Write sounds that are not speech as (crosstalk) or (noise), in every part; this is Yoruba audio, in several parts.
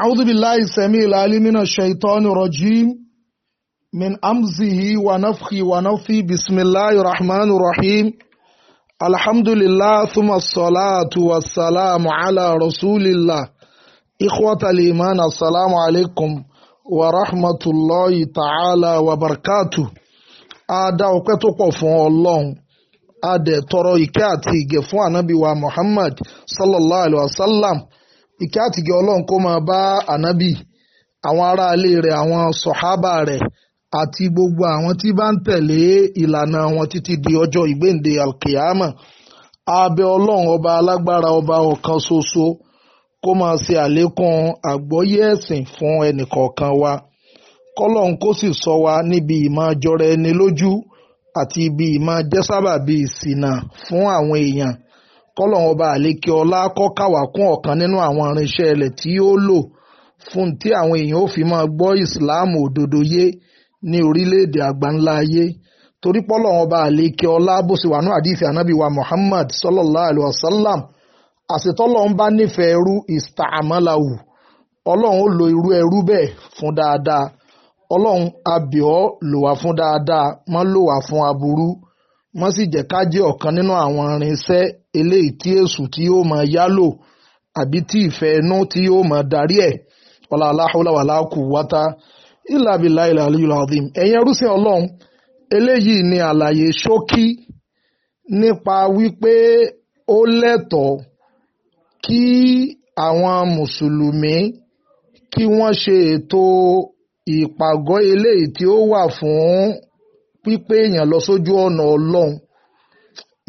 أعوذ بالله السميع العليم من الشيطان الرجيم من أمزه ونفخ ونفي بسم الله الرحمن الرحيم الحمد لله ثم الصلاة والسلام على رسول الله إخوة الإيمان السلام عليكم ورحمة الله تعالى وبركاته ada ọpẹ́ tó الله fún ọlọ́run adẹ̀ tọrọ ìkẹ́ àti ìgẹ̀ fún ànábì wa ìkẹ́ àtìgẹ́ ọlọ́run kó máa bá ànábì àwọn aráalé rẹ̀ àwọn sọ̀hábà rẹ̀ àti gbogbo àwọn tí bá ń tẹ̀lé ìlànà wọn títí di ọjọ́ ìgbéǹde alkiyama abẹ ọlọ́run ọba alágbára ọba ọ̀kan ṣoṣo kó máa ṣe àlékún àgbọ́yé ẹ̀sìn fún ẹnìkọ̀ọ̀kan wa kọ́lọ́run kó sì sọ wa níbi ìmọ̀ jọra ẹni lójú àti ibi ìmọ̀ jẹ́sábàbí ìṣìnà fún àwọn èèyàn kọ́lọ́hún ọba àlékè ọlá kọ́ káwá kún ọ̀kan nínú àwọn irinṣẹ́ rẹ̀ tí yóò lò fún tí àwọn èèyàn ó fi máa gbọ́ ìsìláàmù òdodo yé ní orílẹ̀-èdè àgbáńlá ayé torí pọ́lọ́hún ọba àlékè ọlá bó ṣe wà ní àdìsí ànábì Muhammad sallallahu alayhi wa sallam àṣetọ́lọ́hún bá nífẹ̀ẹ́ ẹrú ìsàmàláwù ọlọ́run ó lo irú ẹrú bẹ́ẹ̀ fún dáadáa ọlọ́run abìọ́ lò fún dáadáa má lò fún aburú wọ́n sì jẹ́ ká jẹ́ ọ̀kan nínú àwọn irinṣẹ́ eléyìí tí èṣù tí yóò máa yálò àbí tí ìfẹ́ inú tí yóò máa darí ẹ̀ ọ̀làlá ọ̀làwàlá kù wáta ìlàbílà ìlàlíyìlá ọ̀dìm ẹ̀yin ọlọ́run eléyìí ni àlàyé ṣókí nípa wípé ó lẹ́tọ̀ọ́ kí àwọn mùsùlùmí kí wọ́n ṣe ètò ìpàgọ́ eléyìí tí ó wà fún pípé èèyàn lọ sójú ọ̀nà ọlọ́run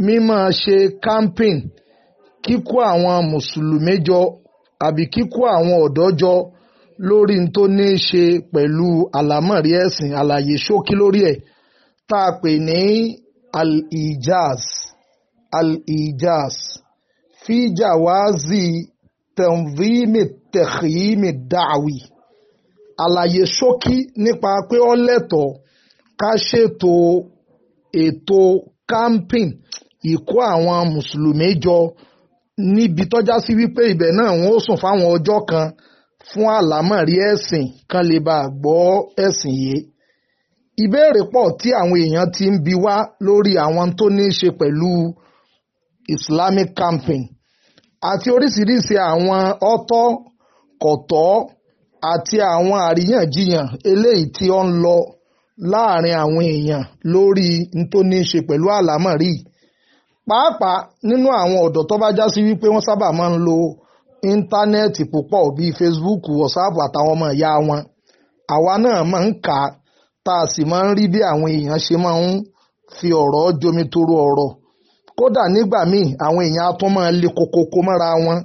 mímọ́ ṣe camping kíkó àwọn mùsùlùmí jọ àbí kíkó àwọn ọ̀dọ́ jọ lórí n tó ní í ṣe pẹ̀lú àlámọ̀rí ẹ̀sìn àlàyé ṣókí lórí ẹ̀ tá a pè ní al-ijaz al-ijaz fi jawazi tanzimi dàwí àlàyé ṣókí nípa pé ó lẹ́tọ̀ọ́ ká ṣètò ètò camping ìkó àwọn mùsùlùmí jọ níbi tọ́já sí wípé ibẹ̀ náà wọ́n ó sùn fáwọn ọjọ́ kan fún àlámọ̀rí ẹ̀sìn kan lè bá gbọ́ ẹ̀sìn yìí ìbéèrè pọ̀ tí àwọn èèyàn ti ń bi wá lórí àwọn tó ní í ṣe pẹ̀lú islamic camping àti oríṣiríṣi àwọn ọ̀tọ̀ kọ̀tọ̀ àti àwọn àríyànjiyàn eléyìí tí ó ń lọ láàrin àwọn èèyàn lórí n tó ní í ṣe pẹ̀lú àlámọ̀rí pàápàá nínú àwọn ọ̀dọ́ tó bá já sí wípé wọ́n sábà máa ń lo íńtánẹ́ẹ̀tì púpọ̀ bíi Facebook WhatsApp àtàwọn ọmọ ìyá wọn àwa náà máa ń kà á tá a sì máa ń rí bí àwọn èèyàn ṣe máa ń fi ọ̀rọ̀ jomitoro ọ̀rọ̀ kódà nígbà míì àwọn èèyàn á máa le kokoko mọ́ra wọn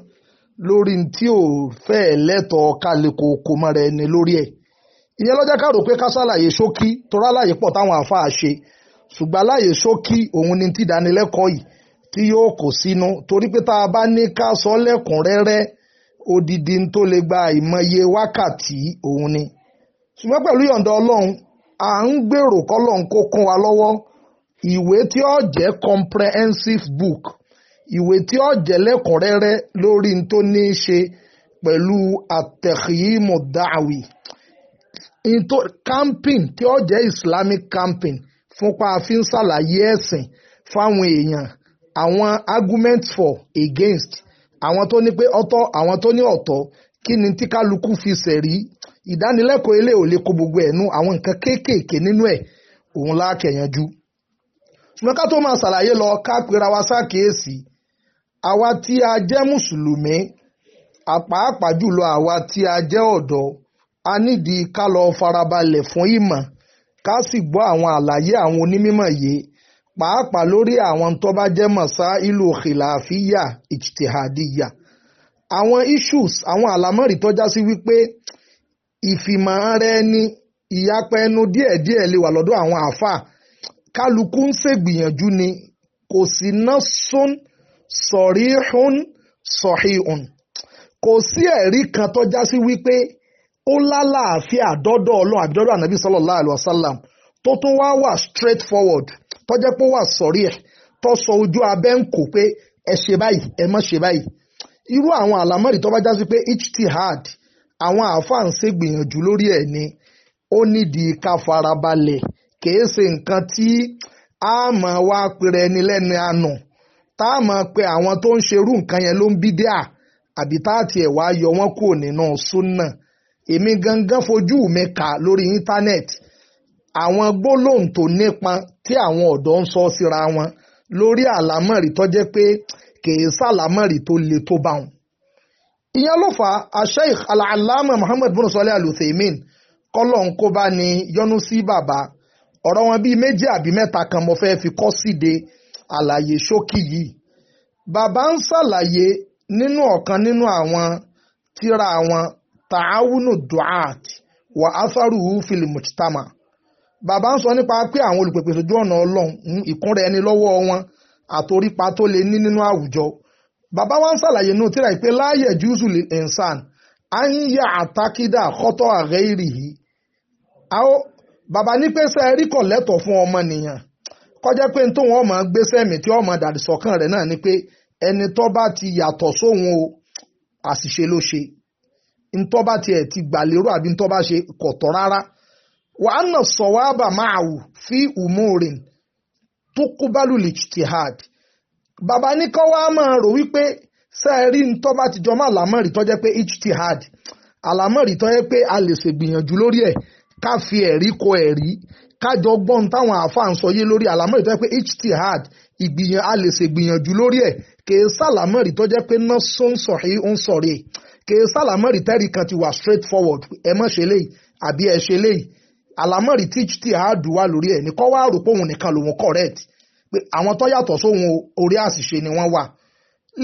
lórí tí ò fẹ́ẹ̀ lẹ́tọ̀ọ́ ká le kokoko mọ́ra ẹni lórí ẹ̀ ìyẹn lọ́jọ́ ká rò pé ká ṣàlàyé ṣókí torá láyé pọ̀ táwọn àáfàá ṣe ṣùgbọ́n láyé ṣókí òun ni ti dánilẹ́kọ̀ọ́ yìí tí yóò kó sínú torí pé tá a bá ní ká sọ lẹ́kùnrẹ́rẹ́ odidi tó lè gba ìmọye wákàtí òun ni ṣùgbọ́n pẹ̀lú yọ̀ǹda ọlọ́run à ń gbèrò kọ́lọ́n kó kún wa lọ́wọ́ ìwé tí ó jẹ́ comprehensive book ìwé tí ó jẹ́ lẹ́kùnrẹ́rẹ́ lórí tó ní í ṣe pẹ̀lú àtẹ̀kìyí mọ̀dáwì into camping tí ó jẹ́ islamic camping fúnpa fi ń ṣàlàyé ẹ̀sìn fáwọn èèyàn àwọn arguments for against àwọn tó ní pé ọ̀tọ̀ àwọn tó ní ọ̀tọ̀ kí ni tí kálukú fi ṣẹ̀rí ìdánilẹ́kọ̀ọ́ ilé ò lè kó gbogbo ẹ̀ nú àwọn nǹkan kéékèèké nínú ẹ̀ òun láàkẹ̀yànjú ṣùgbọ́n ká tó máa ṣàlàyé lọ ká pera wa ṣàkíyèsí àwa tí a jẹ́ mùsùlùmí àpàápàá jùlọ àwa tí a jẹ́ ọ̀dọ́ a nídìí ká lọ farabalẹ̀ fún ìmọ̀ ká sì gbọ́ àwọn àlàyé àwọn onímọ̀ yìí pàápàá lórí àwọn tó bá jẹ́ mọ̀sá ìlú khilafiyya ijtihadiyya àwọn issues àwọn àlámọ̀rí tó já sí wípé ìfìmọ̀ ara ẹni ìyapa ẹnu díẹ̀díẹ̀ lè wà lọ́dọ̀ àwọn àáfàá kálukú ń ṣègbìyànjú ni kò sí nasun sọ̀ríhun sọ̀híhun kò sí ẹ̀rí kan tó sí wípé ó lálàáfíà dọ́dọ̀ ọlọ́run àbí dọ́dọ̀ ànábì sallallahu alaihi wasallam tó tún wá wà straight forward tó jẹ́ pé ó wà sọ̀rí ẹ̀ tó sọ ojú abẹ́ ń kò pé ẹ ṣe báyìí ẹ má ṣe báyìí irú àwọn àlámọ́rì tó bá já sí pé ijtihad àwọn àáfàá ń ṣe gbìyànjú lórí ẹ̀ ni ó nídìí ká farabalẹ̀ kìí ṣe nǹkan tí a máa wá pèrè ẹni lẹ́nu àná tá a máa pe àwọn tó ń ṣerú nǹkan yẹn ló ń bídíà àbí tá àti ẹ̀ wá yọ wọ́n kúrò nínú súnà èmi gangan fojú mi kà lórí íńtánẹ́ẹ̀tì àwọn gbólóhùn tó nípọn tí àwọn ọ̀dọ́ ń sọ síra wọn lórí àlámọ̀rí tó jẹ́ pé kìí sàlámọ̀rí tó le tó bá wọn. ìyẹn ló fà á Sheikh Al-Allama Muhammad bin Salih Al-Uthaymin kọ́lọ̀ ń kó bá ní yọ́nú sí bàbá ọ̀rọ̀ wọn bíi méjì àbí mẹ́ta kan mo fẹ́ fi kọ́ síde àlàyé ṣókí yìí. bàbá ń ṣàlàyé nínú ọ̀kan nínú àwọn tíra wọn tààwùnù duat wà átharu fil mujtama bàbá ń sọ nípa pé àwọn olùpèpè sójú ọ̀nà ọlọ́run ìkúnra ẹni lọ́wọ́ wọn àtorípa tó lè ní nínú àwùjọ bàbá wa ń ṣàlàyé inú tíra ìpè láàyè jùsù ẹ̀ǹsán à ń yà àtàkídà kọ́tọ̀ ààrẹ ìrìhì bàbá ní pé sẹ́ rí kọ̀ lẹ́tọ̀ fún ọmọnìyàn kọjá pé n tó wọn máa gbé sẹ́mi tí ọmọ dàdí sọ̀kan rẹ̀ náà ni pé ẹni tó bá ti yàtọ̀ sóhun o àṣìṣe ló ṣe ntọ́ bá tiẹ̀ ti gbà lérò àbí ntọ́ bá ṣe kọ̀tọ̀ rárá wàá nà sọ̀wáàbà máa wù fí umurin tó kó bálùlì jihad bàbá ní kọ́ wá máa rò wípé sẹ́ẹ̀rí ntọ́ bá ti jọmọ́ àlámọ́rì tó jẹ́ pé ijtihad àlámọ́rì tó jẹ́ pé a lè ṣègbìyànjú lórí ẹ̀ ká fi ẹ̀rí kọ ẹ̀rí kájọ gbọ́n táwọn àáfàá ń sọ yé lórí àlámọ́rì tó jẹ́ pé ijtihad ìgbìyàn a lè ṣègbìyànjú lórí ẹ̀ kèé sàlámọ́rì tó jẹ́ pé náà sọ́nsọ̀rí ń sọ̀rí kèé sàlámọ́rì tẹ́rì kan ti wà straight forward ẹ mọ̀ ṣe léyìí àbí ẹ ṣe léyìí àlámọ́rì teach tí àádùn wà lórí ẹ̀ ní kọ́ wá rò pé òun nìkan lòun correct pé àwọn tó yàtọ̀ sóhun orí àṣìṣe ni wọ́n wà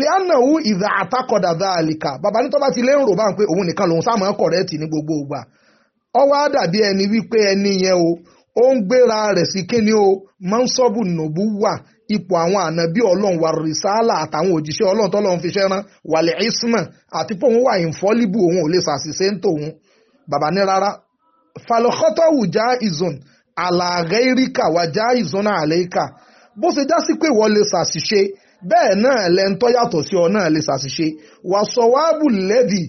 leanahu ìdá àtàkọ̀dà dáàlìkà bàbá ní tó ti lè ń rò bá pé òun nìkan lòun sáàmù correct ní gbogbo ìgbà ọwọ́ á dàbí ẹni wípé ẹni yẹn o ó ń gbéra rẹ̀ sí kíni o mọ́ńsọ́bù nùbú wà ipò àwọn ànábí ọlọ́run wà rìsáàlà àtàwọn òjíṣẹ́ ọlọ́run tọ́lọ́run fi ṣẹ́ rán wàlẹ̀ isma àti pé òun wà ìfọ́líbù òun ò lè ṣàṣìṣe ń tòun bàbá ní rárá falọ́kọ́tọ̀wù já ìzùn àlàgẹ́ ìríkà wà já ìzùn àlẹ́ ìkà bó ṣe já sí pé wọ́n lè ṣàṣìṣe bẹ́ẹ̀ náà lẹ́ńtọ́ yàtọ̀ sí ọ náà lè ṣàṣìṣe wà sọ wáàbù lẹ́dì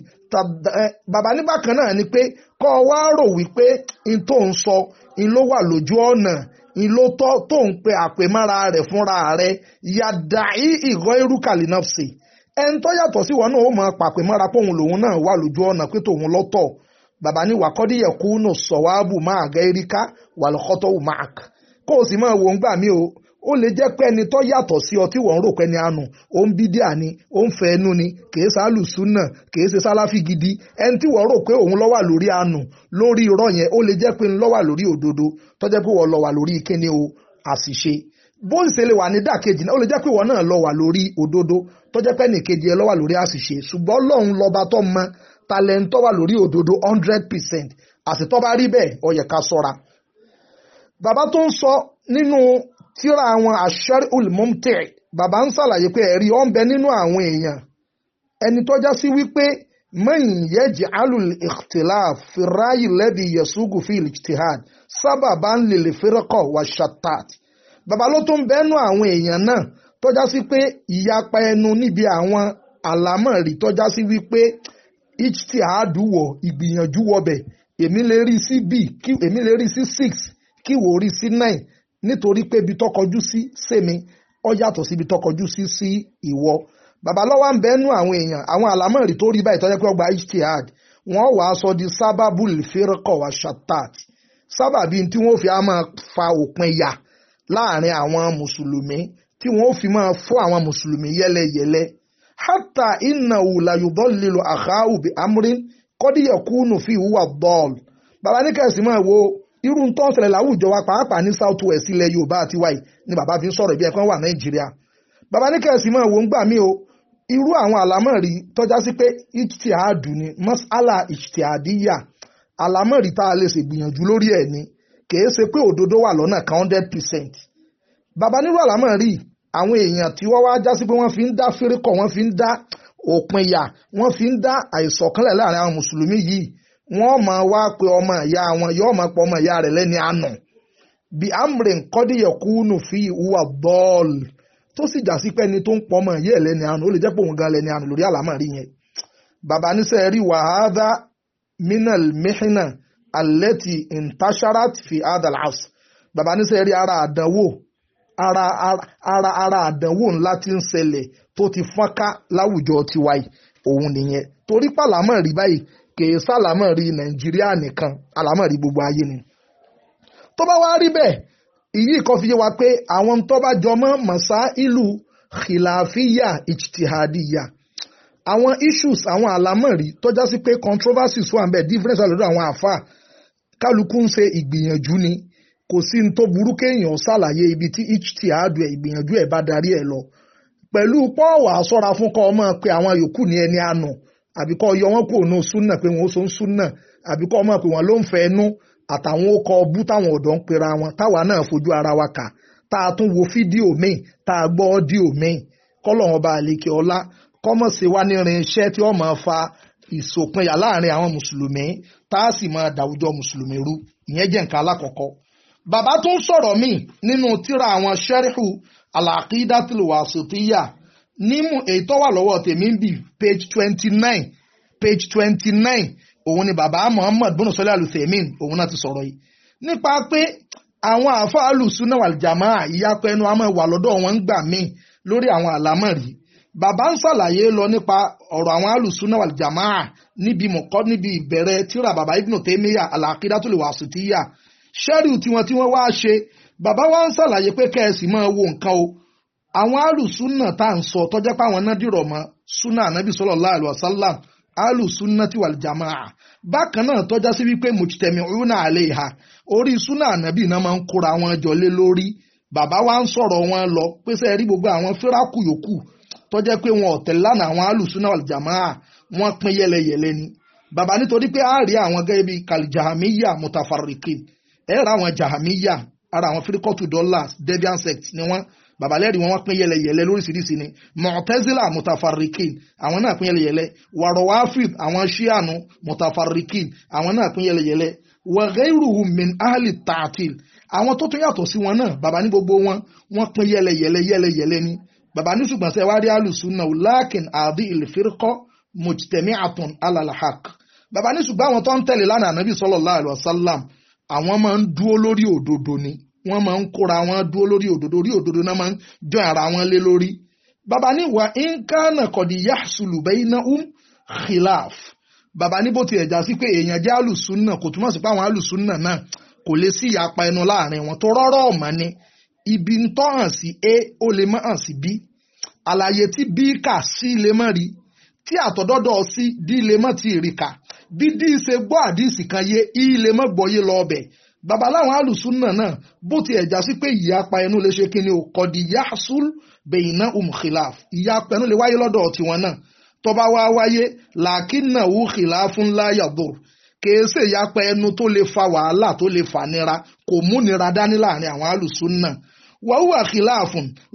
bàbá ní bákan náà ni pé kọ́ wá rò wípé n tó ń sọ n ló wà lójú ọ̀nà ìlò tó tó ń pe àpèmọ́ra rẹ̀ fúnra rẹ̀ yàdá ìgọ́ irú kàlínọ́ọ̀sì ẹni tó yàtọ̀ sí wọn náà ó mọ pàpèmọ́ra póun lòun náà wà lójú ọ̀nà pé tòun lọ́tọ̀ bàbá ní wàkọ́díyẹ̀ kúnú sọ̀wáàbù máa gẹ́ eríkà wàlúkọ́tọ̀ wù máàk kó o sì máa wò ń gbà mí o ó lè jẹ́ pé ẹni tó yàtọ̀ sí ọ tí wọ́n ń rò pé ni àánú ó ń bídíà ni ó ń fẹ́ ẹnu ni kìí sálùsù náà kìí ṣe sálàfì gidi ẹni tí wọ́n rò pé òun ló lórí àánú lórí irọ́ yẹn ó lè jẹ́ pé ń ló lórí òdodo tó pé wọ́n ló lórí kíni o àṣìṣe bó ń ṣe lè wà ní dàkejì náà ó lè jẹ́ pé wọ́n náà ló wà lórí òdodo tó jẹ́ pé nìkejì ẹ ló lórí àṣìṣe ṣùgbọ́n hundred percent àti tó bá rí bẹ́ẹ̀ ó nínú tíra àwọn Ash-Shar'ul Mumti' bàbá ń ṣàlàyé pé ẹ̀rí ọ̀ ń bẹ nínú àwọn èèyàn ẹni tó já sí wípé man yaj'alu al-ikhtilaf fi ar-ra'yi alladhi yasugu fi al-ijtihad sababan lil-firqa wash-shattat bàbá ló tún bẹ́nu àwọn èèyàn náà tó já sí pé ìyapa ẹnu níbi àwọn àlámọ̀rí tó já sí wípé ijtihad wọ ìgbìyànjú wọbẹ̀ èmi lè rí sí b èmi lè rí sí six kí wò ó rí sí nine nítorí pé ibi tọkọjú sí sèmi ọ yàtọ̀ síbi tọkọjú sí sí ìwọ babalọ́wọ́ ń bẹ́nu àwọn èèyàn àwọn àlámọ̀rí tó rí báyìí tọ́jú pé ọgbà htr wọ́n wàá sọ di sábàbù fẹ́rẹ́kọ̀ wá ṣàtàt sábàbí tí wọ́n fi máa fa òpin yà láàrin àwọn mùsùlùmí tí wọ́n fi máa fọ́ àwọn mùsùlùmí yẹ́lẹ́yẹ́lẹ́ hátà iná wùlàyùbọ́ lílo àkáwù bíi amrin kọ́díyẹ̀kúnù fi ìwúwà bọ́ọ̀lù bàbá máa wo irú tó ń ṣẹlẹ̀ láwùjọ wa pàápàá ní south west ilẹ̀ yorùbá àti wáyé ni bàbá fi ń sọ̀rọ̀ ibi ẹ̀kan wà nàìjíríà bàbá ní kẹ̀sì mọ̀ wò ń gbà mí o irú àwọn àlámọ̀rí tọ́já sí pé ijtihadu ni mas'ala ijtihadiyya àlámọ̀rí tá a lè ṣègbìyànjú lórí ẹ̀ ni kìí ṣe pé òdodo wà lọ́nà kan hundred percent bàbá nírú àlámọ̀rí àwọn èèyàn tí wọ́n wá já sí pé wọ́n fi ń dá fẹ́rẹ́kọ̀ wọ́n fi ń dá òpinya wọ́n wọ́n máa wá pé ọmọ ìyá wọn yóò máa pọ̀ ọmọ ìyá rẹ̀ lẹ́ni àná bí amre nkọ́díyẹ̀ kúnù fi ìhùwà bọ́ọ̀lù tó sì jà sí pé ẹni tó ń pọ̀ ọmọ ìyá ẹ̀ lẹ́ni àná ó lè jẹ́ pé òun gan lẹ́ni àná lórí àlámọ̀rí yẹn bàbá níṣẹ́ rí wàhádà minal mihina alẹ́tì intasharat fi adal house bàbá níṣẹ́ rí ara àdánwò ara ara ara àdánwò ńlá tí ń ṣẹlẹ̀ tó ti fọ́nká láwùjọ tiwa yìí òun nìyẹn torí pàlámọ̀ rí báyìí kèé sàlámọ̀rí nàìjíríà nìkan àlámọ̀rí gbogbo ayé ni tó bá wá rí bẹ́ẹ̀ ìyí kan fi yé wa pé àwọn tó bá jọmọ́ mọ̀sá ìlú khìláfíyà ìjtìhàdìyà àwọn issues àwọn àlámọ̀rí tó já sí pé controversies wà ń bẹ difference lọ́dọ̀ àwọn àfà kálukú ń ṣe ìgbìyànjú ni kò sí ní tó burú kéèyàn ṣàlàyé ibi tí ìjtìhàdù ẹ̀ ìgbìyànjú ẹ̀ bá darí ẹ̀ lọ pẹ̀lú pọ́ọ̀wà sọ́ra fún kọ́ ọmọ pé àwọn yòókù ní ẹni àná àbí kọ́ yọ wọ́n kúrò ní súnà pé wọ́n ó so ń súnà àbí kọ́ mọ̀ pé wọ́n ló ń fẹ́ ẹnu àtàwọn ó kọ ọbú táwọn ọ̀dọ́ ń pera wọn táwa náà fojú ara wa kà tá a tún wo fídíò míì tá a gbọ́ ọ́díò míì kọ́lọ́wọ́n bá àlekè ọlá kọ́mọ̀ sí wa nírin iṣẹ́ tí wọ́n máa fa ìṣòpinya láàrin àwọn mùsùlùmí tá a sì máa dàwùjọ mùsùlùmí rú ìyẹn jẹ́ nǹkan alákọ̀ọ́kọ́ bàbá tún sọ̀rọ̀ míì nínú tíra àwọn sẹ́ríhù al nímú èyí tó wà lọ́wọ́ tèmi ń bì page twenty nine page twenty nine òun ni bàbá Muhammad bùnú sọlẹ̀ alùsèmín òun náà ti sọ̀rọ̀ yìí nípa pé àwọn àáfàá alùsùnà wàlìjàmá ìyapẹ́ ẹnu àmọ́ ìwà lọ́dọ̀ wọn ń gbà míì lórí àwọn àlámọ̀rí bàbá ń ṣàlàyé lọ nípa ọ̀rọ̀ àwọn alùsùnà wàlìjàmá níbi mọ̀kọ́ níbi ìbẹ̀rẹ̀ tíra bàbá ibnu tèmíyà al-aqidatul wasitiyya ṣẹ́rù tiwọn tí wọ́n wá ṣe bàbá wa ń ṣàlàyé pé kẹ́ẹ̀sì máa wo nǹkan o àwọn alùsùnà tá à ń sọ tọ́jẹ́ pé àwọn náà dìrọ̀ mọ́ súnà ànábì sallallahu alaihi wasallam alùsùnà ti wal jamaa bákan náà tọ́já sí wípé mujtami'una alaiha orí súnà ànábì náà máa ń kóra wọn jọ lé lórí bàbá wa ń sọ̀rọ̀ wọn lọ pé rí gbogbo àwọn fíráàkù yòókù tọ́jẹ́ pé wọn ọ̀tẹ̀ lánàá àwọn alùsùnà wọn pín yẹlẹyẹlẹ ni bàbá nítorí pé àárí àwọn gẹ́gẹ́ bíi ara àwọn fíríkọ́tù sect ni babalẹ́rì wọn wọ́n pín yẹlẹyẹlẹ lóríṣiríṣi ni mọ̀tẹ́sílà mutafarikin àwọn náà pín yẹlẹyẹlẹ wàrọ̀wáfíd àwọn ṣíànù mutafarikin àwọn náà pín yẹlẹyẹlẹ wàgẹ́rùhùn min ahli tààtìl àwọn tó tún yàtọ̀ sí wọn náà bàbá ní gbogbo wọn wọ́n pín yẹlẹyẹlẹ yẹlẹyẹlẹ ni bàbá ní ṣùgbọ́n sẹ́ wá rí alùsùnà lákìn àdí ìlfírkọ́ mujtemi atun alalahak bàbá ní ṣùgbọ́n àwọn tó ń tẹ̀lé lánàá nàbí sallallahu alaihi àwọn máa ń dúó lórí òdodo ni wọ́n máa ń kóra wọn dúró lórí òdodo orí òdodo náà máa ń jọ ara wọn lé lórí. bàbá ní wà nkánà kọ̀dí yasulu bẹ́yìnà um khilaf bàbá ní bó tilẹ̀ já sí pé èèyàn jẹ́ alùsùnà kò túmọ̀ sí pé àwọn alùsùnà náà kò lè sí ìyapa ẹnu láàrin wọn tó rọ́rọ́ ọ̀mọ́ ni ibi ń tọ́ hàn sí a ó lè mọ́ hàn sí b àlàyé tí b kà sí lè mọ́ rí tí àtọ̀dọ́dọ̀ sí d lè mọ́ ti rí bí d ṣe gbọ́ àdìsí kan yé i lè mọ́ gbọ́ yé lọ ọbẹ̀ bàbá láwọn alùsùnà náà bó ti ẹ̀já sí pé ìyapa ẹnu lè ṣe kíni o kọ̀dí yasul bẹ̀yìnà umkhilaf ìyapa ẹnu lè wáyé lọ́dọ̀ tiwọn náà tọba wa wáyé làákínà wù khilaf ńlá yadur kèése ìyapa ẹnu tó lè fa wàhálà tó lè fa nira kò mú nira dání láàrin àwọn alùsùnà wàhùwà khilaf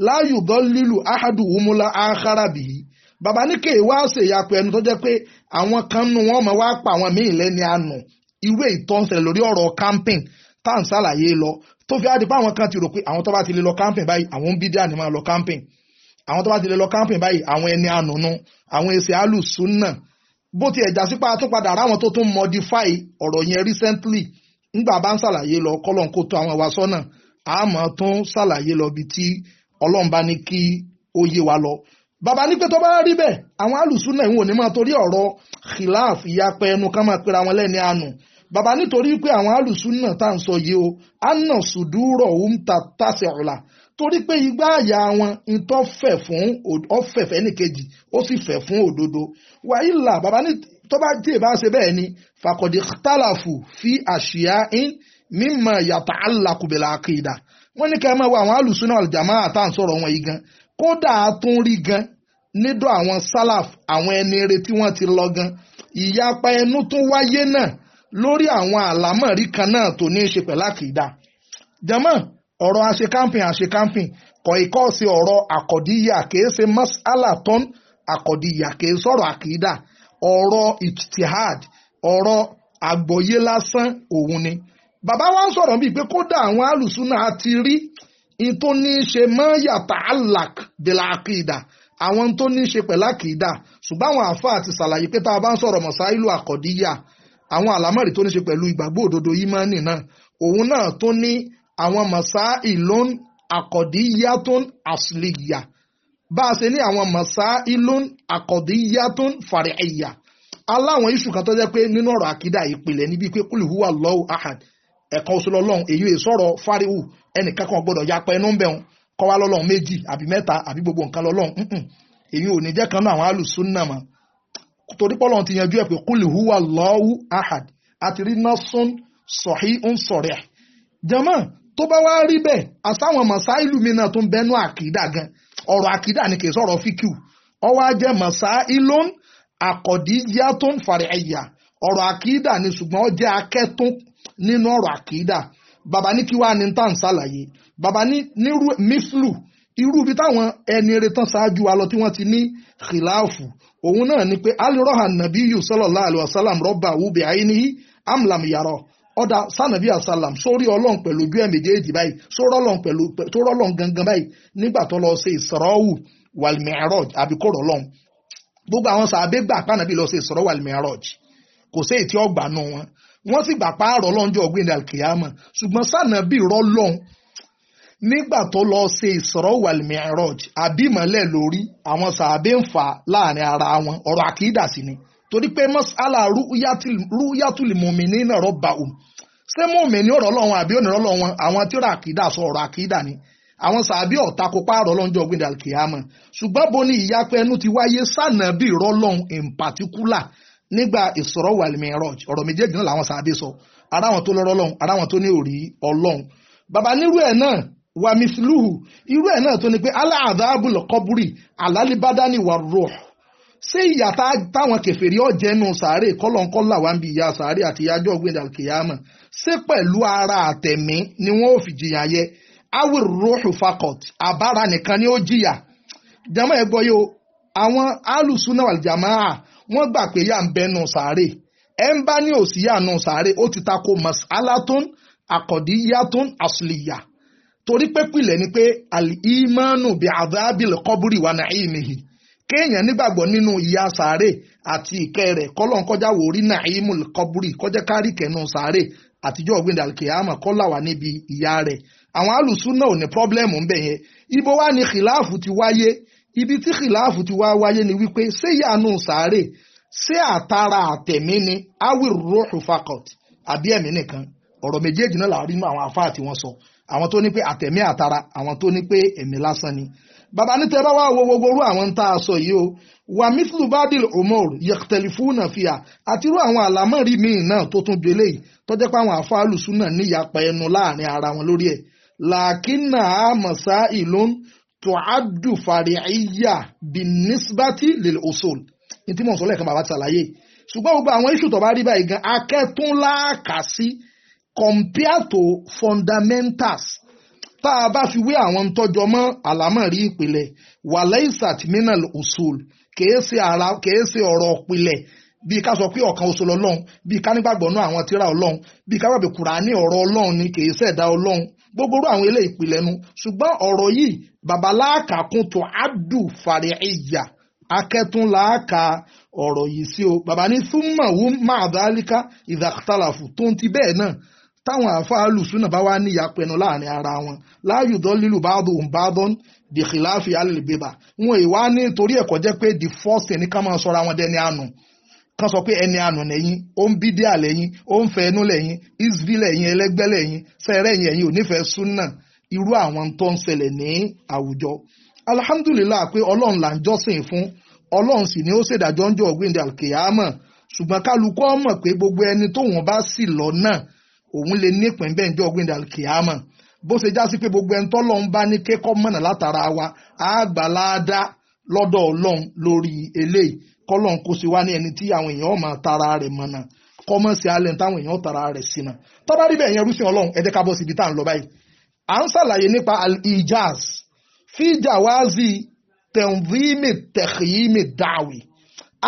láyùdọ́ lílù áhàdù wùmúlá áhàràbì yìí bàbá ní kéèwá ṣèyapa ẹnu tó jẹ́ pé àwọn kan nù wọ́n mọ̀ wá pa àwọn míì lẹ́ni àná irú èyí tó ń ṣẹlẹ̀ lórí ọ̀rọ̀ camping tá à ń ṣàlàyé lọ tó fi àdìpá àwọn kan ti rò pé àwọn tó bá ti lè lọ camping báyìí àwọn ń bí díà ní máa lọ camping àwọn tó bá ti lè lọ camping báyìí àwọn ẹni ànùnú àwọn èsì alùsùnà bó ti ẹ̀jà sípa tó padà ráwọn tó tún modify ọ̀rọ̀ yẹn recently ńgbà bá ń ṣàlàyé lọ kọ́lọ́n kó tó àwọn ìwà sọ́nà àmọ́ tún ṣàlàyé lọ bí tí ọlọ́run bá ní kí ó yé wa lọ bàbá ní pé tó bá rí bẹ́ẹ̀ àwọn alùsùnà ìwọ̀n ní máa torí ọ̀rọ̀ khilaf ìyapa ẹnu kan máa pera wọn lẹ́ni àánú bàbá nítorí pé àwọn alùsùnà tá à ń sọ yìí o anna sùdúrọ̀ òun ta tàṣẹ ọ̀la torí pé igbá àyà wọn ìtọ́ fẹ̀ fún ọ̀fẹ̀ fẹ́nìkejì ó sì fẹ̀ fún òdodo wàhálà bàbá ní tó bá jẹ́ ìbá ṣe bẹ́ẹ̀ ni fàkọ̀dé tálàfù fi àṣìyá in mímọ̀ yàtọ̀ alákùbẹ̀lá akéèdà wọ́n ní kẹ́ ẹ máa wọ àwọn alùsùnà àlùjàmá àtàǹsọ̀rọ̀ wọn yìí gan kódà a tún rí gan nídọ̀ àwọn salaf àwọn ẹni eré tí wọ́n ti lọ gan ìyapa ẹnu tún wáyé náà lórí àwọn àlámọ̀rí kan náà tó ní í ṣe pẹ̀lú àkìdá jẹ́mọ́ ọ̀rọ̀ àṣekámpìn àṣekámpìn kọ̀ ìkọ́ sí ọ̀rọ̀ àkọ̀díyà kìí ṣe mas'ala tán àkọ̀díyà kìí sọ̀rọ̀ àkìdá ọ̀rọ̀ ijtihad ọ̀rọ̀ àgbọ̀yé lásán òun ni bàbá wa ń sọ̀rọ̀ bíi pé kódà àwọn alùsùnà àti rí ìtò ní í ṣe mọ́ yàtọ̀ alak bìlà àkìdá àwọn tó ní í ṣe pẹ̀lú àkìdá ṣùgbọ́n àwọn àáfàá ti ṣàlàyé pé tá a bá ń sọ̀rọ̀ mọ̀sáìlú àkọ́díyà àwọn àlámọ̀rí tó ní í ṣe pẹ̀lú ìgbàgbọ́ òdodo ìmánì náà òun náà tó ní àwọn mọ̀sáìlón àkọ́díyàtún àṣìlìyà bá a ṣe ní àwọn mọ̀sáìlón àkọ́díyàtún fàrẹ̀ẹ̀yà aláwọn iṣu kan tó jẹ́ pé nínú ọ̀rọ̀ àkìdá ìpìlẹ̀ níbi pé kúlùhùwà Allahu ahad ẹ̀kan oṣù lọ́lọ́run èyí è sọ̀rọ̀ fáríwù ẹnìkan kan gbọ́dọ̀ yapa ẹnu ń bẹ̀ wọn kọ́ wa lọ́lọ́run méjì àbí mẹ́ta àbí gbogbo nǹkan lọ́lọ́run èyí ò ní jẹ́ kan náà àwọn alùsùnà mọ́ torí pọ́lọ́run ti yanjú ẹ̀ pé kúlì húwa lọ́wọ́ ahad àti rí nọ́sùn sọ̀hí ń sọ̀rẹ̀ jama tó bá wá rí bẹ́ẹ̀ àsáwọn mọ̀sáìlù mi náà tó ń àkìdá gan ọ̀rọ̀ àkìdá ni kì í sọ̀rọ̀ fíkìú ọwọ́ ajẹ́ mọ̀sáìlù àkọ̀díyà tó ń fàrẹ̀ ẹ̀yà ọ̀rọ̀ àkìdá ni ṣùgbọ́n ó jẹ́ akẹ́tún nínú ọ̀rọ̀ àkìdá bàbá ní kí wàá ní tá à ń ṣàlàyé bàbá ní nírú míflù irú ibi táwọn ẹni eré tán ṣáájú wa lọ tí wọ́n ti ní khilaafu òun náà ni pé alirọ́hà nàbí yù sallallahu alaihi wasallam rọ́bà wùbẹ̀ àyíníhí amlam yàrá ọ̀dà sànàbí àsàlám sórí ọlọ́run pẹ̀lú ojú ẹ̀ méjèèjì báyìí sórí ọlọ́run pẹ̀lú tó rọ́lọ́run gangan báyìí nígbà tó lọ ṣe ìsọ̀rọ̀wù wàlmẹ̀rọ̀j àbíkó rọ̀lọ́run gbogbo àwọn sàbẹ̀ gbà pànàbí lọ ṣe ìsọ̀rọ̀ wàlmẹ̀rọ̀j kò sí ètí ọgbà nù wọn wọ́n sì gbà páàrọ̀ lọ́njọ́ ọ̀gbìn alkiyama ṣùgbọ́n sànàbí rọ́lọ́n nígbà tó lọ ṣe Isra wal Mi'raj àbímọ̀lẹ̀ lórí àwọn sàábé ń fà láàrin ara wọn ọ̀rọ̀ àkìdá sí ni torí pé mọ́sálà rúyàtúlì mùmíní náà rọ́bà òun ṣé mùmíní ọ̀rọ̀ lọ́wọ́ àbí ònírọ̀ lọ́wọ́ àwọn tí ọ̀rọ̀ àkìdá sọ ọ̀rọ̀ àkìdá ni àwọn sàábí ọ̀tá kópa àrọ̀ lọ́njọ́ ọ̀gbìn alkiyama ṣùgbọ́n bo ni ìyapẹ́nu ti wáyé sànàbí rọ́lọ́n in particular nígbà ìsọ̀rọ̀ wal miraj ọ̀rọ̀ méjèèjì náà làwọn sàábé sọ ara wọn tó lọ́rọ́ ọlọ́run ara wọn tó ní òrí ọlọ́run bàbá nírú ẹ̀ náà wà mísìlúhù irú ẹ̀ náà tó ní pé aláàdáàbù lọ́kọ́búrì àlálíbádání wà rọ̀ ṣé ìyà táwọn kẹfẹ́rí ọ̀jẹ̀nu sàárè kọ́lọ̀ńkọ́là wà ń bi ìyá sàárè àti ìyájọ́ ọ̀gbìn àkèyàmọ̀ ṣé pẹ̀lú ni wọ́n ò fi jìyà yẹ awir ruhu fakot àbára nìkan ni ó wọ́n gbà pé yà ń bẹnu sàárè ẹ̀ ń bá ní òsì yà nù sàárè ó ti tako masalatun akọ̀díyàtun asliya torí pé pìlẹ̀ ni pé al-imanu bi adhabil qabri wa naimihi kéèyàn nígbàgbọ́ nínú ìyà sàárè àti ìkẹ́ rẹ̀ kọ́lọ́n kọjá wò rí naimul qabri kọjá kárí kẹnu sàárè àtijọ́ ọ̀gbìn alkiyama kọ́là wà níbi ìyà rẹ̀ àwọn alùsùn náà ò ní pọ́blẹ́mù ń bẹ̀ yẹn ibo wá ní kìláàfù ti wáyé ibi tí kìláàfù ti wá wáyé ni wípé ṣé yàánú sàárè ṣé àtàrà àtẹ̀mí ni awir ruhu fakot àbí ẹ̀mí nìkan ọ̀rọ̀ méjèèjì náà làárí nínú àwọn àfáà tí wọ́n sọ àwọn tó ní pé àtẹ̀mí àtàrà àwọn tó ní pé ẹ̀mí lásán ni bàbá ní wá wo gbogbo orú àwọn tá a sọ yìí o wà mithlu badil umur yẹtẹlifúnà fìyà àti irú àwọn àlámọ̀rí míì náà tó tún ju eléyìí tó jẹ́ pé àwọn àfáà lùsùn náà níyapa ẹnu láàrin ara wọn lórí ẹ̀ làákínà àmọ̀sá ìlú tu'addu fari'iyya bin nisbati lil usul ní tí mò ń sọ lẹ́ẹ̀kan bàbá ti ṣàlàyé ṣùgbọ́n gbogbo àwọn iṣu tó bá rí báyìí gan akẹ́tún láàkà sí compare to fundamentals tá a bá fi wé àwọn tọjọ mọ́ àlámọ̀rí ìpìlẹ̀ wàlẹ́ ìsàtìmínàl usul kèé ṣe ọ̀rọ̀ ìpìlẹ̀ bíi ká sọ pé ọ̀kan oṣù lọ́lọ́run bíi ká nígbàgbọ́ náà àwọn tíra ọlọ́run bíi ká gbàgbé kùránì ọ̀rọ̀ ọlọ́run ni kì ṣẹ̀dá ọlọ́run gbogbo àwọn ilé ìpìlẹ̀ nu ṣùgbọ́n ọ̀rọ̀ yìí babaláàkà kún tó abdul fariya akẹ́túnláàkà ọ̀rọ̀ yìí sí o bàbá ní súnmọ̀ wú máa dálíkà ìdàkútàlàfù tó ń ti bẹ́ẹ̀ náà táwọn àfáàlù súnà bá wá ní ìyapẹnu láàrin ara wọn láàyò dán lílù bá dùn bá dán di khilafi alìbèbà wọn ìwá ní torí ẹ̀kọ́ jẹ́ pé the first thing ní ká máa sọra wọn dẹni àánú kan sọ pé ẹni àánú lẹ́yìn ó ń bídíà lẹ́yìn ó ń fẹ́ ẹnu lẹ́yìn isbi lẹ́yìn ẹlẹ́gbẹ́ lẹ́yìn sẹ́rẹ́ yẹn ẹ̀yìn ò nífẹ̀ẹ́ súnà irú àwọn tó ń ṣẹlẹ̀ ní àwùjọ alihamudulilayi pé ọlọ́run là ń jọ́sìn fún ọlọ́run sì ni ó ṣèdájọ́ ń jọ ọ̀gbìndì alkeyamọ̀ ṣùgbọ́n kálukú mọ̀ pé gbogbo ẹni tóun bá sì lọ́nà òun lè nípìn bẹ́ẹ̀ ń jọ ọ̀gbìndì alkeyamọ̀ bó ṣe já sí pé gbogbo ẹni tọ́lọ́run bá ní kékọ́ mọ̀nà látara wa àgbàláàdá lọ́dọ̀ ọlọ́run lórí eléyìí kọ́lọ́run kó sì wá ní ẹni tí àwọn èèyàn máa tara rẹ̀ mọ̀nà kọ́mọ̀sí alẹ́ táwọn èèyàn tara rẹ̀ sínà à ń ṣàlàyé nípa al-ijaz fíjàwáàzì tẹ̀ǹvímì tẹ̀xìímì dáwì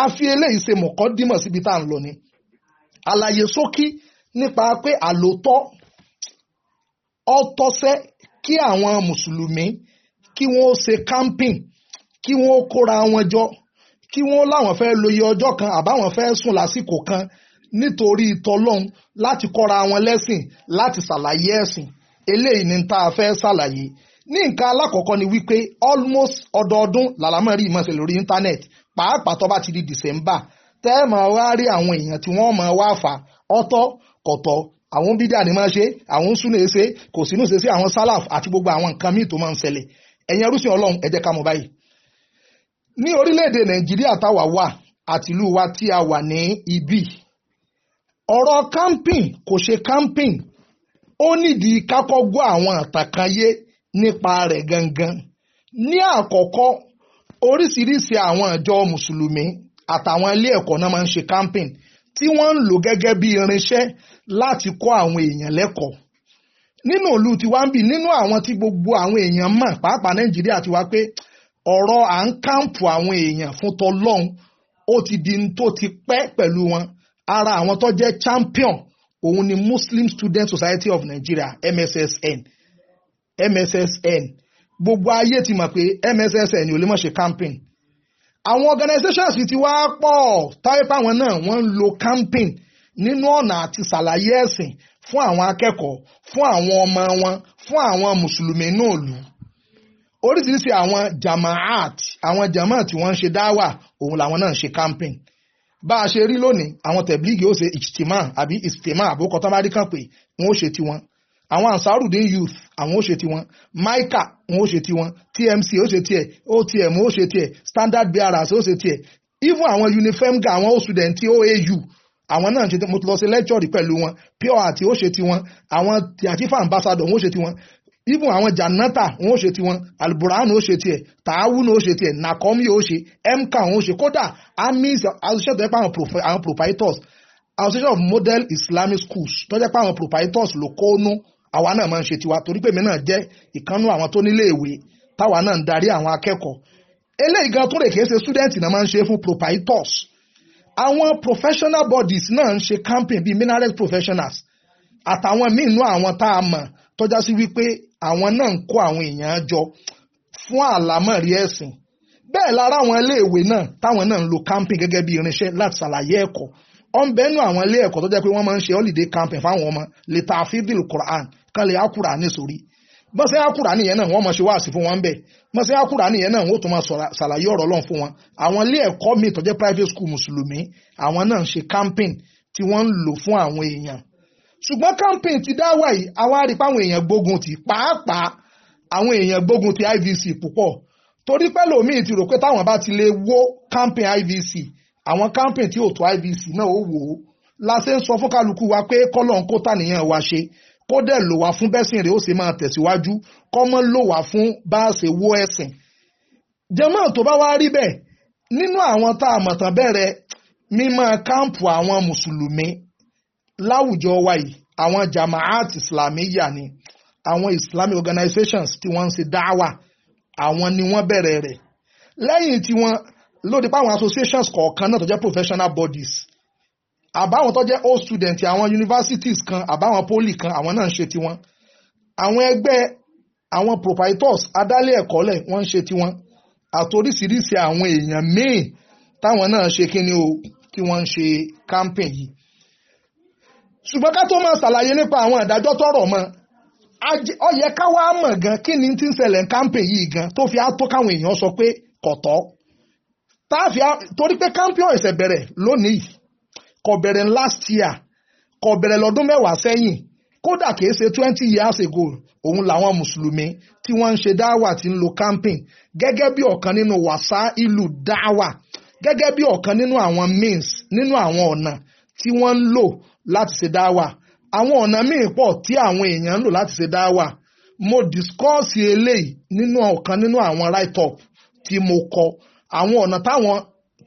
a fi eléyìí ṣe mọ̀kọ́dímọ̀ síbi tá à ń lọ ni àlàyé ṣókí nípa pé àlòtọ́ ọtọ́sẹ́ kí àwọn mùsùlùmí kí wọ́n ṣe camping kí wọ́n kóra wọn jọ kí wọ́n láwọn fẹ́ lo iye ọjọ́ kan àbáwọn fẹ́ sùn lásìkò kan nítorí tọlọ́hun láti kọ́ra wọn lẹ́sìn láti ṣàlàyé ẹ̀sìn eléyìí ni tá a fẹ́ ṣàlàyé ní nǹkan alákọ̀ọ́kọ́ ni wípé almost ọdọọdún làlámọ́rí ìmọ̀ọ́sẹ̀ lórí íńtánẹ́ẹ̀tì pàápàá tó bá ti di December tẹ́ ẹ̀ máa wá rí àwọn èèyàn tí wọ́n máa wá fà ọ̀tọ̀ kọ̀tọ̀ àwọn bídíà ni máa ṣe àwọn súnà ṣe kò sínú ṣe sí àwọn sálàf àti gbogbo àwọn nǹkan míì tó máa ń ṣẹlẹ̀ ẹ̀yin ẹrúsìn ọlọ́run ẹ ká mọ̀ báyìí. ní orílẹ̀-èdè nàìjíríà táwa wà àtìlú wa tí a wà ní ibi ọ̀rọ̀ camping kò ṣe camping ó nídìí kákọ́gbọ́ àwọn àtàkànyé nípa rẹ̀ gangan ní àkọ́kọ́ oríṣiríṣi àwọn ìjọ mùsùlùmí àtàwọn ilé ẹ̀kọ́ náà máa ń ṣe camping tí wọ́n ń lò gẹ́gẹ́ bí irinṣẹ́ láti kọ́ àwọn èèyàn lẹ́kọ̀ọ́ nínú ìlú tiwa ń bì nínú àwọn tí gbogbo àwọn èèyàn mọ̀ pàápàá nàìjíríà tiwa pé ọ̀rọ̀ à ń káǹpù àwọn èèyàn fún tọlọ́hún ó ti di tó ti pẹ́ pẹ̀lú wọn ara àwọn tó jẹ́ champion òun ni Muslim Student Society of Nigeria MSSN MSSN gbogbo ayé ti mọ̀ pé MSSN ò lè mọ̀ ṣe camping àwọn organizations ti wá pọ̀ táyé páwọn náà wọ́n ń lo camping nínú ọ̀nà àti ṣàlàyé ẹ̀sìn fún àwọn akẹ́kọ̀ọ́ fún àwọn ọmọ wọn fún àwọn mùsùlùmí náà lù oríṣiríṣi àwọn jamaat àwọn jamaat tí ń ṣe dáwà òun làwọn náà ń ṣe camping bá a ṣe rí lónìí àwọn tẹ̀blígì ó ṣe ìjtìmá àbí ìjtìmá àbókọ tó bá rí kàn pé wọn ó ṣe tiwọn àwọn ansarudin youth àwọn ó ṣe tiwọn maika wọn ó ṣe tiwọn tmc ó ṣe tiẹ̀ otm ó ṣe tiẹ̀ standard bearers ó ṣe tiẹ̀ even àwọn unifemga àwọn student oau àwọn náà ṣe mo ti lọ sí lecture pẹ̀lú wọn pure àti ó ṣe tiwọn àwọn àti fún ambassador wọn ó ṣe tiwọn even àwọn jàǹnátà wọn ò ṣe tiwọn alburahanu ò ṣe tiẹ̀ tààwùn ò ṣe tiẹ̀ nàkọ́mí ò ṣe mk wọn ò ṣe kódà amis association tó jẹ́ pé àwọn proprietors association of model islamic schools tó jẹ́ pé àwọn proprietors ló kóónú àwa náà máa ń ṣe tiwa torí pé èmi náà jẹ́ ìkànnú àwọn tó nílé ìwé táwa náà ń darí àwọn akẹ́kọ̀ọ́ eléyìí gan tó lè kìí ṣe náà máa ń ṣe fún proprietors àwọn professional bodies náà ń ṣe camping bíi minaret professionals àtàwọn míì nú àwọn tá a mọ̀ tọ́já sí wípé àwọn náà ń kó àwọn èèyàn jọ fún àlámọ̀rí ẹ̀sìn bẹ́ẹ̀ lára àwọn iléèwé náà táwọn náà ń lo camping gẹ́gẹ́ bí irinṣẹ́ láti ṣàlàyé ẹ̀kọ́ ọ̀nbẹ́nu àwọn ilé ẹ̀kọ́ tó jẹ́ pé wọ́n máa ń ṣe holiday camping fáwọn ọmọ lè ta àfídìl Quran kan lè ákùrà ní sórí bọ́n ṣe ákùrà nìyẹn náà wọ́n máa ṣe wáàsí fún wọn bẹ́ẹ̀ bọ́n ṣe ákùrà nìyẹn náà wọ́n tún máa ṣàlàyé ọ̀rọ̀ Ọlọ́run fún wọn àwọn ilé ẹ̀kọ́ míì tó private school mùsùlùmí àwọn náà ń ṣe camping tí wọ́n ń lò fún àwọn èèyàn ṣùgbọ́n campaign ti dá wà yìí àwa rí pé àwọn èèyàn gbógun ti pàápàá àwọn èèyàn gbógun ti IVC púpọ̀ torí pẹ́lú omi ti rò pé táwọn bá ti lè wó campaign IVC àwọn campaign tí ò tó IVC náà ó wò ó la ṣe ń sọ fún kálukú wa pé kọ́lọ́n kó tàníyàn wa ṣe kó dẹ̀ lò wá fún bẹ́sìn rẹ̀ ó sì máa tẹ̀síwájú kọ́mọ́ lò wá fún bá a ṣe wó ẹ̀sìn jẹ́mọ́ tó bá wá rí bẹ́ẹ̀ nínú àwọn tá a mọ̀tàn bẹ̀rẹ̀ mímọ́ káàmpù àwọn mùsùlùmí láwùjọ wa yìí àwọn jamaat islamiyya ni àwọn islamic organizations tí wọ́n ń ṣe dáwà àwọn ni wọ́n bẹ̀rẹ̀ rẹ̀ lẹ́yìn tí wọ́n lóde pa àwọn associations kọ̀ọ̀kan náà tó jẹ́ professional bodies àbáwọn tó jẹ́ old student àwọn universities kan àbáwọn poli kan àwọn náà ń ṣe tiwọn àwọn ẹgbẹ́ àwọn proprietors adálẹ̀ ẹ̀kọ́ lẹ̀ wọ́n ń ṣe tiwọn àtoríṣiríṣi àwọn èèyàn míì táwọn náà ṣe kíni o tí wọ́n ń ṣe campaign yìí ṣùgbọ́n ká tó máa ṣàlàyé nípa àwọn àdájọ́ tọrọ mọ́ ọ yẹ ká wá mọ̀ gan kí ni ti ń ṣẹlẹ̀ ń kámpẹ̀ yìí gan tó fi á káwọn èèyàn sọ pé kọ̀tọ́ táàfíà torí pé kámpẹ̀ ọ̀sẹ̀ bẹ̀rẹ̀ lónìí kò bẹ̀rẹ̀ last year kò bẹ̀rẹ̀ lọ́dún mẹ́wàá sẹ́yìn kódà kìí ṣe twenty years ago òun làwọn mùsùlùmí tí wọ́n ń ṣe dáwà tí ń lo camping gẹ́gẹ́ bí ọ̀kan nínú wàsá ìlú dáwà gẹ́gẹ́ bí ọ̀kan nínú àwọn means nínú àwọn ọ̀nà tí wọ́n ń lò láti ṣe dáwà àwọn ọ̀nà míì pọ̀ tí àwọn èèyàn ń lò láti ṣe dáwà mo discourse eléyìí nínú ọ̀kan nínú àwọn write up tí mo kọ àwọn ọ̀nà táwọn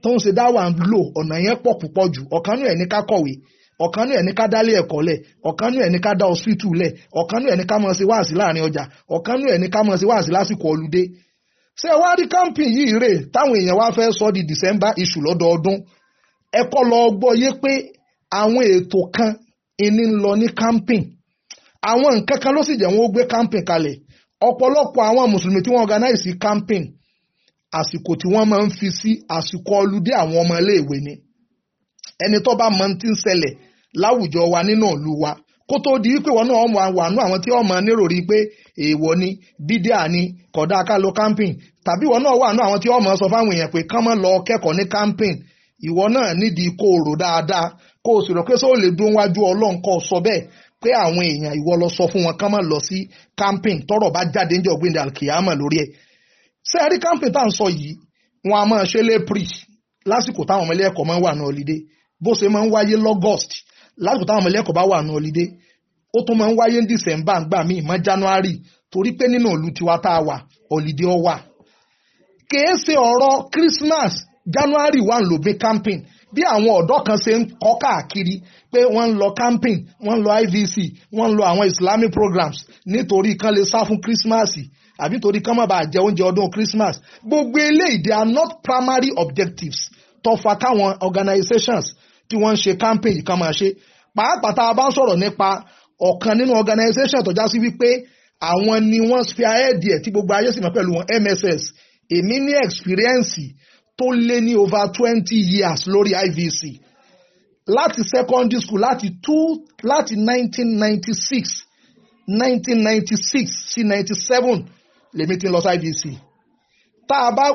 tó ń ṣe dáwà ń lò ọ̀nà yẹn pọ̀ púpọ̀ jù ọ̀kan nínú ẹ̀ ní ká kọ̀wé ọ̀kan nú ẹ̀ ní ká dálé ẹ̀kọ́ lẹ̀ ọ̀kan nú ẹ̀ ní ká dá ọ̀sìtù lẹ̀ ọ̀kan nú ẹ̀ ní ká máa ṣe wáàsí láàrin ọjà ọ̀kan nú ẹ̀ ní ká máa ṣe wáàsí lásìkò ọlùdé. ṣé ẹ wá rí kámpìn yìí rè táwọn èèyàn wá fẹ́ sọ di December issue lọ́dọọdún ẹ kọ́ lọ gbọ́ yé pé àwọn ètò kan ìní ń lọ ní camping àwọn nǹkan kan ló sì jẹ́ wọn ó gbé camping kalẹ̀ ọ̀pọ̀lọpọ̀ àwọn mùsùlùmí tí wọ́n organize camping àsìkò tí wọ́n máa ń fi sí àsìkò ọlúdé àwọn ọmọ iléèwé ni ẹni tó bá mọ ti ń ṣẹlẹ̀ láwùjọ wa nínú ìlú wa kó tó di wípé wọn náà wà nú àwọn tí wọn máa níròrí pé èèwọ̀ ni bídíà ni kódà ká lọ camping tàbí wọn náà wà nú àwọn tí wọn sọ fáwọn èèyàn pé kán máa lọ kẹ́kọ̀ọ́ ní camping ìwọ náà nídìí kó o rò dáadáa kó o sì rò pé sóò lè dún wájú ọlọ́run kó o sọ bẹ́ẹ̀ pé àwọn èèyàn ìwọ lọ sọ fún wọn kán mọ̀ lọ sí camping tọ́rọ̀ bá jáde níjọ́ gbẹ̀ndẹ̀ alkiyama lórí ẹ̀ ṣé ẹ rí camping tá à ń sọ yìí wọn a máa ṣe lépri lásìkò táwọn ọmọ ilé ẹ̀kọ́ máa ń wà ní ọlídé bó ṣe máa ń wáyé lọ́gọ́st lásìkò táwọn ọmọ ilé ẹ̀kọ́ bá wà ní ọlídé ó tún máa ń wáyé ní december gbà míì mọ́ january torí pé nínú ìlú tiwa tá a wà ọlídé ọ wà kèé ṣe ọ̀rọ̀ christmas january one ló gbé camping bí àwọn ọ̀dọ́ kan ṣe ń kọ́ káàkiri pé wọ́n ń lọ camping wọ́n ń lọ IVC wọ́n ń lọ àwọn Islamic programs nítorí kan lè sá fún Christmas àbí torí kan má bàa jẹ oúnjẹ ọdún Christmas gbogbo eléyìí they are not primary objectives tọ́fà káwọn organizations tí wọ́n ń ṣe campaign yìí kan máa ṣe pàápàá tá a bá ń sọ̀rọ̀ nípa ọ̀kan nínú organization tó já sí wípé àwọn ni wọ́n spearhead ẹ̀ tí gbogbo ayé sì mọ̀ pẹ̀lú wọn MSS èmi ní experience tó lé ní over twenty years lórí IVC láti secondary school láti two láti nineteen ninety six nineteen ninety six sí ninety seven lèmi ti lọ sí IVC tá a bá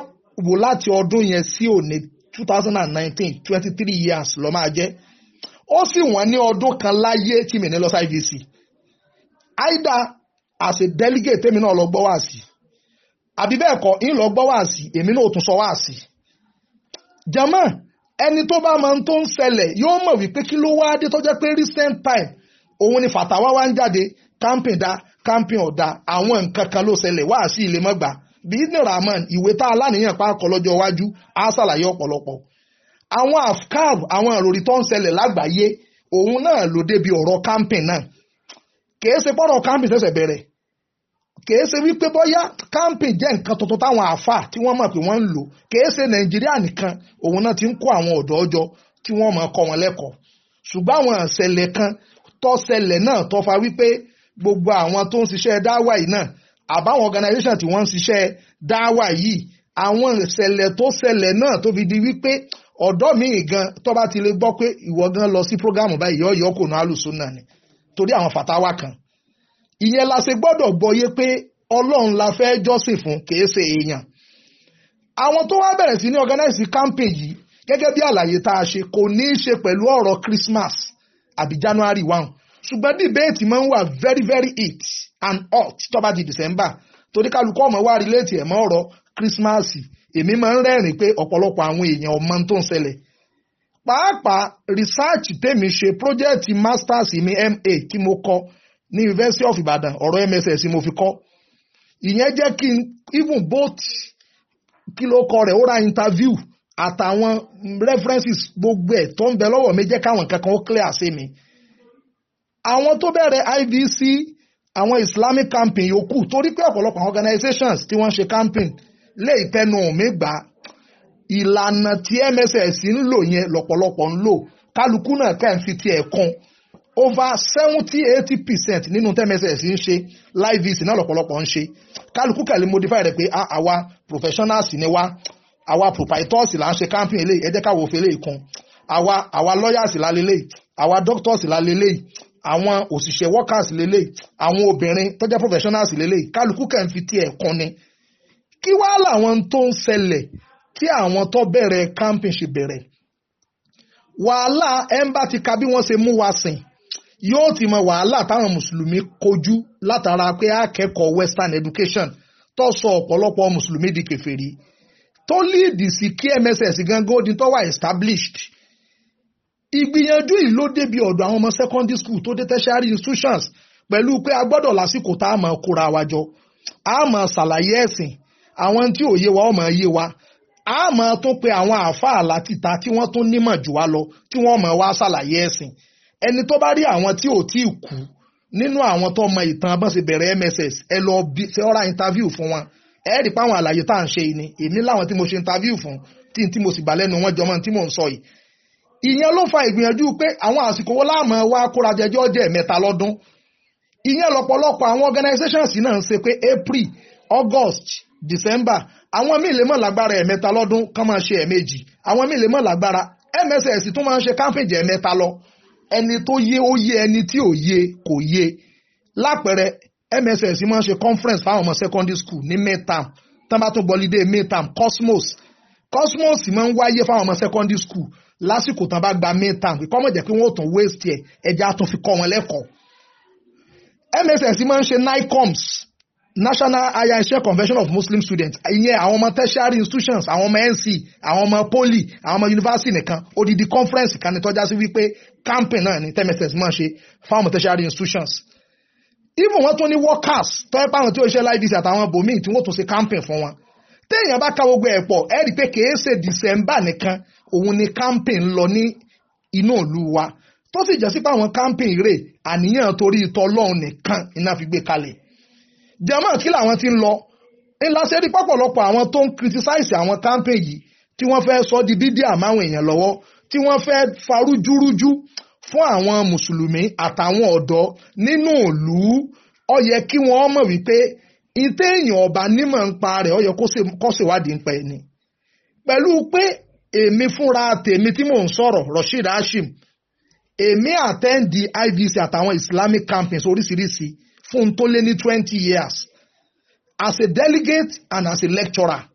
wò láti ọdún yẹn sí òní two thousand and nineteen twenty three years ló máa jẹ́ ó sì wọ́n ní ọdún kan láyé tí mi ní lọ sí IVC Aida as a delegate èmi náà lọ gbọ́ wá sí àbí bẹ́ẹ̀ kọ́ ń lọ gbọ́ wá sí èmi náà ò tún sọ wá sí jama ẹni tó bá máa ń tó ń ṣẹlẹ̀ yóò mọ̀ wípé kí ló wáá dé tó jẹ́ pé recent time òun ni fàtàwá wá ń jáde camping da camping ọ̀dà àwọn nǹkan kan ló ṣẹlẹ̀ wá sí ilé mọ́gbà bíní rahman ìwé tá a láníyàn pa akọ lọ́jọ́ iwájú á ṣàlàyé ọ̀pọ̀lọpọ̀ àwọn afkar àwọn ìròrí tó ń ṣẹlẹ̀ lágbàáyé òun náà ló débi ọ̀rọ̀ camping náà kì í ṣe pọ́rọ̀ camping ṣẹ̀ṣẹ̀ bẹ̀rẹ̀ kèé ṣe wípé bóyá campaign jẹ́ nǹkan tuntun táwọn àáfàá tí wọ́n mọ̀ pé wọ́n ń lò kèé ṣe nàìjíríà nìkan òun náà ti ń kó àwọn ọ̀dọ́ ọjọ́ tí wọ́n mọ̀ kọ́ wọn lẹ́kọ̀ọ́ ṣùgbọ́n àwọn ìṣẹ̀lẹ̀ kan tó ṣẹlẹ̀ náà tó fa wípé gbogbo àwọn tó ń ṣiṣẹ́ dáwà yìí náà àbáwọn organisation tí wọ́n ń ṣiṣẹ́ dáwà yìí àwọn ìṣẹ̀lẹ̀ tó ṣẹlẹ̀ náà tó fi di wípé ọ̀dọ́ mi gan ìyẹn la ṣe gbọ́dọ̀ gbọ́yé pé ọlọ́run la fẹ́ jọ́sìn fún kìí ṣe èèyàn àwọn tó wá bẹ̀rẹ̀ sí ní organize campaign yìí gẹ́gẹ́ bí àlàyé tá a ṣe kò ní í ṣe pẹ̀lú ọ̀rọ̀ Christmas àbí January one ṣùgbọ́n debate máa ń wà very very heat and hot tó bá di December torí kálukọ́ ọmọ wa relate ẹ̀ mọ́ ọ̀rọ̀ Christmas èmi máa ń rẹ́rìn pé ọ̀pọ̀lọpọ̀ àwọn èèyàn ọmọ tó ń ṣẹlẹ̀ pàápàá research tèmi ṣe project masters mi MA tí mo kọ́ ní University of Ibadan ọ̀rọ̀ MSS mo fi kọ́ ìyẹn jẹ́ kí n even both kí ló kọ rẹ̀ ó ra interview àtàwọn references gbogbo ẹ̀ tó ń bẹ lọ́wọ́ mi jẹ́ káwọn kankan ó clear sí mi àwọn tó bẹ̀rẹ̀ IVC àwọn Islamic camping yòókù torí pé ọ̀pọ̀lọpọ̀ organizations tí wọ́n ṣe camping lè ìpẹnu mi gbà ìlànà tí MSS ń lò yẹn lọ́pọ̀lọpọ̀ ń lò kálukú náà kàn fi tiẹ̀ kún over seventy eighty percent nínú tmss ń ṣe live vc náà lọ́pọ̀lọpọ̀ ń ṣe kálukú kẹ̀lé modify rẹ̀ pé ah, àwa professionals ni wá àwa proprietors là ń ṣe camping eléyìí ẹ jẹ́ káwọ́ òfin eléyìí kan àwa àwa lawyers là lélẹ́yìí àwa doctors là lélẹ́yìí àwọn òṣìṣẹ́ workers lélẹ́yìí àwọn obìnrin tó professionals lélẹ́yìí kálukú kẹ̀ ń fi tiẹ̀ kan ni kí wá làwọn tó ń ṣẹlẹ̀ tí àwọn tó bẹ̀rẹ̀ camping ṣe bẹ̀rẹ̀ wàhálà ẹ̀ ń bá ti ka bí wọ́n ṣe mú wa sìn yóò ti mọ wàhálà táwọn mùsùlùmí kojú látara pé akẹ́kọ̀ọ́ western education tó sọ ọ̀pọ̀lọpọ̀ mùsùlùmí di kèfèrí tó líìdì sí kí MSS gangan di tó wà established ìgbìyànjú yìí ló débi ọ̀dọ̀ àwọn ọmọ secondary school tó dé tertiary institutions pẹ̀lú pé a gbọ́dọ̀ lásìkò tá a máa kóra wa jọ a máa ṣàlàyé ẹ̀sìn àwọn tí ò yé wa ó máa yé wa a máa tún pe àwọn àáfàá látìta tí wọ́n tún nímọ̀ jù wá lọ tí wọ́n máa wá ṣàlàyé ẹ̀sìn ẹni tó bá rí àwọn tí ò tí ì kú nínú àwọn tó mọ ìtàn bọ́n ṣe bẹ̀rẹ̀ MSS ẹ lọ ṣe ọ́ra interview fún wọn ẹ rí pé àwọn àlàyé tá à ń ṣe ni èmi láwọn tí mo ṣe interview fún tí tí mo sì bà lẹ́nu wọn jọmọ́ tí mò ń sọ yìí ìyẹn ló fa ìgbìyànjú pé àwọn àsìkò wo láàmú wa kóra jẹjọ́ jẹ́ mẹ́ta lọ́dún ìyẹn lọ́pọ̀lọpọ̀ àwọn organizations náà ń ṣe pé April August December àwọn míì lè mọ̀ lágbára ẹ̀mẹ́ta lọ́dún kán máa ṣe ẹ̀mejì àwọn míì lè mọ̀ lágbára MSS tún máa ń ṣe campaign jẹ́ ẹ̀mẹ́ta lọ ẹni tó yé ó yé ẹni tí ò yé kò yé lápẹẹrẹ mss máa ń ṣe conference fáwọn ọmọ secondary school ní midterm tán bá tún gbọ́lídé midterm cosmos cosmos máa ń wáyé fáwọn ọmọ secondary school lásìkò tán bá gba midterm ìkọ́mọ̀ jẹ́ pé wọ́n ò tún waste ẹ̀ ẹja tún fi kọ́ wọn lẹ́kọ̀ọ́ mss máa ń ṣe nicoms national higher institution convention of muslim students ìyẹn àwọn ọmọ tertiary institutions àwọn ọmọ nc àwọn ọmọ poli àwọn ọmọ university nìkan odidi conference kan ní tọ́já sí wípé campaign náà ni tmss máa ṣe fáwọn ọmọ tertiary institutions even wọ́n tún ní workers tọ́jú páwọn tí ó ṣe láìdísì àtàwọn bòmíì tí wọ́n tún ṣe campaign fún wọn téèyàn bá ka gbogbo ẹ̀ pọ̀ ẹ rí i pé kìí ṣe december nìkan òun ni campaign lọ ní inú ìlú wa tó sì jẹ́ sí pé campaign rẹ̀ àníyàn torí ìtọ́lọ́run nìkan iná fi gbé kalẹ̀ jẹ́mọ́ kí làwọn ti ń lọ ńlá ṣe rí pọ̀pọ̀lọpọ̀ àwọn tó ń criticize àwọn campaign yìí tí wọ́n fẹ́ sọ di dídí àmáwọn èèyàn lọ́wọ́ tí wọ́n fẹ́ farújúrújú fún àwọn mùsùlùmí àtàwọn ọ̀dọ́ nínú ìlú ó yẹ kí wọ́n mọ̀ wípé ìtẹ̀yìn ọba nímọ̀ ń pa rẹ̀ ó yẹ kó ṣèwádìí ń pẹ́ ni pẹ̀lú pé èmi fúnra tèmi tí mò ń sọ̀rọ̀ Rasheed Hashim èmi àtẹ́ǹdì IVC àtàwọn Islamic campaigns oríṣiríṣi so fún tó lé ní twenty years as a delegate and as a lecturer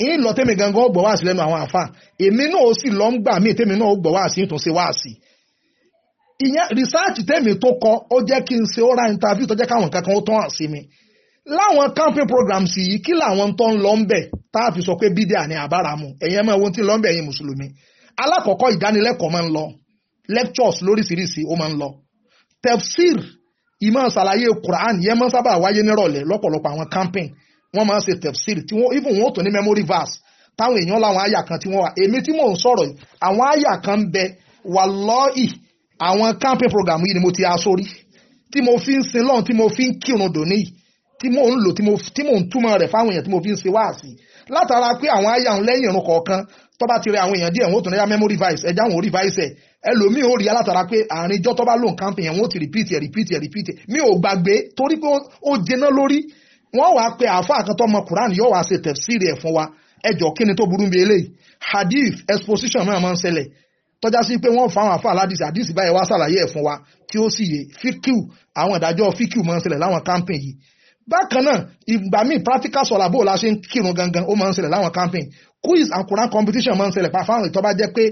ń lọ tẹ́mi gangan ó gbọ́ wá sí lẹ́nu àwọn àfáà èmi náà ó sì lọ ń gbà mí tẹ́mi náà ó wá sí ìtúnṣe wá sí ìyẹn research tẹ́mi tó kọ ó jẹ́ kí n ṣe ó ra interview tó jẹ́ káwọn kankan ó tán hàn sí mi láwọn camping programs yìí kí làwọn tó ń lọ ń bẹ̀ tá a fi sọ pé bídíà ni àbáramu ẹ̀yin ẹ̀mọ́ ẹ̀wọ̀n tí ń lọ ń bẹ̀ ẹ̀yin mùsùlùmí alákọ̀ọ́kọ́ ìdánilẹ́kọ̀ọ́ máa ń lọ lectures lóríṣiríṣi ó máa ń lọ tefsir ìmọ̀ ṣàlàyé Quran yẹn máa sábà wáyé nírọ̀lẹ́ lọ́pọ̀lọpọ̀ àwọn camping wọ́n máa ń ṣe tefsir tí wọ́n even wọ́n tó ní memory verse táwọn èèyàn láwọn àyà kan tí wọ́n wà èmi tí mò ń sọ̀rọ̀ yìí àwọn àyà kan bẹ wallahi àwọn camping program yìí ni mo ti aṣọ rí tí mo fi ń sin lọ́run tí mo fi ń kírun dòní tí mò ń lò tí mò ń túmọ̀ rẹ̀ fáwọn èèyàn tí mo fi ń ṣe wáàsí látara pé àwọn àyà ń lẹ́yìn irun kọ̀ọ̀kan tó ti rẹ àwọn èèyàn díẹ̀ wọ́n tún rẹ́ memory verse ẹ̀já àwọn orí verse ẹ̀ ẹlòmíì ó rí alátara pé àárín ìjọ tó bá lóun campaign yẹn wọ́n ti repeat ẹ̀ repeat ẹ̀ repeat ẹ̀ mi ò gbàgbé torí pé ó jẹná lórí wọ́n wàá pe àáfàá kan tó mọ Quran yóò wá ṣe tafsiri ẹ̀ fún wa ẹjọ́ kí ni tó burú bí eléyìí hadith exposition náà máa ń ṣẹlẹ̀ tọ́já sí pé wọ́n fáwọn àfáà ládìsí àdìsí báyìí wá ṣàlàyé ẹ̀ fún wa tí ó sì yé fíkìú àwọn ìdájọ́ fíkìú máa ń ṣẹlẹ̀ láwọn campaign yìí bákan náà ìgbà míì practical sọ̀là bó la ṣe ń kírun gangan ó máa ń ṣẹlẹ̀ láwọn campaign quiz and Quran competition máa ń ṣẹlẹ̀ pa fáwọn ìtọ́ bá jẹ́ pé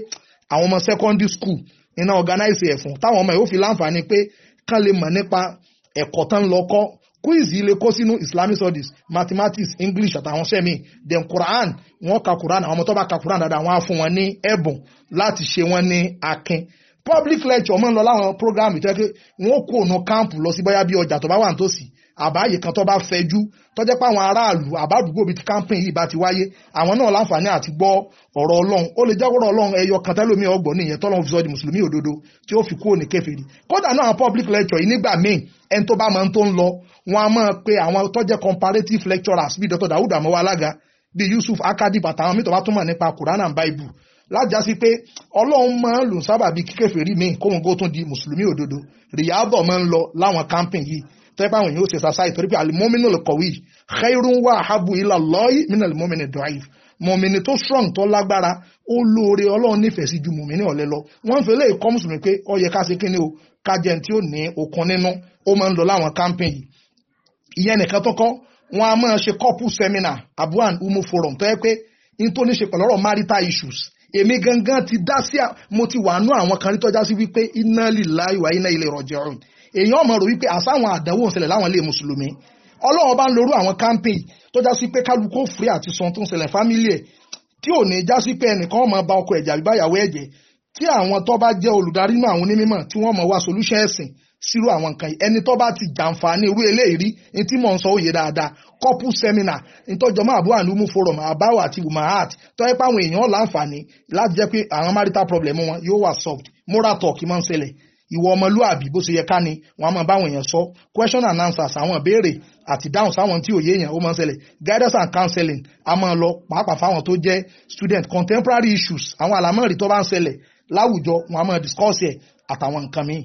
àwọn ọmọ secondary school iná organize ẹ̀ fún táwọn ọmọ yóò fi láǹfààní pé kán lè mọ̀ nípa ẹ̀kọ́ tán lọ kọ́ quiz yìí lè kó sínú islamic studies mathematics english àtàwọn sẹ́mi then quran wọ́n ka quran àwọn ọmọ tó bá ka quran dáadáa wọ́n á fún wọn ní ẹ̀bùn láti ṣe wọ́n ní akin public lecture mọ́ ń lọ láwọn programme tó yẹ pé wọ́n kó òun káàmpù lọ sí bóyá bí ọjà tó bá wà nítòsí àbáyé kan tó bá fẹjú tó jẹ́ pé àwọn aráàlú àbádùgbò bíi ti kámpìn yìí bá ti wáyé àwọn náà láǹfààní àti gbọ́ ọ̀rọ̀ ọlọ́run ó lè jáwọ́rọ̀ ọlọ́run ẹyọ kan tẹ́lómi ọgbọ̀n nìyẹn tọ́lọ́run fi sọ di mùsùlùmí òdodo tí ó fi kúrò ní kèfèrí kódà náà àwọn public lecture yìí nígbà míì ẹni tó bá máa ń tó ń lọ wọn a máa pe àwọn tó jẹ́ comparative lecturers bíi Dr. Dawud Amowo Alaga bíi Yusuf Akadib àtàwọn míì tó bá túmọ̀ nípa Quran and Bible lájásí pé ọlọ́run máa ń lò sábàbí kíkèfèrí míì kóhun kó tún di mùsùlùmí òdodo rìyáàbọ̀ máa ń lọ láwọn camping yìí tẹ́pẹ́ àwọn èèyàn ó ṣe ṣàṣàì torí pé alimọ́mínú lè kọ̀wé khairun wa ahabu ila Allahi minal mọ́mínú dọ́ìf mọ̀mìnì tó strong tó lágbára ó lóore ọlọ́run nífẹ̀ẹ́ sí ju mọ̀mìnì ọ̀lẹ lọ wọ́n fẹ́ lè kọ́ mùsùlùmí pé ó yẹ ká ṣe kí ni o ká jẹun tí ó ní okun nínú ó máa ń lọ láwọn campaign yìí ìyẹn nìkan tó kọ́ wọn a máa ṣe couple seminar abu and umu forum tó yẹ pé n tó ní ṣe pẹ̀lú ọ̀rọ̀ marital issues èmi gangan ti dá sí mo ti wà nú àwọn kan rí tọ́já sí wípé iná lìlá ìwà iná ilé rọ̀jẹ̀ ọ̀rùn èèyàn ọmọ rò wípé àsáwọn àdánwò ń ṣẹlẹ̀ láwọn ilé mùsùlùmí ọlọ́run bá ń lorú àwọn campaign tó já sí pé kálukú òfurẹ́ àti san tó ń ṣẹlẹ̀ fámílì ẹ̀ tí ò ní já pé ẹnìkan ọmọ ba ọkọ ẹ̀jẹ̀ àbíbáyàwó ẹ̀jẹ̀ tí àwọn tó bá jẹ́ olùdarí náà àwọn onímọ̀ tí wọ́n mọ̀ wá solution ẹ̀sìn sírú àwọn nǹkan yìí ẹni tó bá ti jàǹfààní irú eléyìí ní tí mò ń sọ òye dáadáa couple seminar nítọ́jọ́ máa bú forum àbáwò àti umahat tó yẹ pé àwọn èèyàn láǹfààní láti jẹ́ pé àwọn marital problem wọn yóò wà solved moral talk máa ń ṣẹlẹ̀ ìwọ ọmọlúàbí bó ṣe yẹ ká ni wọn a máa báwọn èèyàn sọ question and answers àwọn ìbéèrè àti dáhùn sáwọn tí òye èèyàn ó máa ń ṣẹlẹ̀ guidance and counseling a máa lọ pàápàá fáwọn tó jẹ́ student contemporary issues àwọn àlámọ̀rí tó bá ń ṣẹlẹ̀ láwùjọ wọn a máa discuss ẹ̀ àtàwọn nǹkan míì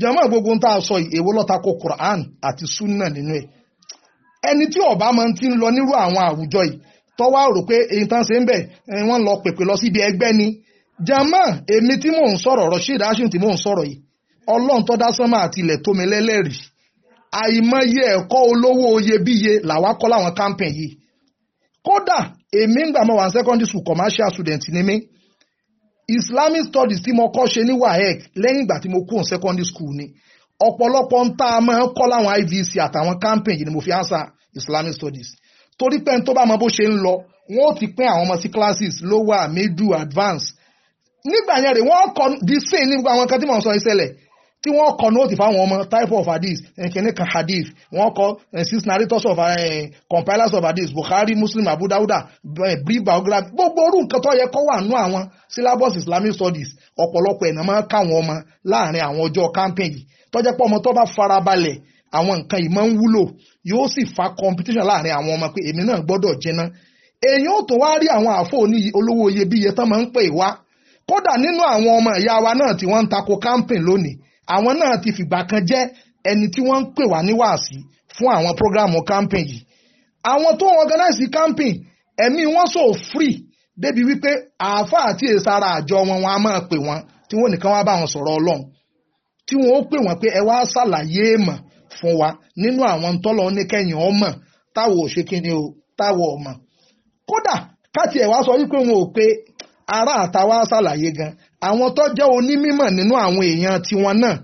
jẹ́mọ́ gbogbo ń tá sọ èwo lọ́ta ko Quran àti sunna nínú ẹ̀ ẹni tí ọba máa ti ń lọ nírú àwọn àwùjọ yìí tọ́wọ́ rò pé èyí tán ṣe ń bẹ̀ wọ́n ọlọ́run tó dá sánmà àti ilẹ̀ tó mi lẹ́lẹ́rìí àìmọye ẹ̀kọ́ olówó iyebíye làwa kọ́ láwọn campaign yìí kódà èmi ń gbà mọ́ wà secondary school commercial student ni mí islamic studies tí mo kọ́ ṣe ní waec lẹ́yìn ìgbà tí mo kúrò secondary school ni ọ̀pọ̀lọpọ̀ ń tá a máa ń kọ́ láwọn ivc àtàwọn campaign yìí ni mo fi ansa islamic studies torí pé tó bá mọ bó ṣe ń lọ wọn ò ti pín àwọn ọmọ sí classes lower middle advanced nígbà yẹn rè wọ́n kọ́ di sin nígbà àwọn kan tí mò ń sọ ìṣẹ̀lẹ̀ tí wọ́n kọ nóòtì fáwọn ọmọ type of hadith eh, kìíní kan hadith wọ́n kọ eh, six narrators of eh, compilers of hadith Bukhari Muslim Abu Dawuda brief biography gbogbo orú nǹkan tó yẹ kọ́ wà nú àwọn syllabus Islamic studies ọ̀pọ̀lọpọ̀ ẹ̀nà máa ń káwọn ọmọ láàrin àwọn ọjọ́ campaign yìí tọ́jẹ́ pé ọmọ tó bá farabalẹ̀ àwọn nǹkan yìí máa ń wúlò yóò sì fa competition láàrin àwọn ọmọ pé èmi náà gbọ́dọ̀ jẹ́ná èèyàn ò tó wá rí àwọn àfọ òní olówó iyebíye tán máa ń pè wá kódà nínú àwọn ọmọ ìyá wa náà tí wọ́n ń tako campaign lónìí àwọn náà ti fìgbà kan jẹ́ ẹni tí wọ́n ń pè wá ní wàásí fún àwọn prógrámù campaign yìí àwọn tó ń organize campaign ẹ̀mí wọn so free débi wípé àáfàá àti èsàrà àjọ wọn wọn a máa pè wọn tí wọn nìkan wá bá wọn sọ̀rọ̀ ọlọ́run tí wọn ó pè wọn pé ẹ wá ṣàlàyé èèmọ̀ fún wa nínú àwọn tọ́lọ oníkẹ́yìn ọmọ táwọn ò ṣe kíni o táwọn ọmọ kódà káti ẹ̀ wá sọ wípé wọn ò pé ará àtàwá ṣàlàyé gan àwọn tó jẹ́ onímọ̀ nínú àwọn èèyàn tiwọn náà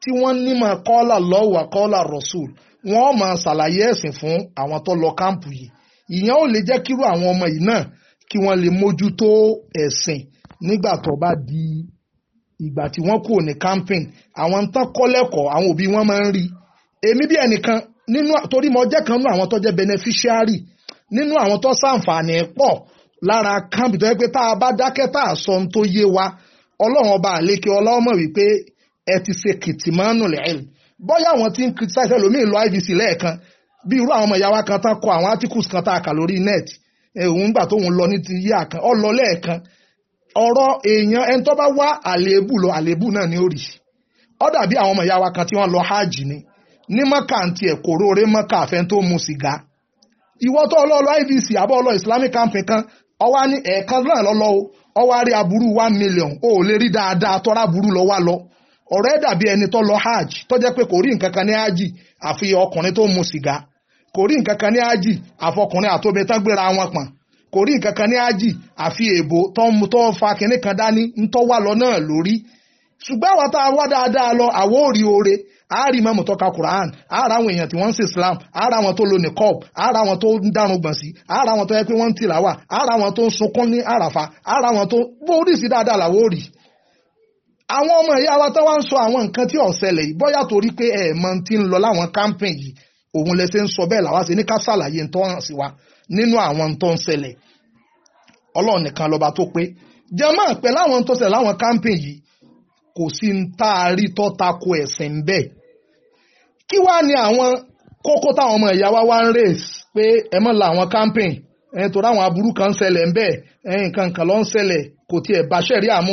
tí wọ́n nímọ̀ kọ́là lọ́wọ́ kọ́là rọ̀ṣùl wọ́n máa ṣàlàyé ẹ̀sìn fún àwọn tó lọ káàmpù yìí ìyẹn ò lè jẹ́ kírú àwọn ọmọ yìí náà kí wọ́n lè mójútó ẹ̀sìn nígbà tó bá di ìgbà tí wọ́n kúrò ní camping àwọn tán kọ́ lẹ́kọ̀ọ́ àwọn òbí wọn máa ń rí èmi bí ẹnìkan nínú torí mo jẹ́ kan nínú àwọn tó jẹ́ beneficiary nínú àwọn tó ṣàǹfààní pọ̀ lára camp tó yẹ pé tá a bá dákẹ́ tá a sọ ohun tó yé wa ọlọ́run ọba àlékè ọlọ́mọ wípé ẹ ti ṣe kìtìmánù lẹ́yìn bọ́yá àwọn tí ń criticize ẹlòmíì lọ IVC lẹ́ẹ̀kan bí irú àwọn ọmọ ìyá wa kọ àwọn articles kan tá a kà lórí net òun gbà tóun lọ ní kan ọ lọ lẹ́ẹ̀kan ọ̀rọ̀ èèyàn ẹni tó bá wá ọ dàbí àwọn ọmọ ìyá wa kan lọ hajj ni ní mọ́kà àǹtí mu sìgá IVC àbọ̀ ọlọ́ Islamic campaign kan ọwá ní ẹ̀ẹ̀kan náà lọ́lọ́ ọwá rí aburú one million o ò lè rí dáadáa tọ́ra aburú lọ wá lọ ọ̀rọ̀ ẹ̀ dàbí ẹni tó lọ hajj tó jẹ́ pé kò rí nǹkan kan ní hajj àfi ọkùnrin tó mu sìgá kò rí nǹkan kan ní hajj àfọkùnrin àtòbí tán gbéra wọn pọ̀n kò rí nǹkan kan ní hajj àfi èèbò tó ń mu tó ń fa kinní kan dání ń tọ́ wá lọ náà lórí ṣùgbọ́n àwa tá a wá dáadáa lọ àwo ò rí oore àárí mọ́mù tó Quran àárá àwọn èèyàn tí wọ́n ń ṣe Islam àárá àwọn tó lo nìkọ́ọ̀bù àárá àwọn tó ń dárun gbọ̀n sí àárá àwọn tó yẹ pé wọ́n ń tìlàwà àárá àwọn tó ń sunkún ní àràfà àárá àwọn tó bóórí sí dáadáa làwọ́ rí. àwọn ọmọ ìyá wa tó wá ń sọ àwọn nǹkan tí ó ṣẹlẹ̀ yìí bóyá torí pé ẹ̀ mọ ti ń lọ láwọn kámpẹ̀n yìí òun lẹ ṣe ń sọ bẹ́ẹ̀ làwa ṣe ní ká ṣàlàyé kò sí ń tá a rí tó tako ẹ̀sìn bẹ́ẹ̀ kí wá ní àwọn kókó táwọn ọmọ ìyá wa wá ń race pé ẹ mọ̀ la àwọn campaign ẹ̀yìn tó ráwọn aburú kan ń ṣẹlẹ̀ ń bẹ̀ ẹ̀yìn kan kan ló ń ṣẹlẹ̀ kò tiẹ̀ bá ṣẹ̀rí àmú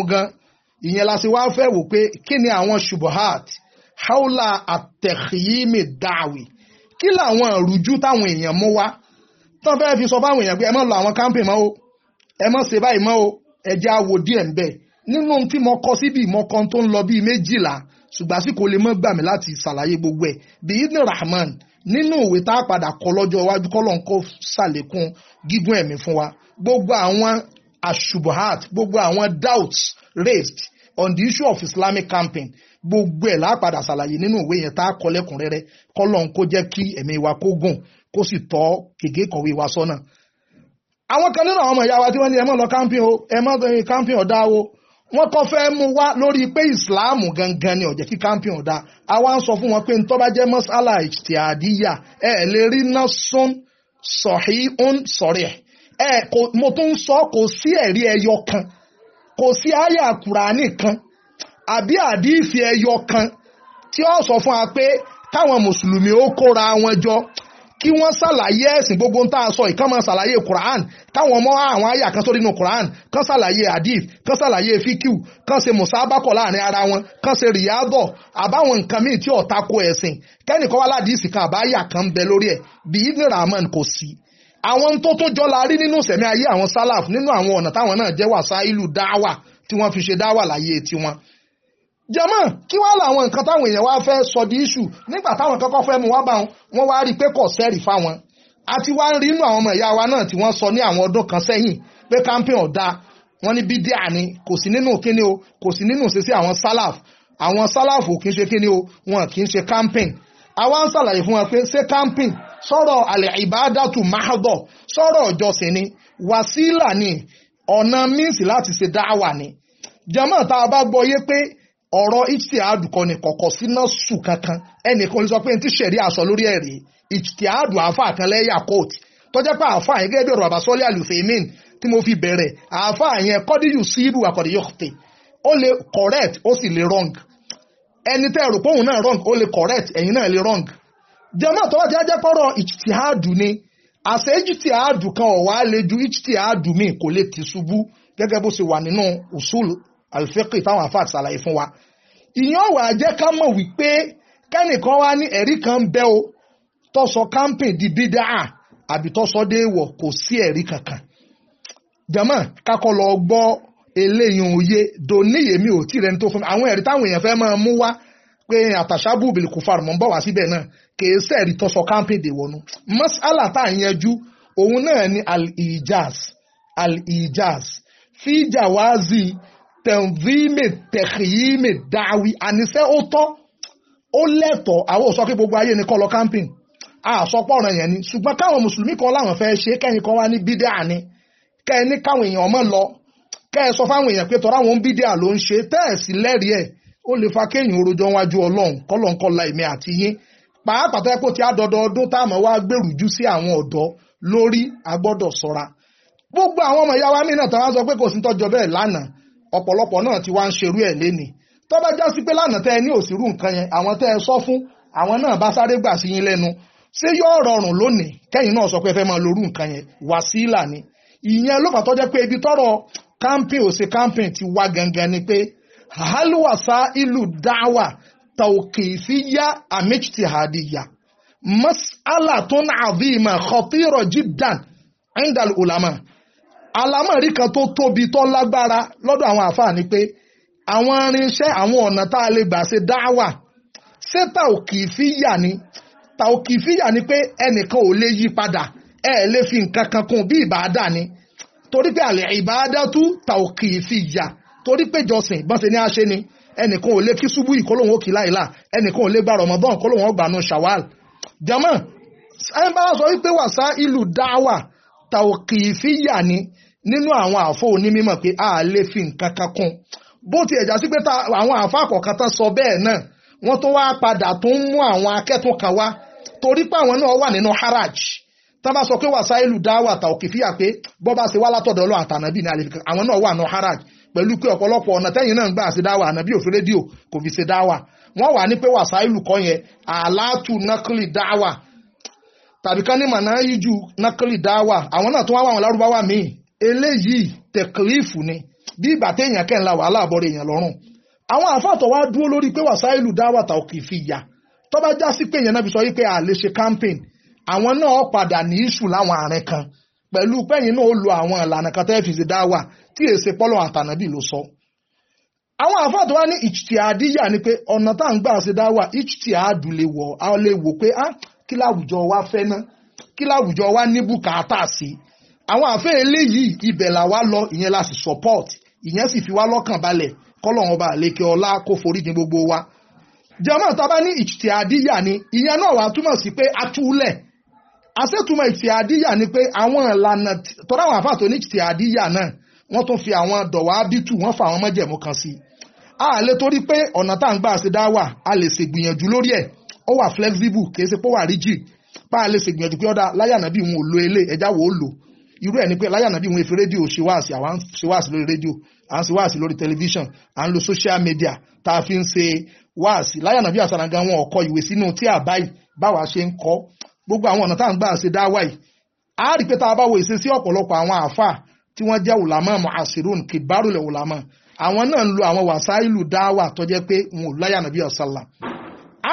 ìyẹn la sì wá fẹ́ wò pé kí ni àwọn ṣubuhat haula àtẹ̀kìyímì dàwì kí làwọn ìrújú táwọn èèyàn mú wá tán fẹ́ fi sọ fáwọn èèyàn pé ẹ mọ̀ lọ àwọn campaign mọ́ o ẹ mọ̀ ṣe báyìí mọ́ o ẹ jẹ́ àwò díẹ̀ ń bẹ̀ nínú tí mo kọ síbi mo kọ tó ń lọ bíi méjìlá ṣùgbọ́n àsìkò lè mọ́ gbà mí láti ṣàlàyé gbogbo ẹ̀ bí ibn rahman nínú ìwé tá a padà kọ lọ́jọ́ iwájú kọ́lọ́n kó ṣàlékún gígùn ẹ̀mí fún wa gbogbo àwọn ashubuhat gbogbo àwọn doubts raised on the issue of islamic camping gbogbo ẹ̀ lápadà ṣàlàyé nínú ìwé yẹn tá a kọ lẹ́kùnrẹ́rẹ́ kọ́lọ́n kó jẹ́ kí ẹ̀mí wa kó gùn kó sì tọ́ gègé kọ̀wé wa sọ́nà àwọn kan nínú àwọn ọmọ ìyá wa tí wọ́n ní ẹ lọ camping o ẹ camping ọ̀dá o wọ́n kọ́ fẹ́ mú wá lórí pé ìsìláàmù gangan ni ọ̀jẹ̀ kí kámpíọ̀n dá a wá ń sọ fún wọn pé ntọ́ bá jẹ́ mọ́sálà ìtìádìyà ẹ̀ lè rí náà sún sọ̀hí ń sọ̀rí ẹ̀ ẹ̀ mo tún sọ kò sí ẹ̀rí ẹyọ kan kò sí àyà kùránì kan àbí àdìsí ẹyọ kan tí ó sọ fún wa pé káwọn mùsùlùmí ó kóra wọn jọ kí wọ́n ṣàlàyé ẹ̀sìn gbogbo ń tá a sọ ìkànnì ṣàlàyé Quran káwọn ọmọ àwọn àyà kan sórí inú Quran kan ṣàlàyé hadith kan ṣàlàyé fíkìw kan ṣe mùsàbákọ̀ láàrin ara wọn kan ṣe rìyádọ̀ àbáwọn nǹkan míì tí ọ̀tá ko ẹ̀sìn kẹ́nìkan wá ládìísì kan àbáyà kan ń bẹ lórí ẹ̀ bí ibn rahman kò sí àwọn tó tó jọ la rí nínú sẹ̀mí ayé àwọn sálàf nínú àwọn ọ̀nà táwọn náà jẹ́ wàsá ìlú dáwà tí wọ́n fi ṣe dáwà láyé tiwọn jẹmọ́ kí wàá làwọn nǹkan táwọn èèyàn wá fẹ́ sọ di iṣu nígbà táwọn kọ́kọ́ fẹ́ mu wá bá wọn wọ́n wá rí i pé kò sẹ́rì fáwọn àti wá ń rí inú àwọn ọmọ ìyá wa náà tí wọ́n sọ ní àwọn ọdún kan sẹ́yìn pé campaign ọ̀dà wọ́n ní bídíà ni kò sí nínú kíni o kò sí nínú ṣe àwọn sálàf àwọn sálàf ò kì í ṣe kíni o wọn kì í ṣe campaign àwa ń ṣàlàyé fún wọn pé ṣé campaign sọ̀rọ̀ àlẹ́ ìbádàtù mahadọ̀ sọ̀rọ̀ ọ̀jọ̀sìn ni wàsílà ni ọ̀nà míǹsì láti ṣe dáwà ni jẹ́mọ́ tá gbọ́ yé pé ọ̀rọ̀ ijtihadu kan ní kọ̀kọ̀ sí náà sùn kankan ẹnìkan ló sọ pé ti ṣẹ̀rí àṣọ lórí ẹ̀rí ijtihadu àáfà kan lẹ́yà court tọ́jẹ́ pé àáfà yẹn gẹ́gẹ́ bí ọ̀rọ̀ àbásọ́lé àlùfẹ́mìn tí mo fi bẹ̀rẹ̀ àáfà yẹn kọ́díyù sí ibù àkọ́díyù tè ó lè correct ó sì lè wrong ẹni tẹ́ rò póun náà wrong ó lè correct ẹ̀yin náà lè wrong jẹ́mọ́ tó wá ti ajẹ́ pọ́rọ̀ ijtihadu ni àṣẹ ijtihadu kan ọ̀wá le ju ijtihadu mi kò lè ti ṣubú gẹ́gẹ́ bó ṣe wà nínú usul alfẹ́kì táwọn àfáà ṣàlàyé fún wa ìyẹn ó wá jẹ́ ká mọ̀ wípé kẹ́nìkan wá ní ẹ̀rí kan bẹ́ o tó sọ kámpìn di bídáà àbí tó sọ déèwọ̀ kò sí ẹ̀rí kankan jẹ́mọ̀ kakọ́ lọ gbọ́ eléyìí òye doníyèmí ò tí rẹni tó fún mi àwọn ẹ̀rí táwọn èèyàn fẹ́ máa mú wá pé àtàṣábù bìlì kò farò ń bọ̀ wá síbẹ̀ náà kèé sẹ́ẹ̀rí tó kámpìn dè wọnú mọ́sálà tá à ń yẹjú òun náà ni al-ijaz al-ijaz fíjà wáàzì tẹ̀ǹvímẹ̀ tẹ̀kìyímẹ̀ dáwí àníṣẹ́ ó tọ́ ó lẹ́tọ̀ọ́ àwọn òsọ pé gbogbo ayé ni kọ́ lọ camping àsọpọ̀ ọ̀ràn yẹn ni ṣùgbọ́n káwọn mùsùlùmí kan láwọn fẹ́ ṣe kẹ́yìn kan wá ní bídíà ni kẹ́yìn ní káwọn èèyàn mọ̀ lọ kẹ́yìn sọ fáwọn èèyàn pé tọ́ra àwọn bídíà ló ń ṣe tẹ́ẹ̀sì lẹ́rìí ẹ̀ ó lè fa kéèyàn orojọ́ wájú ọlọ́run kọ́lọ́nkọ́lá èmi àti yín pàápàá tẹ́ kó ti àdọ́dọ́ọdún táàmù wá gbèrújú sí àwọn ọ̀dọ́ lórí agbọ́dọ̀ sọ́ra gbogbo àwọn ọmọ ìyá wa mí náà tọ́ra sọ pé kò sí tọ́jọ́ bẹ́ẹ̀ lánàá ọ̀pọ̀lọpọ̀ náà ti wá ń ṣerú ẹ̀ léni tó bá já sí pé lánàá tẹ́ ẹ ní òsírù nǹkan yẹn àwọn tẹ́ ẹ sọ fún àwọn náà bá sáré gbà sí yín lẹ́nu ṣé yóò rọrùn lónìí kẹ́yìn náà sọ pé ẹ fẹ́ máa lorú nǹkan yẹn wàsílà ni ìyẹn ló fà tó jẹ́ pé ibi tọ́rọ̀ camping ò sí camping ti wá gangan ni pé halwasa ìlú dáwà taukifiya amijtihadiya mas'ala tó ń ulama àlámọ̀rí kan tó tóbi tó lágbára lọ́dọ̀ àwọn àfáà ni pé àwọn irinṣẹ́ àwọn ọ̀nà tá a lè gbà ṣe dáwà ṣé tàòkìfíyà ni tàòkìfíyà ni pé ẹnìkan ò lè yí padà ẹ lè fi nǹkan kan kún bí ìbáadà ni torí pé àlẹ́ ìbáadà tú tàòkìfíyà torí pé jọsìn bọ́sẹ̀ ni a ṣe ni ẹnìkan ò lè kí ṣubú ìkólóhùn òkì láìlà ẹnìkan ò lè gba rọmọdán kólóhùn ọgbàánu ṣàwàl jẹmọ ẹ bá sọ wípé wàsá ìlú dáwà tàòkìfíyà ni nínú àwọn àfọ onímọ̀ pé a lè fi nǹkan kan kún bó ti ẹ̀já sí pé àwọn àfọ àkọ́kọ́ tán sọ bẹ́ẹ̀ náà wọ́n tó wá padà tó ń mú àwọn akẹ́tún kan wá torí pé àwọn náà wà nínú haraj tá bá sọ pé wàsáìlù dáwà tàwọn kìfíyà pé bọ́ bá ṣe wá látọ̀dọ̀ ọlọ́ àtànàbí ni àlè àwọn náà wà nínú haraj pẹ̀lú pé ọ̀pọ̀lọpọ̀ ọ̀nà tẹ́yìn náà ń gbà ṣe dáwà ànàbí òfin rédíò kò fi ṣe dáwà wọ́n wà ní pé wàsáìlù kọ́ yẹn àlàtù nákìlì dáwà tàbí ká ní yíjú nákìlì dáwà àwọn náà tó wá wà wọn lárúbáwá míì eléyìí tẹ̀klífù ni bí ìgbà téèyàn kẹ́ ń la wàhálà àbọ̀rẹ̀ èèyàn lọ́rùn àwọn àfàtọ̀ wá dúró lórí pé wàsáìlù dáwàtà òkè fi yà tó bá já sí pé èèyàn náà fi sọ yí pé a lè ṣe campaign àwọn náà padà ní ìṣù láwọn àárín kan pẹ̀lú pẹ́yìn náà ó lo àwọn ìlànà kan tẹ́ fi ṣe dáwà tí èsè pọ́lọ́ àtànábì ló sọ àwọn àfàtọ̀ wá ní ìtìtì àdíyà ni pé ọ̀nà tá à ń gbà ṣe dáwà ìtìtì àdù lè wọ̀ a lè wò pé á ah, kí láwùjọ wa fẹ́ ná kí láwùjọ wa ní bùkátà sí i àwọn àfẹ́ eléyìí ibẹ̀ là wá lọ ìyẹn la sì support ìyẹn sì fi wá lọ́kàn balẹ̀ kọ́lọ́run ọba àlékè ọlá kó foríjì gbogbo wa jẹ́mọ́ tá a bá ní ìtì àdíyà ni ìyẹn náà wàá túmọ̀ sí pé a túlẹ̀ àṣetúmọ̀ ìtì àdíyà ni pé àwọn ìlànà tọ́lá àwọn àfáà ní ìtì àdíyà náà wọ́n tún fi àwọn dọ̀wà bítù wọ́n fa àwọn mọ́jẹ̀mú kan sí i a lè torí pé ọ̀nà tá à ń gbà a lè ṣe gbìyànjú lórí flexible kì í rigid pa a lè ṣe gbìyànjú pé ọ̀dà láyà nàbí òun irú ẹ̀ ni pé láyà nàbí ìwọ̀n efi rédíò ṣe wáàsí àwa ń ṣe wáàsí lórí rédíò à ń ṣe lórí tẹlifíṣàn à ń lo social media tá a fi ń ṣe wáàsí láyà nàbí àsàràǹgà wọn ọkọ ìwé sínú tí àbáyì báwa ṣe ń kọ gbogbo àwọn ọ̀nà tá à ń gbà ṣe dáwà yìí a rí pé tá a bá wo ìṣesí ọ̀pọ̀lọpọ̀ àwọn àáfàá tí wọ́n jẹ́ ulama mu'asirun kibarulẹ̀ ulama àwọn náà ń lo àwọn wàsáìlù dáwà tó jẹ́ pé wọn ò láyà nàbí ọ̀sálà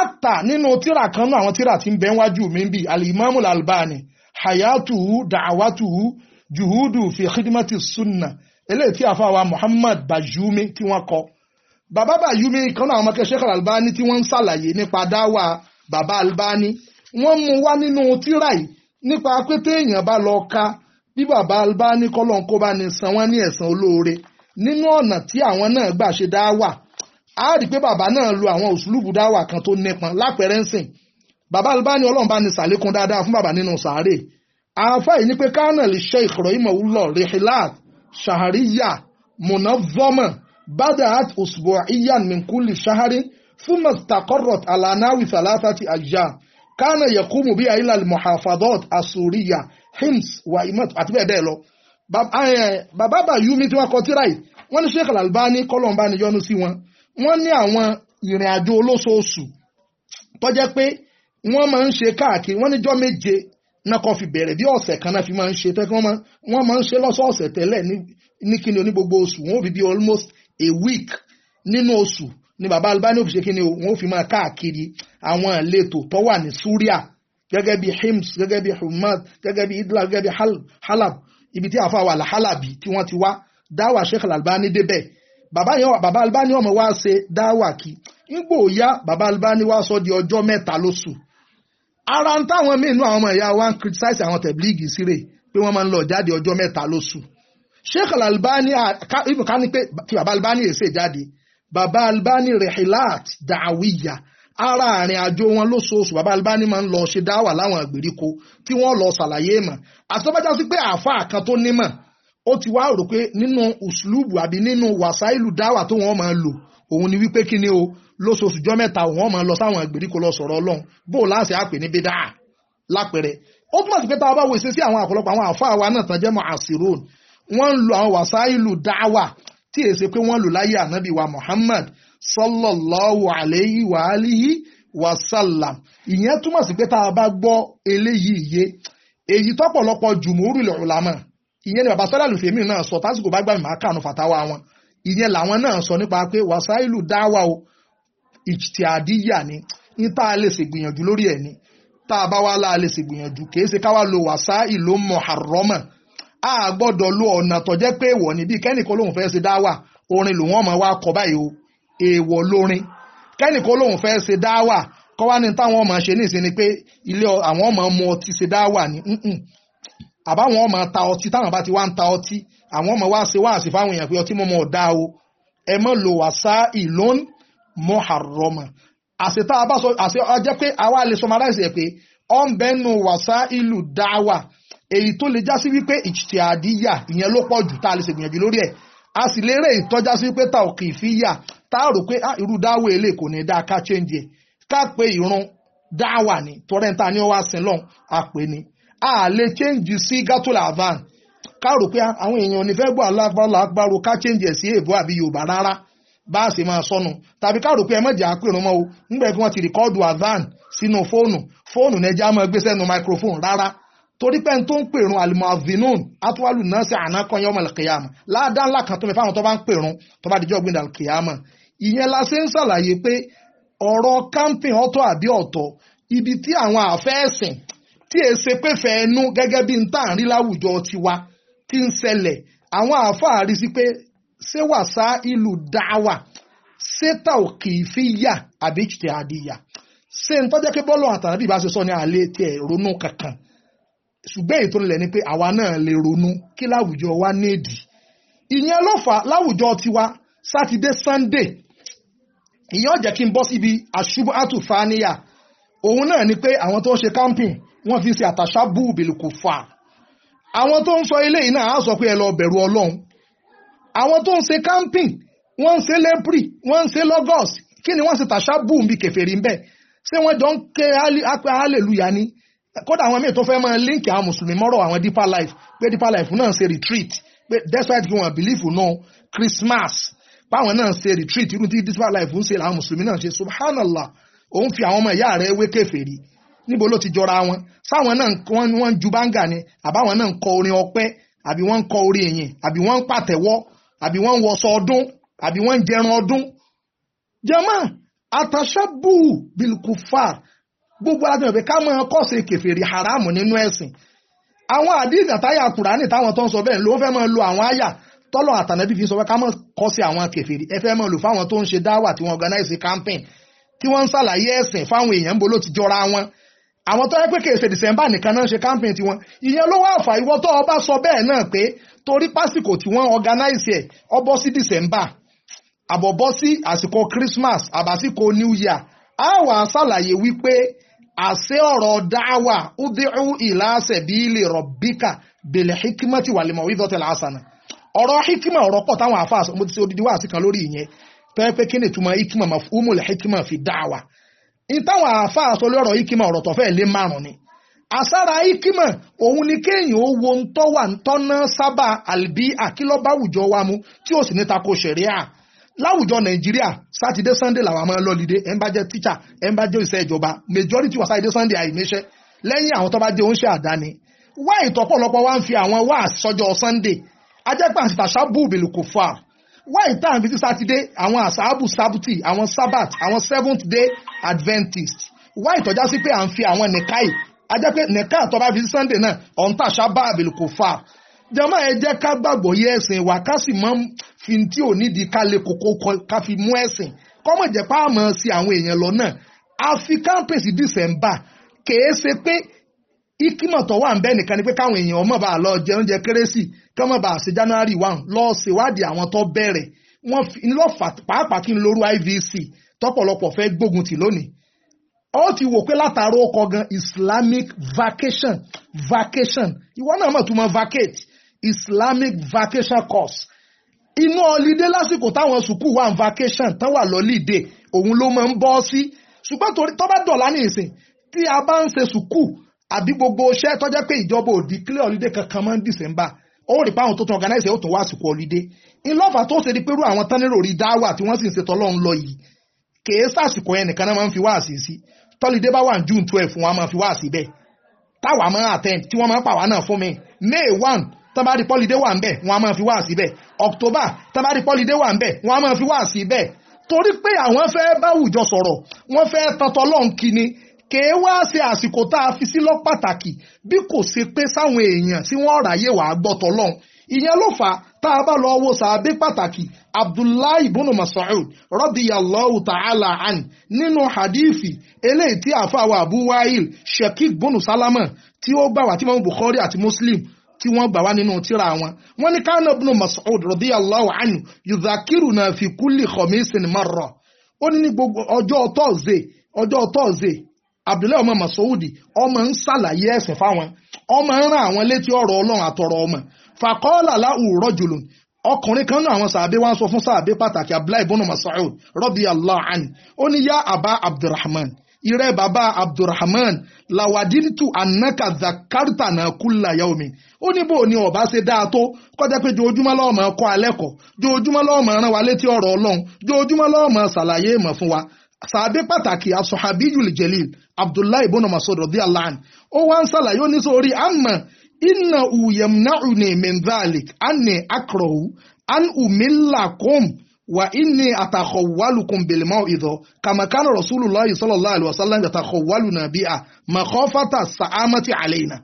àtà nínú tíra kan náà àwọn tíra ti ń bẹ mi ń bì al-Imamul Albani hayatuhu da'awatuhu juhudu fi khidmati sunna eléyìí tí wa Muhammad Bajumi tí wọ́n kọ bàbá Bajumi kan náà ọmọ Sheikh Albani tí wọ́n ń ṣàlàyé nípa dáwà bàbá Albani wọ́n mú wá nínú tíra yìí nípa pé téèyàn bá lọ ka bí bàbá Albani kọ́lọ́n kó bá ní san wọ́n ní ẹ̀san olóore nínú ọ̀nà tí àwọn náà gbà ṣe dáwà á rí i pé bàbá náà lo àwọn òṣùlùbù dáwà kan tó nípọn lápẹẹrẹ ń sìn bàbá Albani ọlọ́run bá ní sàlékún dáadáa fún bàbá nínú sàárè àáfà yìí ni pé kánàlì Sheikh rahimahullah rihilat shahariya munavoma badaat usbu'iyan min kulli shaharin thumma istaqarrat ala nawi thalathati ayyam kánà yakumu bíi ayila muhafadot asuriya hims wa imat àti bẹ́ẹ̀ bẹ́ẹ̀ lọ eh, bàbá bàyúmi tí wọ́n kọ tíra yìí wọ́n ní Sheikh Albani kọ́lọ̀ ń bá ní yọ́nú sí wọn wọ́n ní àwọn ìrìn olóṣooṣù tó pé wọ́n máa ń ṣe káàkiri wọ́n níjọ́ méje náà kan fi bẹ̀rẹ̀ bí ọ̀sẹ̀ kan náà fi máa ń ṣe tẹ́kí wọ́n máa ń ṣe lọ́sọ̀ọ̀sẹ̀ tẹ́lẹ̀ ní kíni oní gbogbo oṣù wọ́n ò fi bí almost a week nínú oṣù ni bàbá Albani ò fi ṣe kíni wọ́n ò fi máa káàkiri àwọn ìletò tó wà ní Suria gẹ́gẹ́ bí Hims gẹ́gẹ́ bí Humad gẹ́gẹ́ bí Idlib gẹ́gẹ́ bí Halab ibi tí àfa wà Halabi tí wọ́n ti wá dáwà Sheikh Albani débẹ̀ bàbá yẹn bàbá Albani ọmọ wa ṣe dáwà kí ngbò ya bàbá Albani wa sọ di ọjọ́ mẹ́ta lóṣù ara ń táwọn míì nú àwọn ọmọ ìyá wa ń criticize àwọn tẹ̀blíìgì síre pé wọ́n máa ń lọ jáde ọjọ́ mẹ́ta lóṣù sheikh albani ibùn ká ní pé kí baba albani èsè jáde baba albani rehilat dàwíyà ara àrìn àjò wọn lóṣooṣù baba albani máa ń lọ ṣe dáwà láwọn àgbèríko tí wọ́n lọ ṣàlàyé ìmọ̀ àti sí pé àáfàá kan tó nímọ̀ ó ti wá rò pé nínú uslubu àbí nínú wàsáìlù dáwà tó wọ́n máa lò òun ni wípé kí o lóṣooṣù jọ mẹ́ta wọ́n máa lọ sáwọn ìgbèríko lọ sọ̀rọ̀ ọlọ́run bó o láṣẹ àpè ní bídà lápẹẹrẹ ó túmọ̀ sí pé tá a bá wo ìṣesí àwọn àpọ̀lọpọ̀ àwọn àfáà wa náà tán jẹ́ mọ́ àṣíròn wọ́n ń lo àwọn wàsáìlù dáwà tí èsè pé wọ́n lò láyé ànábì wa Muhammad sallallahu alayhi wa alihi wa sallam ìyẹn túmọ̀ sí pé tá a bá gbọ́ eléyìí yé èyí tọ́pọ̀lọpọ̀ jùmúrù lọ́làmọ̀ ìyẹn ni bàbá sọ́dà lùfèmí náà sọ tásìkò bá gbà mí máa kànú fàtàwà wọn ìyẹn làwọn náà sọ nípa pé wàsáìlù dáwà o ìjìtìádìyà ni ní tá a lè ṣègbìyànjú lórí ẹ̀ ni tá a bá wá láà lè ṣègbìyànjú kì í ṣe káwá lo wàsá ìlú mọ̀hárọ́mọ̀ a gbọ́dọ̀ lo ọ̀nà tó pé èèwọ̀ ni bí kẹ́nìkan lòun fẹ́ ṣe dáwà orin lòun ọmọ wa kọ báyìí o èèwọ̀ lórin kẹ́nìkan lòun fẹ́ ṣe dáwà kọ́ wá ní táwọn ọmọ ṣe ní ìsinmi pé ilé àwọn ọmọ mu ọtí ṣe dáwà ni àbáwọn ọmọ ta ọtí táwọn bá ti wá ń ta ọtí àwọn ọmọ wa ṣe wá àṣìfáwọn èèyàn pé ọtí mọ́mọ́ ọ̀dá o ẹ mọ́ lo wàsá ìlónìí muharrama àṣetá a bá sọ àṣe ọjọ́ pé àwa lè summarize ẹ̀ pé ọ̀nbẹ́nu wàsá ìlú dáwà èyí tó lè jásí wípé ìtìtì àdíyà ìyẹn ló pọ̀ jù tá a lè ṣègbìyànjú lórí ẹ̀ a sì lérè ìtọ́jásí wípé ta ò kì yà tá a rò pé ah, irú dáwà eléyìí kò ní dáa ká change ẹ̀ ká pé ìrun dáwà ni tọ́rẹ́ńtà ni ó wá sin lọ́hùn àpè ni a lè change sí gátólà van ká rò pé àwọn èèyàn ò ní fẹ́ gbọ́ change ẹ̀ sí èèbó bá a ṣe máa sọnù tàbí ká rò pé ẹ mọ̀jẹ̀ àpérun mọ́ o nígbà tí wọ́n ti rìkọ́ọ̀dù adhan sínú fóònù fóònù nẹja máa gbé sẹ́nu microphone rárá torí pé n tó ń pèrun alimavinun atuwalu náà ṣe ànákan yọmọ alkiyama láàdá ńlá kan tó mẹ fáwọn tó bá ń pèrun tó bá dijọ́ gbé alkiyama ìyẹn la ṣe ń ṣàlàyé pé ọ̀rọ̀ camping ọ̀tọ̀ àbí ọ̀tọ̀ ibi tí àwọn àfẹ́ẹ̀sìn tí è ṣe pé fẹ́ẹ́nu gẹ́gẹ́ bí n tá rí láwùjọ tiwa ti ń ṣẹlẹ̀ àwọn àáfàá rí sí pé ṣé wàsá ìlú dáwà ṣé tawqifiya àbí ijtihadiya ṣé n tọ́jẹ́ pé bọ́ọ̀lù àtàlábì bá ṣe sọ ní àlẹ́ tiẹ̀ ronú kankan ṣùgbọ́n èyí tó ń lẹ̀ ni pé àwa náà lè ronú kí láwùjọ wa nídìí ìyẹn ló láwùjọ tiwa sátidé sunday ìyẹn ó jẹ́ kí n bọ́ síbi àṣubú àtúfàníyà òun náà ni pé àwọn tó ń ṣe camping wọ́n fi ṣe àtàṣà búùbìlì kò fà àwọn tó ń sọ ilé yìí náà á sọ pé ẹ lọ bẹ̀rù ọlọ́run àwọn tó ń ṣe camping wọ́n ń ṣe lẹ́pìrì wọ́n ń ṣe lọ́gọ́s kí ni wọ́n se tàṣà bùn bí kèfèrí ń bẹ̀ ṣé wọ́n jọ ń ké hallelujah ni kódà àwọn míì tó fẹ́ máa líǹkì àwọn mùsùlùmí mọ́rọ̀ àwọn deeper life pé deeper life náà ń ṣe retreat pé despite kí wọ́n believe no Christmas báwọn náà ṣe retreat irú tí deeper life ń ṣe làwọn mùsùlùmí náà ṣe subhanallah òun fi àwọn ọmọ ìyá rẹ̀ wé kèfèrí níbo ló ti jọra wọn sáwọn náà wọ́n ń ju báńgà ni àbáwọn náà ń kọ orin ọpẹ́ àbí wọ́n ń kọ orin èyìn àbí wọ́n ń pàtẹ́wọ́ àbí wọ́n ń wọṣọ ọdún àbí wọ́n ń jẹran ọdún jẹ́mọ́ àtàṣàbù bilkufa gbogbo alájọ pé ká máa kọ́sẹ̀ kẹfẹ́rì haram nínú ẹ̀sìn àwọn àdìsí àtàyà kùránì táwọn tó ń sọ bẹ́ẹ̀ ló fẹ́ máa lo àwọn àyà tọ́lọ̀ àtànàbí fi sọ pé ká máa kọ́sẹ̀ àwọn kẹfẹ́rì ẹ fẹ́ máa lò fáwọn tó ń ṣe dáwà tí wọ́n organize campaign tí wọ́n ń ṣàlàyé ẹ̀sìn fáwọn èèyàn bó ló ti jọra wọn àwọn tó yẹ pé kèsè december nìkan náà ń ṣe campaign tiwọn ìyẹn ló wá fà ìwọ tó o bá sọ bẹ́ẹ̀ náà pé torí pásìkò tí wọ́n organize ẹ̀ ó sí December àbọ̀ bọ́ sí àsìkò Christmas àbásìkò New Year a wà á ṣàlàyé wípé àṣẹ ọ̀rọ̀ dáwà udiu ìlàsẹ̀ bíi lè rọ̀ bíkà bèlè hikimati wà lè mọ̀ làásánà ọ̀rọ̀ hikima ọ̀rọ̀ pọ̀ táwọn àfáà sọ mo ti ṣe odidi wáàsí kan lórí ìyẹn pẹ́ẹ́pẹ́ kí ni ìtumọ̀ hikima mafhumul hikima fi dáwà ìtàwọn àfáà sọ lórí ọ̀rọ̀ hikima ọ̀rọ̀ tọ̀fẹ́ lé márùn-ún ni àsára ikímọ̀ òun ni kéèyàn ó wo ń tọ́ wà ń sábà àlbí àkílọ́bá àwùjọ wa mu tí ó sì ní tako ṣẹ̀ríà láwùjọ nàìjíríà sátidé sunday làwọn máa ń lọ́lídé ẹ̀ ń bá jẹ́ tíṣà ẹ̀ ń bá jẹ́ òṣìṣẹ́ ìjọba majority wà sátidé sunday àìníṣẹ́ lẹ́yìn àwọn tó bá jẹ́ oúnṣẹ́ àdáni wá ìtọ́pọ̀lọpọ̀ wá ń fi àwọn wá àṣọjọ́ sunday ajẹ́pẹ́ àti tàṣàbù bèlù kò fà wá ìtàn àbí ti sátidé àwọn àṣàbù sábùtì àwọn sábàt àwọn seventh day adventist wá ìtọ́já sí pé à ń fi àwọn nìkáì a jẹ́ pé nìkan àtọ́ bá fi sunday náà ọ̀ǹtà sábà àbèlùkò fà jọmọ ẹ jẹ́ ká gbàgbọ́ yé ẹ̀sìn wa ká sì mọ fi tí ò nídìí ká lè kókó ká fi mú ẹ̀sìn kọ́mọ̀ jẹ́ pé a mọ̀ sí àwọn èèyàn lọ náà àfi káńpèsì december kèé ṣe pé ikímọ̀ tó wà nìkan ni pé káwọn èèyàn ọmọ bá lọ jẹ oúnjẹ kérésì kí bá ṣe january one lọ ṣèwádìí àwọn tó bẹ̀rẹ̀ wọ́n fi ńlọ́fà pàápàá kí n lóru ivc tọ́pọ̀lọpọ̀ fẹ́ gbógun tì lónìí ó ti wò pé látàrí ọkọ̀ gan islamic vacation vacation ìwọ náà mọ̀ tó mọ̀ vacate islamic vacation course inú ọlídé lásìkò táwọn sùkúù wà ń vacation tán wà lọ́lídé òun ló máa ń bọ́ sí ṣùgbọ́n torí tọ́ bá dọ̀lá ní ìsìn tí a bá ń ṣe sùkúù àbí gbogbo iṣẹ́ tó jẹ́ pé ìjọba ò declare ọlídé kankan mọ́ ní December ó rí pé àwọn tó tún organize ó tún wá àsìkò ọlídé ńlọ́fà tó ṣe di pé irú àwọn tán rí dáwà tí wọ́n sì ń ṣe tọ́lọ́ lọ yìí kèé sàsìkò yẹn nìkan náà máa ń fi wá àṣìṣe tọ́lídé bá wà ní june twelve wọn a máa fi wá síbẹ̀ táwa máa attend tí wọ́n máa pàwá náà fún mi may one tọ́bárí pọ́lídé wà ń bẹ̀ wọn máa fi wá síbẹ̀ october tọ́bárí pọ́lídé wà ń bẹ̀ wọn a máa fi wá síbẹ̀ torí pé àwọn fẹ́ báwùjọ sọ̀rọ̀ wọ́n fẹ́ tọ́tọ́ lọ́n kíni kèé wá ṣe àsìkò tá a fi sí lọ́ pàtàkì bí kò ṣe pé sáwọn èèyàn tí wọ́n ráyè wàá gbọ́tọ̀ lọ́hùn ìyẹn ló fà á tá a bá lọ wo sàábé pàtàkì abdullahi ibn mas'ud radiyallahu ta'ala an nínú hadithi eléyìí tí àfàwọ̀ abu wa'il shekik ibn salama tí ó gbà wá tí mọ́mú bukhari àti muslim tí wọ́n gbà wá nínú tíra wọn wọ́n ní kánà ibn mas'ud radiyallahu anhu yudhakiruna fi kulli khamisin marra ó ní ní gbogbo ọjọ́ tọ́ọ̀zẹ̀ ọjọ́ tọ́ọ̀zẹ̀ abdullahi ọmọ masoudi ọmọ ń ṣàlàyé ẹ̀sìn fáwọn ọmọ ń rán àwọn létí ọ̀rọ̀ ọlọ́run àtọ̀rọ̀ ọmọ fàkọ́ọ́là láhù rọ́jùlùn ọkùnrin kan náà àwọn sàbẹ wa ń sọ fún sàbẹ pàtàkì abdullahi ibn Mas'ud rọbi allah an ó ní yá àbá abdulrahman ìrẹ́ bàbá abdulrahman làwàdìntù anaka zakartana kúlà yaomi ó ní bò ní ọba ṣe dáa tó kọjá pé joojúmọ́ lọ́ọ̀mọ́ kọ́ alẹ́ kọ́ joojúmọ́ lọ́ọ̀mọ́ rán wa létí ọ̀rọ̀ ọlọ́run joojúmọ́ lọ́ọ̀mọ́ ṣàlàyé ìmọ̀ fún wa sàbẹ pàtàkì asọ̀habíyul jalil abdullahi ibn Mas'ud rọbi allah ó wá ń ṣàlàyé ó ní sọ àmọ́ innahu yamna'uni min dhalik anni akrahu an kum wa inni atakhawwalukum bil maw'idha kama kana rasulullahi sallallahu alaihi wasallam yatakhawwaluna biha makhafata sa'amati alaina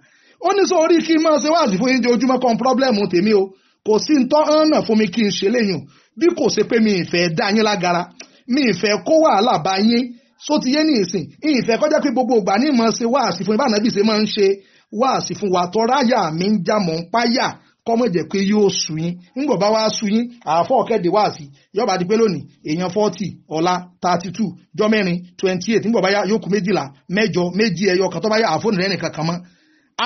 ó ní sọ orí kí n máa ṣe wáàsí fún yín ojúmọ́ kan pírọ́blẹ́mù tèmi o kò sí ń tọ́ hàn náà fún mi kí n ṣe léyìn bí kò ṣe pé mi ìfẹ́ dá yín lágara mi ìfẹ́ kó wàhálà bá yín só ti yé ní ìsìn ìfẹ́ kọjá pé gbogbo ìgbà ní ìmọ̀ ṣe wáàsí fún yín bá ànábì ṣe máa ń ṣe wáàsí fún wa tọ́ráyà mi ń já mọ̀ ń páyà kọ́mọ̀ jẹ́ pé yóò sú yín ńgbọ̀n bá wá sú yín àáfọ̀ kẹ́dẹ̀ wá sí yọba di pé lónìí èèyàn forty ọ̀la thirty two jọ twenty eight ńgbọ̀n bá yá yókù méjìlá mẹ́jọ méjì ẹyọ kan tó bá yá àfọ̀nù rẹ̀ nìkan kan mọ́.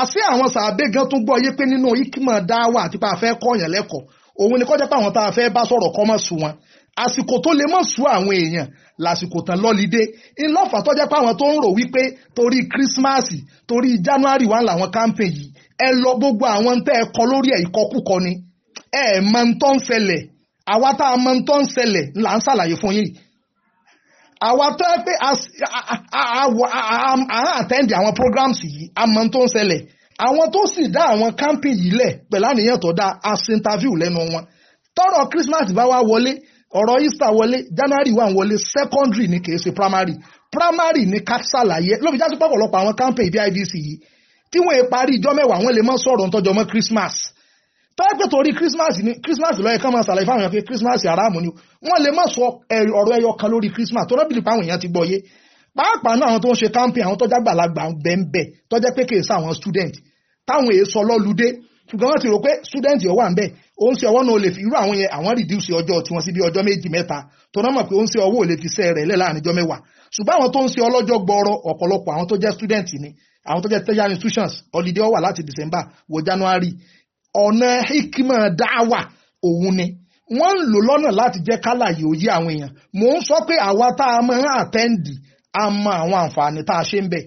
àṣé àwọn sàbẹ̀ gan tó gbọ́ yé pé nínú ikimọ̀ dáwà àti pé a fẹ́ kọ́yàn lẹ́kọ̀ọ́ òun ni kọ́jà pé àwọn fẹ́ bá sọ̀rọ̀ kọ́mọ̀ sú wọn àsìkò tó lè mọ̀ sú àwọn èèyàn lásìkò tán lọ́lídé ńlọ́fà tó jẹ́ pé àwọn tó ń rò wípé torí kírísímàsì torí january one làwọn campaign yìí ẹ lọ gbogbo àwọn tẹ́ ẹ kọ lórí ẹ̀ ìkọkúkọ ni ẹ mọ̀ ń tó ń ṣẹlẹ̀ àwa tá a mọ̀ ń tó ń ṣẹlẹ̀ là ń ṣàlàyé fún yín àwa tó ẹ pé à ń àtẹ́ndì àwọn programs yìí a mọ̀ ń tó ń ṣẹlẹ̀ àwọn tó sì dá àwọn campaign yìí lẹ̀ pẹ̀lú àníyàn tó dá as interview lẹ́nu wọn tọrọ Christmas bá wá wọlé ọ̀rọ̀ Easter wọlé January one wọlé secondary ni kì í ṣe primary primary ni ká ṣàlàyé ló fi já sí pọ̀pọ̀lọpọ̀ àwọn campaign bíi IVC yìí tí wọ́n è parí ijọ́ mẹ́wàá wọ́n lè mọ́ sọ̀rọ̀ ntọ́jọ́ mọ́ Christmas tọ́wọ́ pé torí Christmas ni Christmas lọ́yẹ kán máa ṣàlàyé fáwọn èèyàn pé Christmas aráàmù ni wọ́n lè má sọ ọ̀rọ̀ ẹyọ kan lórí Christmas tó rọ́bìlì fáwọn èèyàn ti gbọ́ yé pàápàá náà àwọn tó ń ṣe campaign àwọn tọ́jà gbàlagbà bẹ́ẹ̀ tọ́jà pé kèé sáwọn student táwọn èè sọ lọ́lùdé ṣùgbọ́n wọ́n ti rò pé student yóò wà ń bẹ́ẹ̀ ó ń ṣe ọwọ́ náà ò lè fi irú àwọn yẹn àwọn reduce ọjọ́ tiwọn sí bí ọjọ́ méjì mẹ́ta tó náà mọ̀ pé ó ń ṣe ọwọ́ ò lè fi ṣe rẹ̀ lẹ̀ láàrin mẹ́wàá ṣùgbọ́n àwọn tó ń ṣe ọlọ́jọ́ gbọ́ọ̀rọ̀ ọ̀pọ̀lọpọ̀ àwọn tó jẹ́ student ni àwọn tó jẹ́ tertiary institutions holiday ó láti December wọ January ọ̀nà hikima dáwà òun ni wọ́n ń lò lọ́nà láti jẹ́ kálàyé òye àwọn èèyàn mò ń sọ pé àwa tá a máa àtẹ́ǹdì a mọ àwọn àǹfààní tá a ṣe ń bẹ̀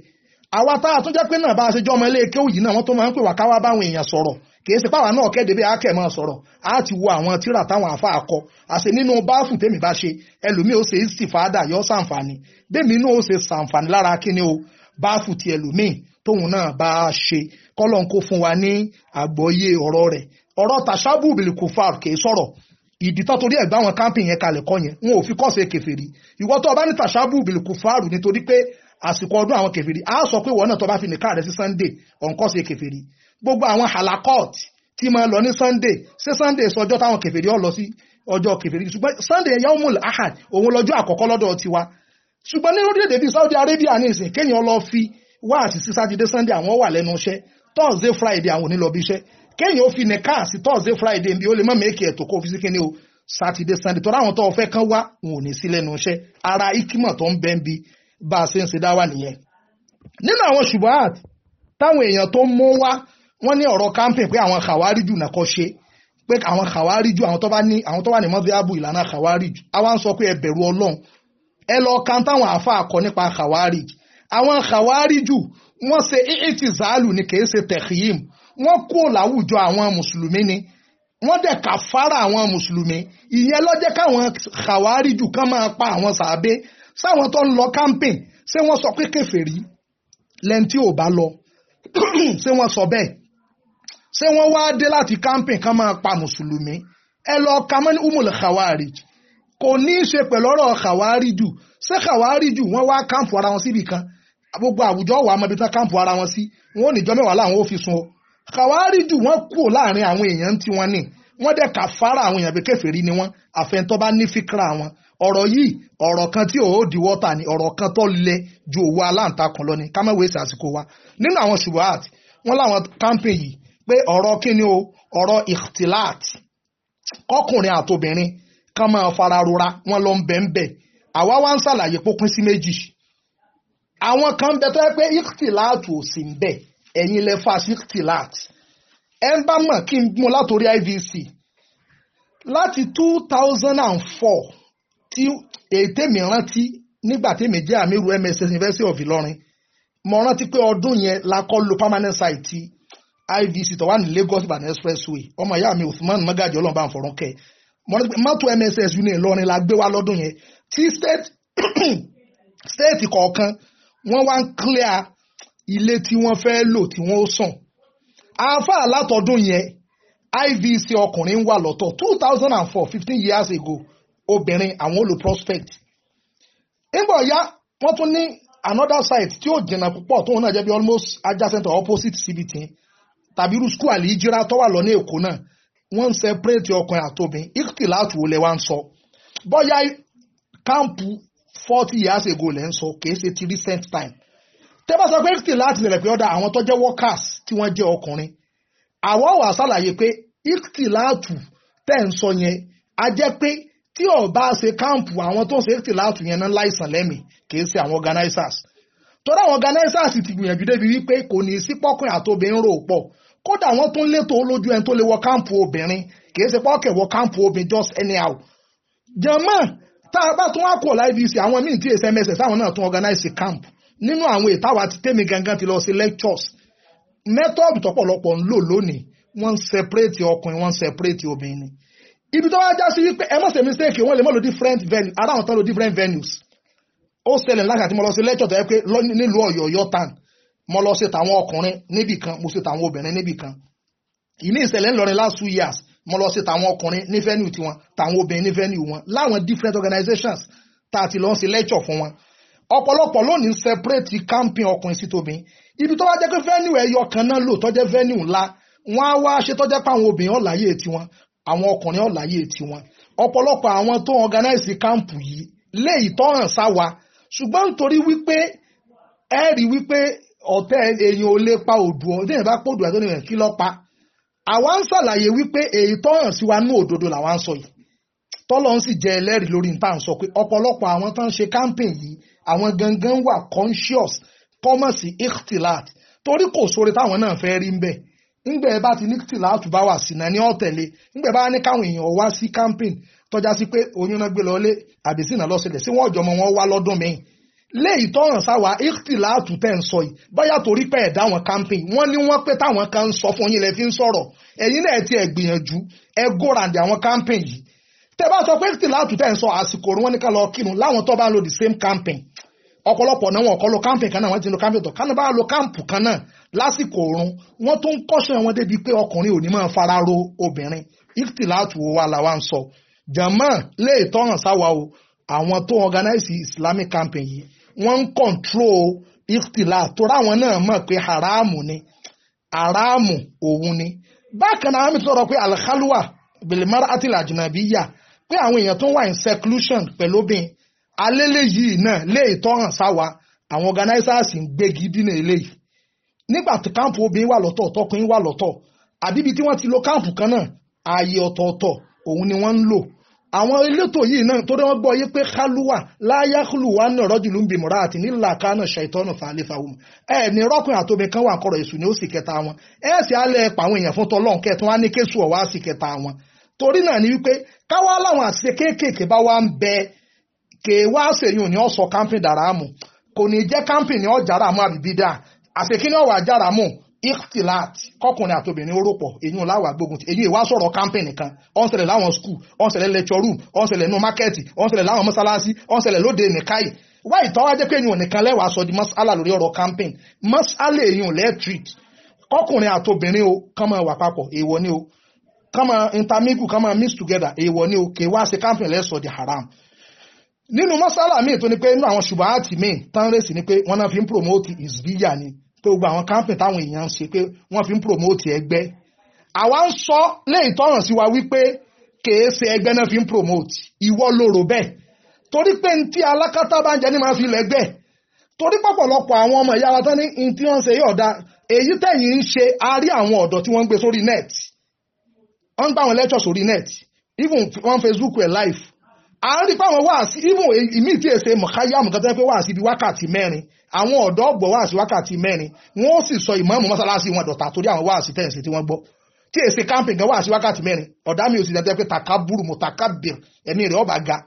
àwa táà tó jẹ́ pé náà bá a ṣe jọ ọmọ ilé kéwù yìí náà wọ́n tó máa ń pè wá káwá báwọn èèyàn sọ̀rọ̀ kìí ṣe páwa náà kéde bí akẹ́ máa sọ̀rọ̀ á ti wo àwọn tíra táwọn afa akọ àṣẹ nínú báfù tèmi bá ṣe ẹlòmíì ó ṣe sì fàádà yọ sàǹfààní bẹ́ẹ̀mi inú ó ṣe sàǹfààní lára kíni o báfù ti ẹlòmíì tóun náà bá a ṣe kọ́lọ́n kó fún wa ní àgbọ́yé ọ̀rọ̀ rẹ̀ ọ̀rọ̀ tàṣábù bìlìkùfàr kìí sọ̀rọ̀ ìdí tó torí ẹ̀gbá wọn kámpìn yẹn kalẹ̀ kọ́ yẹn wọn ò fi kọ́ ṣe kèfèrí ìwọ tó o bá ní tàṣábù nítorí pé àsìkò ọdún àwọn kèfèrí a sọ pé wọ́n náà tó bá fi nìka rẹ̀ sí sunday ọ̀nkọ́ sí kèfèrí gbogbo àwọn halakọ́ọ̀tì tí máa lọ ní sunday ṣé sunday sọjọ́ táwọn kèfèrí ọ̀ lọ sí ọjọ́ kèfèrí ṣùgbọ́n sunday yaumul ahad òun lọ́jọ́ àkọ́kọ́ lọ́dọ̀ tiwa ṣùgbọ́n ní orílẹ̀-èdè bíi saudi arabia ní ìsìn kéèyàn lọ fi wá àti sí sátidé sunday àwọn wà lẹ́nu iṣẹ́ thursday friday àwọn ò ní lọ bí iṣẹ́ kéèyàn ó fi nìka bá a ṣe ń ṣe dáwà nìyẹn nínú àwọn ṣùgbọ́n táwọn èèyàn tó ń mú wá wọ́n ní ọ̀rọ̀ campaign pé àwọn kàwáríjù náà kọ́ ṣe pé àwọn kàwáríjù àwọn tó bá ní àwọn tó wà ní mọ́díábù ìlànà kàwáríjù àwa ń sọ pé ẹ bẹ̀rù ọlọ́run ẹ lọ kan táwọn àáfàá kọ nípa kàwáríjù àwọn kàwáríjù wọ́n ṣe eighty zaalu ni kì í ṣe tẹ̀kíyìm wọ́n kó láwùjọ àwọn mùsùlùmí ni wọ́n dẹ̀ kà àwọn mùsùlùmí ìyẹn ló jẹ́ káwọn kàwáríjù kan máa pa àwọn sàábé sáwọn tó ń lọ camping ṣé wọ́n sọ pé kèfèrí lẹ́ni tí ò bá lọ (clears throat) ṣé wọ́n sọ bẹ́ẹ̀ ṣé wọ́n wá dé láti camping kan máa pa mùsùlùmí ẹ lọ ka mọ́ ní umul khawarij kò ní í ṣe pẹ̀lú ọ̀rọ̀ khawariju ṣé khawariju wọ́n wá káàmpù ara wọn síbì kan gbogbo àwùjọ wà mọ́bi tán káàmpù ara wọn sí wọn ò ní jọ mẹ́wàá làwọn ò fi sun o khawariju wọ́n kúrò láàrin àwọn èèyàn tí wọ́n ní wọ́n dẹ̀ kà àwọn èèyàn bí kèfèrí ni wọ́n àfẹ́ntọ́ bá ní fíkra wọn ọ̀rọ̀ yìí ọ̀rọ̀ kan tí òó di wọ́tà ni ọ̀rọ̀ kan tó le ju òwò aláǹtakùn lọ ni ká má wa nínú àwọn ṣùgbọ́n wọn láwọn campaign yìí pé ọ̀rọ̀ kíni o ọ̀rọ̀ ìhtìláàt kọkùnrin àtobìnrin kan máa fara rora wọn lọ ń bẹ̀ ń bẹ̀ àwa wá ń ṣàlàyé pópin sí méjì àwọn kan bẹ tó yẹ pé ìhtìláàt ò sí ń bẹ ẹ̀yin lẹ fà sí ẹ ń bá mọ̀ kí n mú látòrí IVC láti two thousand and four tí ètèmi rántí nígbà tèmi jẹ́ àmírù MSS University of Ìlọrin mo rántí pé ọdún yẹn la kọ́ lo permanent site IVC tó wà ní Lagos Ibadan expressway ọmọ ìyá mi Usman Magaji ọlọ́ọ̀bá àfọ̀rún kẹ́ mo rántí pé mọ́tò MSS ní Ìlọrin la gbé wá lọ́dún yẹn tí state (coughs) state kọ̀ọ̀kan wọ́n wá ń clear ilé tí wọ́n fẹ́ lò tí wọ́n ó sàn àáfàá látọdún yẹn IVC ọkùnrin wà lọ́tọ̀ two thousand and four fifteen years ago obìnrin àwọn olù prospect nígbà ọ̀yá wọ́n tún ní another site tí ó jìnnà púpọ̀ tóun náà jẹ́ bí almost adjacent or opposite síbi tí tàbí irú skul àlìjíra tó wà lọ ní èkó náà wọ́n ń separate ọkùnrin àtobìn ìkìtì láti wọlé wa ń sọ bọ́yá káàmpù forty years ago lẹ́ ń sọ kìí ṣe ti recent time tẹ́ bá sọ pé ìkìtì láti lẹ̀ pé ọ̀dà àwọn tó jẹ́ workers tí wọ́n jẹ́ ọkùnrin àwọ̀ wà sàlàyé pé ìkìtì láti tẹ̀ ń sọ yẹn a jẹ́ pé tí ò bá ṣe káàmpù àwọn tó ń ṣe ètìláàtù yẹn náà láìsàn lẹ́mìí kì í ṣe àwọn organizers torí àwọn organizers ti gbìyànjú débi wípé kò ní sí pọ́kùnrin àtobìnrin rò pọ̀ kódà wọ́n tún létò olójú ẹni tó lè wọ káàmpù obìnrin kì í ṣe pọ́kẹ̀ wọ káàmpù obìnrin just anyhow jẹ̀mọ́ tá a bá tún wá kọ̀ láì fi ṣe àwọn míì tí èsì mss àwọn náà tún organize camp nínú àwọn ìtawà ti tèmi gangan ti lọ sí lectures method tọ́pọ̀lọpọ̀ ń lò lónìí wọ́n ń separate ọkùnrin wọ́n ń separate obìnrin ibi tó wá já sí wípé ẹ má ṣe mistake wọ́n lè mọ́ lo different venues ara àwọn tán lo different venues ó ṣẹlẹ̀ láti àti mo lọ sí lecture tó yẹ pé nílùú ọ̀yọ́ ọ̀yọ́ tán mo lọ sí tàwọn ọkùnrin níbì kan mo sí tàwọn obìnrin níbì kan ìní ìṣẹ̀lẹ̀ ńlọrin last two years mo lọ sí tàwọn ọkùnrin ní venue tiwọn tàwọn obìnrin ní venue wọn láwọn different organizations tá a ti lọ sí lecture fún wọn ọ̀pọ̀lọpọ̀ lónìí ń separate camping ọkùnrin sí tóbi ibi tó wá jẹ́ pé venue ẹ̀yọ kan náà lò tó jẹ́ venue ńlá wọ́n á wá ṣe tó jẹ́ pé àwọn obìnrin ọ̀láyé tiwọn àwọn ọkùnrin ọ̀láyé tiwọn ọ̀pọ̀lọpọ̀ àwọn tó organize káàmpù yìí lè ìtọ́hàn sáwa ṣùgbọ́n nítorí wípé ẹ rí wípé ọ̀tẹ̀ èèyàn ò lè pa òdùọ̀ tí èèyàn bá pò òdùọ̀ tó ní kí lọ́ pa àwa ń ṣàlàyé wípé èyí tọ́hàn sí wa ní òdodo làwa ń sọ yìí tọ́lọ́ ń sì jẹ́ ẹlẹ́rìí lórí níta ń sọ pé ọ̀pọ̀lọpọ̀ àwọn tó ń ṣe campaign yìí àwọn gangan wà conscious common sí ikhtilat torí kò sóore táwọn náà fẹ́ rí ń bẹ́ẹ̀ ńgbẹ́ ẹ bá ti ní tìlà àtúbá wà sí náà ní ọ̀tẹ̀lé ńgbẹ́ bá ní káwọn èèyàn wá sí campaign tọ́já sí pé oyún náà gbé lọlé àbí sínà lọ́sẹ̀lẹ̀ sí wọ́n ọ̀jọ̀mọ́ wọn wá lọ́dún mi léyìí tọ́ràn sáwà ìtìlà àtúntẹ̀ ń sọ yìí báyà torí pé ẹ̀dá wọn campaign wọ́n ní wọ́n pé táwọn kan ń sọ fún yín lẹ fi ń sọ̀rọ̀ ẹ̀yin náà ti ẹ̀ gbìyànjú ẹ gòràǹdì àwọn campaign yìí tẹ bá sọ pé ìtìlà àtúntẹ̀ ń sọ àsìkò òrùn wọn ní ká lọ kírun láwọn tó bá ń lo the same campaign ọ̀pọ̀lọpọ̀ náà wọn kọ́ lo kámpì kan náà wọ́n ti lo kámpì tó kánú bá lo kámpù kan náà lásìkò oorun wọ́n tó ń kọ́ṣọ́ wọn débi pé ọkùnrin ò ní máa fara ro obìnrin ìtìláàtù wa làwa ń sọ jàmọ́ lè tọ́hàn sáwa o àwọn tó organize islamic campaign yìí wọ́n ń control ìtìláàtù ráwọn náà mọ̀ pé haramu ni haramu òun ni bákan náà mi sọ̀rọ̀ pé alkhalwa bilimar atil ajinabiya pé àwọn èèyàn tó wà in seclusion pẹ̀lú obìnrin alẹ́lẹ́ yìí náà lè tọ́hàn sáwa àwọn organisers ń gbégi dínà eléyìí nígbà tó káàmpù obìnrin wà lọ́tọ̀ tọkùnrin wà lọ́tọ̀ àbíbi tí wọ́n ti lo káàmpù kan náà ààyè ọ̀tọ̀ọ̀tọ̀ òun ni wọ́n ń lò àwọn elétò yìí náà tó dáwọn gbọ́ yé pé kálúwà láyá kúlùwà náà rọ́jù ló ń bímọ rà àti nílà kánà ṣàìtọ́nà fàálẹ́fà ẹ ní rọ́kùnrin àtòbí kan wà kọ̀rọ̀ èṣù ní ó sì kẹta wọn ẹ sì alẹ́ ẹ̀pà àwọn èèyàn fún tọ́lọ́n kẹtàn wá ní kéṣù ọ̀wá sì kẹta wọn torí náà ni wípé káwá láwọn àṣìṣe kéékèèké bá wá ń bẹ kèé wá sèyún ni ó sọ camping dàrá mu kò ní jẹ́ camping ni ó jára mu àbí bídà àṣekí ni ó wà jára mu ictilat kọkùnrin àtobìnrin orópọ̀ èyún láwà gbógun ti èyún ìwà e sọ̀rọ̀ campaign nìkan ọ̀n ṣẹlẹ̀ láwọn school ọ̀n ṣẹlẹ̀ lecture room ọ̀n ṣẹlẹ̀ nù market ọ̀n ṣẹlẹ̀ láwọn mọ́sálásí ọ̀n ṣẹlẹ̀ lóde nìkáyì wá ìtọ́wá jẹ́ pé èyún nìkan lẹ́wàá sọ di masala lórí ọ̀rọ̀ campaign masala èyún electric kọkùnrin àtobìnrin o kán máa wà papọ̀ èèwọ̀ ni o kán máa intermingle kán máa mix together èèwọ̀ ni o kè wá ṣe campaign lẹ́sọ̀ di haram nínú mọ́sálà míì tó ni pé inú àwọn ṣùgbọ́n àti míì tán rèsì ni pé wọ́n náà fi ń promote ìsbíyà ni pé gbogbo àwọn kámpìn táwọn èèyàn ń ṣe pé wọ́n fi ń promote ẹgbẹ́ àwa ń sọ léyìí tọ́ràn sí wa wípé kèé ṣe ẹgbẹ́ náà fi ń promote ìwọ lòrò bẹ́ẹ̀ torí pé ntí alákatá bá ń jẹ ní máa fi lẹ́gbẹ́ torí pọ̀pọ̀lọpọ̀ àwọn ọmọ ìyá wa tán ní ntí wọ́n ń ṣe yọ̀ọ̀da èyí tẹ̀yìn ń ṣe a rí àwọn ọ̀dọ́ tí wọ́n ń gbé sórí net wọ́n ń gbà wọn lecture sórí net even on Facebook ẹ̀ live A ń rí fáwọn wáàsí ibùn ìmí tí èsè mọ̀káyàmù kan tó yẹ pé wáàsí bíi wákàtí mẹ́rin àwọn ọ̀dọ́ ọ̀gbọ̀ wáàsí wákàtí mẹ́rin wọ́n sì sọ ìmáàmù mọ́sálásí wọn dọ̀tà torí àwọn wáàsí tẹ̀sí tí wọ́n gbọ́ tí èsè kámpìn gan wáàsí wákàtí mẹ́rin ọ̀dá mi ò sì dájọ́ pé takaburu mo takabir ẹ̀mí rẹ̀ ọba ga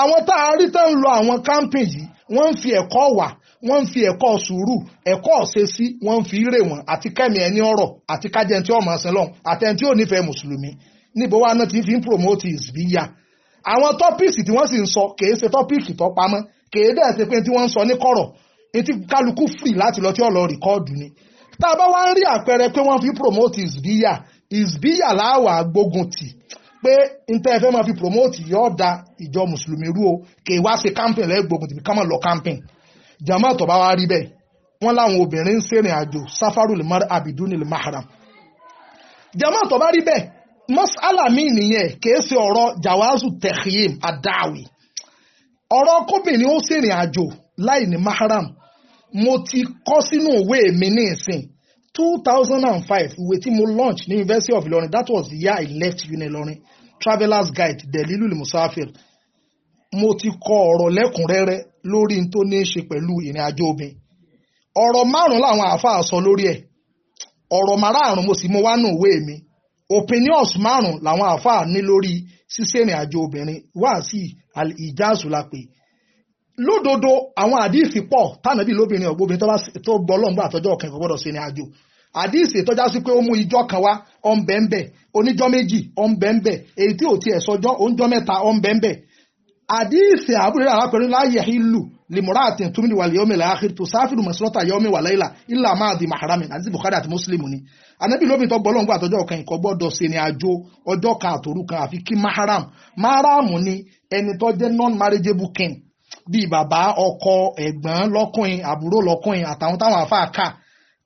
àwọn tá a rí tẹ́ ń lọ àwọn kámpìn yìí wọ́n ń fi ẹ̀kọ́ wà wọ́n ń fi ẹ̀kọ́ sùúrù ẹ̀kọ́ ọ̀sẹ̀sí wọ́n ń fi rè wọ́n àti kẹ́mi ẹni ọ̀rọ̀ àti kájẹ́ntì ọmọ ọ̀sán lọ́hùn àtẹ̀ntì ò nífẹ̀ẹ́ mùsùlùmí níbo wa náà ti fi ń promote ìsbíyà àwọn tọ́pìkì tí wọ́n sì ń sọ kèé ṣe tọ́pìkì tó pamọ́ kèé dẹ̀ ṣe pé tí wọ́n ń sọ ní kọ̀rọ̀ etí kálukú free láti lọ tí ọ̀lọ́ rìkọ́ọ̀dù ni tá a bá wá ń rí àpẹẹrẹ pé wọ́n fi promote ìsbíyà ìsbíyà láwà gbógun tì pé ntẹ́ fẹ́ máa fi promote yóò da ìjọ mùsùlùmí rú o kèé wá ṣe camping lẹ́gbógun tì ká lọ camping jàmá tó bá wá rí bẹ́ẹ̀ wọ́n láwọn obìnrin ń ṣèrìn àjò sáfárù lè mọ́ àbìdúnil mahram jàmá rí bẹ́ẹ̀ mọ́sálà mi nìyẹn kìí ṣe ọ̀rọ̀ jawazu tehim adawi ọ̀rọ̀ kóbìnrin ó ṣèrìn àjò láì ní mahram mo ti kọ́ sínú òwe mi ní ìsìn two thousand and five ìwé tí mo launch ní University of Ilorin that was the year I left uni Ilorin travelers guide delhi delilu musafir mo ti kọ ọ̀rọ̀ lẹ́kùnrẹ́rẹ́ lórí n tó ní í ṣe pẹ̀lú ìrìn àjò obìnrin ọ̀rọ̀ márùn-ún làwọn àáfàá sọ lórí ẹ̀ ọ̀rọ̀ márààrún mo sì mú wá nù òwe mi opinions márùn làwọn àáfàá ní lórí ṣíṣèrìn àjò obìnrin wáàsí ìjáàsù la pè lódodo àwọn àdìsí pọ̀ tànàbí lóbìnrin ọ̀gbọ́bìnrin tó gbọ́ lọ́ngbà àtọ́jọ́ ọ̀kan ìfọwọ́dọ̀ ṣèrìn àjò àdìsí tọ́já sí pé ó mú ijọ́ kan wá ọ̀nbẹ̀ǹbẹ̀ oníjọ́ méjì ọ̀nbẹ̀ǹbẹ̀ èyí tí ò tiẹ̀ sọjọ́ oúnjọ́ mẹ́ta ọ̀nbẹ̀ǹbẹ̀ àdìsí àbúrò àwọn akọrin láàyè ìlú limuraatin tumini wal yomi la akhir tu safiru masilota yomi wa laila illa ma di maharami àti bukhari àti muslim ni anabi lóbi tó gbọ́ lọ́ngbà àtọ́jọ́ kan ìkọ́ gbọ́dọ̀ ṣe ni àjò ọjọ́ kan àtòru kan àfi kí maharam maharamu ni ẹni tó jẹ́ non marriageable kin bíi bàbá ọkọ ẹ̀gbọ́n lọ́kùnrin àbúrò lọ́kùnrin àtàwọn táwọn afáà kà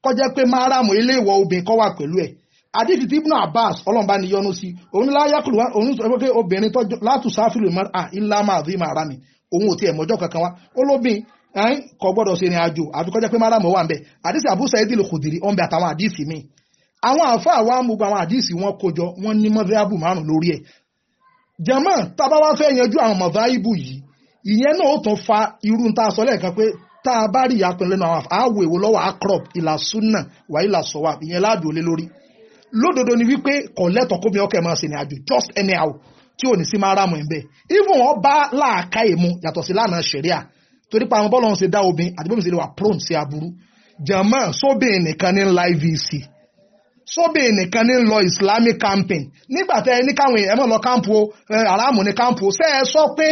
kọjá pé maharamu eléwọ̀ obìnrin kọ́ wà pẹ̀lú ẹ̀ àdìsí tí ibnu abbas ọlọ́mba ni yọnu sí òun láyàkùrù òun sọ pé obìnrin tó látùsáfìlù mọ́ à ilá máa dì máa rà mí òun ò tiẹ̀ mọ́jọ́ kankan wá ó lóbìn ẹ̀ẹ́n kò gbọ́dọ̀ ṣe ìrìn àjò àfikọ́jẹ́ pé máràmù wà ń bẹ̀ àdìsí Abu Sa'id al-Khudri ó ń bẹ àtàwọn àdìsí mi àwọn àáfàá wa mú gbogbo àwọn àdìsí wọn kójọ wọn ní mọ́fẹ́ábù márùn lórí ẹ̀ jàmá tábà wá fẹ́ yanjú àwọn mọ̀fáìbù yìí ìyẹn náà ó tún fa irú tá a sọ lẹ́ẹ̀kan pé tá a bá rí ìyàpin lẹ́nu àwọn àwọ̀ akrop ìlà sunna wà ìlà sọ̀wà ìyẹn láàbì òlé lórí lódodo ni wípé kọ̀lẹ́tọ̀ kó mi ọkẹ́ máa ṣe ní tí ò ní sí máa rámù ẹ̀bẹ̀ even wọn bá láàka èmu yàtọ̀ sí lánàá ṣẹ̀ríà torí pa àwọn bọ́ọ̀lù ọ̀hún ṣe dá obìnrin àti bóbi ṣe lè wà prone sí aburú jẹ̀mọ́ sóbìn nìkan ní ńlá ivc sóbìn nìkan ní lọ islamic camping nígbà tẹ ní káwọn èèyàn mọ̀ lọ kámpu o aráàmù ní kámpu o ṣé ẹ sọ pé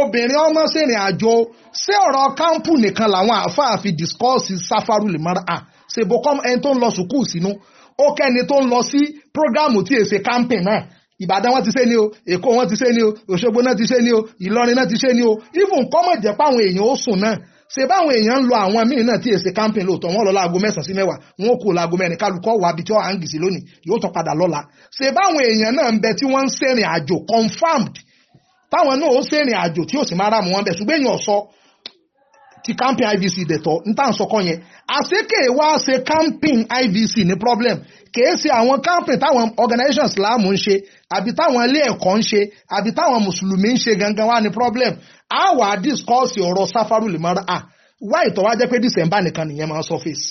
obìnrin ọmọ sẹ́rìn àjò ṣé ọ̀rọ̀ kámpu nìkan làwọn àáfàá discourse safaru limara ah ṣèbókọ́ ẹni tó ń lọ sùkúù sínú ó kẹ́ni tó ń lọ sí prógáàmù tí èsè camping náà ìbàdàn wọn ti ṣe ni o èkó wọn ti ṣe ni o òṣogbo náà ti ṣe ni o ìlọrin náà ti ṣe ni o even kọ́mọ̀ jẹ́ pé àwọn èèyàn ó sùn náà ṣe báwọn èèyàn ń lọ àwọn míì náà tí èsì camping lóòótọ́ wọn lọ láago mẹ́sàn-án sí mẹ́wàá wọn ó láago mẹ́rin kálukọ́ wà bí tí gìsì lónìí yóò tán padà lọ́la ṣe èèyàn náà ń bẹ tí wọ́n ń àjò ti camping IVC dẹ̀tọ̀ níta ń sọkọ yẹn àṣekè wá ṣe camping IVC ní problem kèé ṣe àwọn camping táwọn organisations Islam ń ṣe àbí táwọn ilé ẹ̀kọ́ ń ṣe àbí táwọn mùsùlùmí ń ṣe gangan wá ní problem a wà á discuss ọ̀rọ̀ sáfárù lè mara a wá ìtọ́ wá jẹ́ pé December nìkan nìyẹn máa ń surface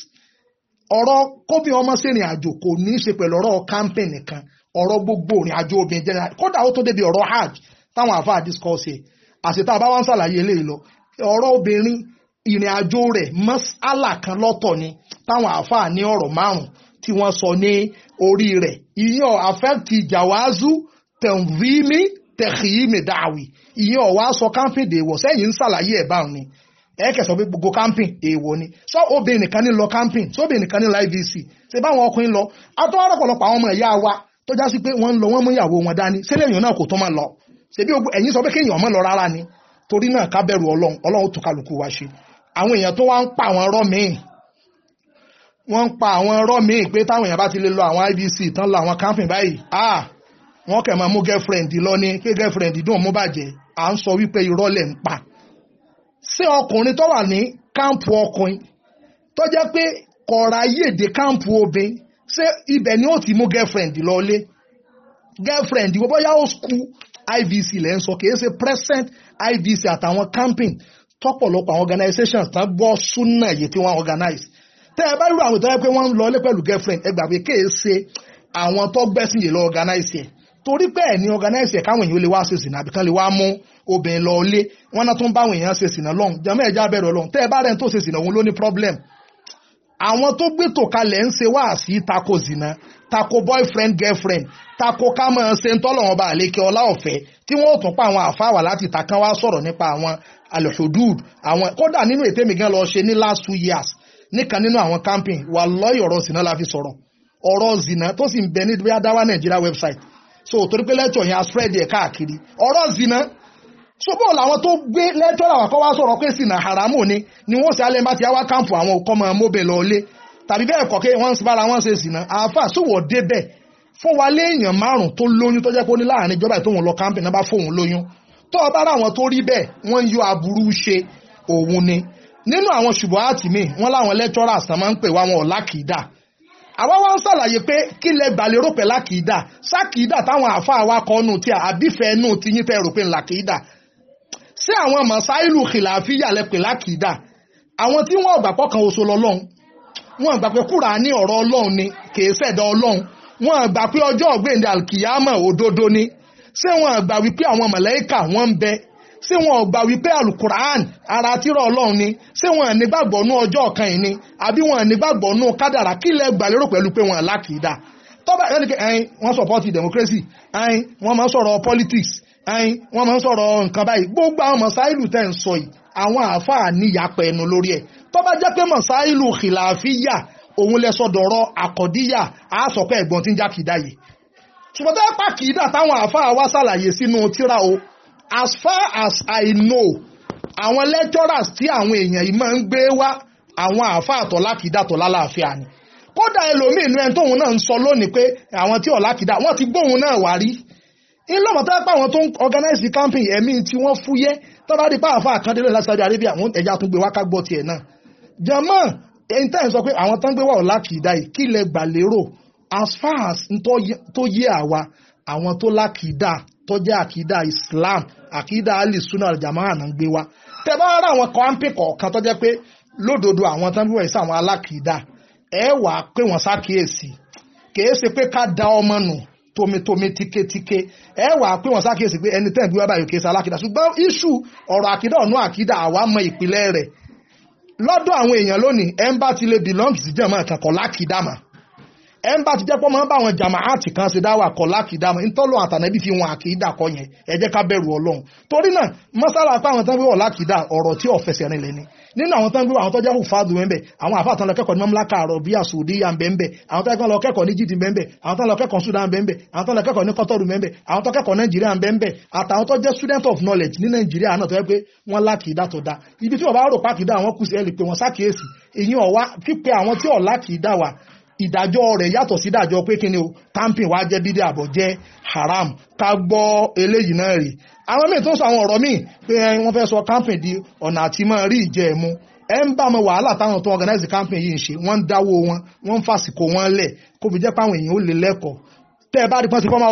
ọ̀rọ̀ kóbi ọmọ sẹ́rìn àjò kò ní í ṣe pẹ̀lú ọ̀rọ̀ camping nìkan ọ̀rọ̀ gbogbo ìrìn àjò obìnrin general kódà ó tó débi ọ̀rọ̀ hajj táwọn àfa discuss ẹ̀ àṣetá bá wá ń ṣàlàyé eléyìí lọ ọ̀rọ̀ obìnrin ìrìn àjò rẹ̀ mọ́sálà kan lọ́tọ̀ ni táwọn àáfàá ní ọ̀rọ̀ márùn tí wọ́n sọ ní orí rẹ̀ ìyẹn àfẹ́ǹtì jàwáàzú tẹ̀wímí tẹ̀kìímì dàwí ìyẹn ọ̀wá sọ kámpìn dèèwọ̀ sẹ́yìn ń ṣàlàyé ẹ̀ báwọn ni ẹ kẹsàn pé gbogbo kámpìn èèwọ̀ ni sọ obìnrin nìkan ní lọ kámpìn sọ obìnrin nìkan ní lọ ivc ṣe báwọn ọkùnrin lọ àtọwọ́rọ̀ pọ̀lọpọ̀ àwọn ọmọ ìyá wa tó já sí pé wọ́n ń lọ wọ́n mú ìyàwó wọn dání sílẹ̀ èèyàn náà kò tó máa lọ ṣebí ẹ̀yin sọ pé kéèyàn ọmọ lọ rárá ni torí náà ká bẹ̀rù ọlọ́run ọlọ́run tó kálukú wa ṣe àwọn èèyàn tó wá ń pa àwọn ọ̀rọ̀ míì wọ́n ń pa àwọn ọ̀rọ̀ míì pé táwọn èèyàn bá ti lè lọ àwọn IBC tán lọ àwọn kámpìn báyìí ah wọ́n kẹ̀ máa mú girlfriend lọ ní pé girlfriend dùn mú bàjẹ́ à ń sọ wípé irọ́ lẹ̀ ń pa ṣé ọkùnrin tó wà ní kámpù ọkùnrin tó jẹ́ pé kọ̀ọ̀rọ̀ ayéde kámpù obìnrin ṣé ibẹ̀ ni ó ti mú girlfriend lọlé girlfriend bóyá ó school IVC lẹ́ ń sọ kì í ṣe present IVC àtàwọn camping tọ́pọ̀lọpọ̀ àwọn organizations tán bọ́ súnà yìí tí wọ́n organize tẹ́ ẹ bá rírọ àwọn ìtọ́jú pé wọ́n ń lọ ilé pẹ̀lú girlfriend ẹ gbà pé kéè ṣe àwọn tó gbẹ́sìn yìí lọ organize yẹn torí pé ni ní organize yẹn káwọn èèyàn lè wá ṣe sìnà àbí kán lè wá mú obìnrin lọ ilé wọn náà tún bá àwọn èèyàn ṣe sìnà lọ́hùn jẹ́mọ́ ẹ̀já bẹ̀rẹ̀ ọlọ́hùn tẹ́ ẹ bá rẹ̀ ń tó ṣe sìnà òun ló ní problem àwọn tó gbé tòkalẹ̀ ń ṣe wá sí tako zina tako boyfriend girlfriend tako ká máa ṣe ń tọ́lọ̀ wọn bá àlékè ọlá ọ̀fẹ́ tí wọ́n ò tún pa àwọn àfáwà láti takán wá sọ̀rọ̀ nípa àwọn alhudud àwọn kódà nínú ètè mi gan lọ ṣe ní last two years níkan nínú àwọn camping wà lọ́yọ̀ ọ̀rọ̀ zina la fi sọ̀rọ̀ ọ̀rọ̀ zina tó sì ń bẹ ní bí adáwà nàìjíríà website so torí pé lẹ́tọ̀ yẹn a spread ẹ̀ káàkiri ọ̀rọ̀ zina so bọ́ọ̀ làwọn tó gbé lẹ́tọ̀ làwọn kọ́ wá sọ̀rọ̀ pé zina haramu ni ni wọ́n sì alẹ́ bá ti wá káàmpù àwọn òkọ́ mọ́ mọ́bẹ̀ lọ lé tàbí bẹ́ẹ̀ kọ́ kí wọ́n sì bára wọn ṣe zina àáfà sówọ́ débẹ̀ fún wa léèyàn márùn tó lóyún tó jẹ́ pé ó ní láàrin ìjọba ìtòhùn lọ káàmpì náà bá fóun lóyún tó o bá ráwọn tó rí bẹ́ẹ̀ wọ́n ń yọ aburú ṣe òun ni nínú àwọn ṣùgbọ́n àti mi wọ́n láwọn lẹ́tọ́rà àsán máa ń pè wá wọn ò lákìídà àwa wá ń ṣàlàyé pé kí lẹ gbàlérò pẹ̀ lákìídà sákìídà táwọn àáfàá wa kọ́ nù tí àbífẹ́ nù tí yín fẹ́ rò pé làkìídà ṣé àwọn mọ̀sáìlù kìláfíyà lẹ pè lákìídà àwọn tí wọ́n gbà pọ̀kan oṣù lọ́lọ́run wọ́n gbà pé kúrà ní ọ̀rọ̀ ọlọ́run ni kì í ṣẹ̀dá ọlọ́run wọ́n pé ọjọ́ ọ̀gbẹ́ndẹ̀ alkiyama òdodo ni ṣé wọn àgbà wípé àwọn màláíkà wọn ń bẹ ṣé wọn ò gbà wípé alukuraan ara tírà ọlọ́run ni ṣé wọn à nígbàgbọ́ nú ọjọ́ kan yìí ni àbí wọn à nígbàgbọ́ nú kádàrà kí lẹ gbà lérò pẹ̀lú pé wọn à lákìídà tọ́ba ẹni kẹ ẹyin wọ́n sọ̀pọ́tì democracy ẹyin wọ́n máa ń sọ̀rọ̀ politics ẹyin wọ́n máa ń sọ̀rọ̀ nǹkan báyìí gbogbo àwọn mọ̀sáìlù tẹ̀ ń sọ yìí àwọn àáfàá níyàpẹ̀ ẹnu lórí ẹ̀ tọ́ba jẹ́ pé mọ̀sáìlù kìláàfíyà òun lẹ sọdọ̀rọ̀ àkọ́díyà àásọ̀kọ́ ẹ̀gbọ́n tí ń jákèjá ṣùgbọ́n tó pa kìídà táwọn àáfàá wa ṣàlàyé sínú tíra o as far as I know àwọn lecturers tí àwọn èèyàn yìí máa ń gbé wá àwọn àáfàá tọ́ lákìídà tọ́ lálàáfíà ni kódà ẹlòmíì inú ẹni tóun náà ń sọ lónìí pé àwọn tí ọ̀làkìídà wọ́n ti gbóhun náà wá rí ńlọ́mọ̀ tó pa àwọn tó ń organize camping ẹ̀mí tí wọ́n fúyẹ́ tọ́ba dípa àáfàá kan délé láti Saudi Arabia àwọn ẹja tún gbé wá ká gbọ́ tiẹ̀ náà jọmọ́ ẹni tẹ́ ẹ̀ sọ pé àwọn tó ń gbé wà ọ̀làkìídà yìí kí lẹ gbà lérò as far as tó yé àwa àwọn tó lákìdá tó jẹ́ àkìdá Islam àkìdá alisuna aljamaha náà ń gbé wa tẹ bá rà àwọn kọ́ńpì kọ̀ọ̀kan tó jẹ́ pé lódodo àwọn tán bí wọ́n ṣe àwọn alákìdá ẹ wàá pé wọ́n ṣàkíyèsí kìí ṣe pé ká da ọmọ nù tomitomi tíketíke ẹ wàá pé wọ́n ṣàkíyèsí pé ẹni tẹ́ ń gbé wá báyìí kìí ṣe alákìdá ṣùgbọ́n iṣu ọ̀rọ̀ àkìdá ọ̀nà àkìdá àwa mọ ìpìlẹ̀ rẹ̀ lọ́dọ̀ àwọn èèyàn lónìí ẹ ń bá ti belong sí jẹ̀mọ́ ìkànkọ́ lákìdá mà ẹ ń bá ti jẹ́ pọ́ máa ń bá àwọn jàmáàtì kan ṣe dáwà kọ̀ lákìdá mọ́ ntọ́lọ́ àtànẹ́bí fi wọn àkìdá kọ yẹn ẹ jẹ́ ká bẹ̀rù ọlọ́run torí náà mọ́sálà apá àwọn tán gbé wọ̀ lákìdá ọ̀rọ̀ tí ọ̀fẹsẹ̀ rìn lẹ́ni nínú àwọn tán gbé àwọn tó jẹ́ hùfáàdù ń bẹ àwọn àfa àtàn lọ kẹ́kọ̀ọ́ ní mọ́mílákà àrọ̀ bí àsòdì yà àwọn tán lọ student of knowledge ní Nàìjíríà náà tó yẹ pé wọ́n lákìdá tó da ibi tí wọ́n bá rò pákìdá àwọn kù ìdájọ́ rẹ̀ yàtọ̀ sí ìdájọ́ pé kí ni o camping wàá jẹ́ dídé àbọ̀ jẹ́ haram ká gbọ́ eléyìí náà rè àwọn míì tó ń sọ àwọn ọ̀rọ̀ míì pé wọ́n fẹ́ sọ camping di ọ̀nà àti máa rí ìjẹ́ ẹ̀mú ẹ ń bá wàhálà táwọn tó organize camping yìí ń ṣe wọ́n ń dáwó wọn wọ́n ń wọn lẹ̀ kó jẹ́ pé àwọn èèyàn ó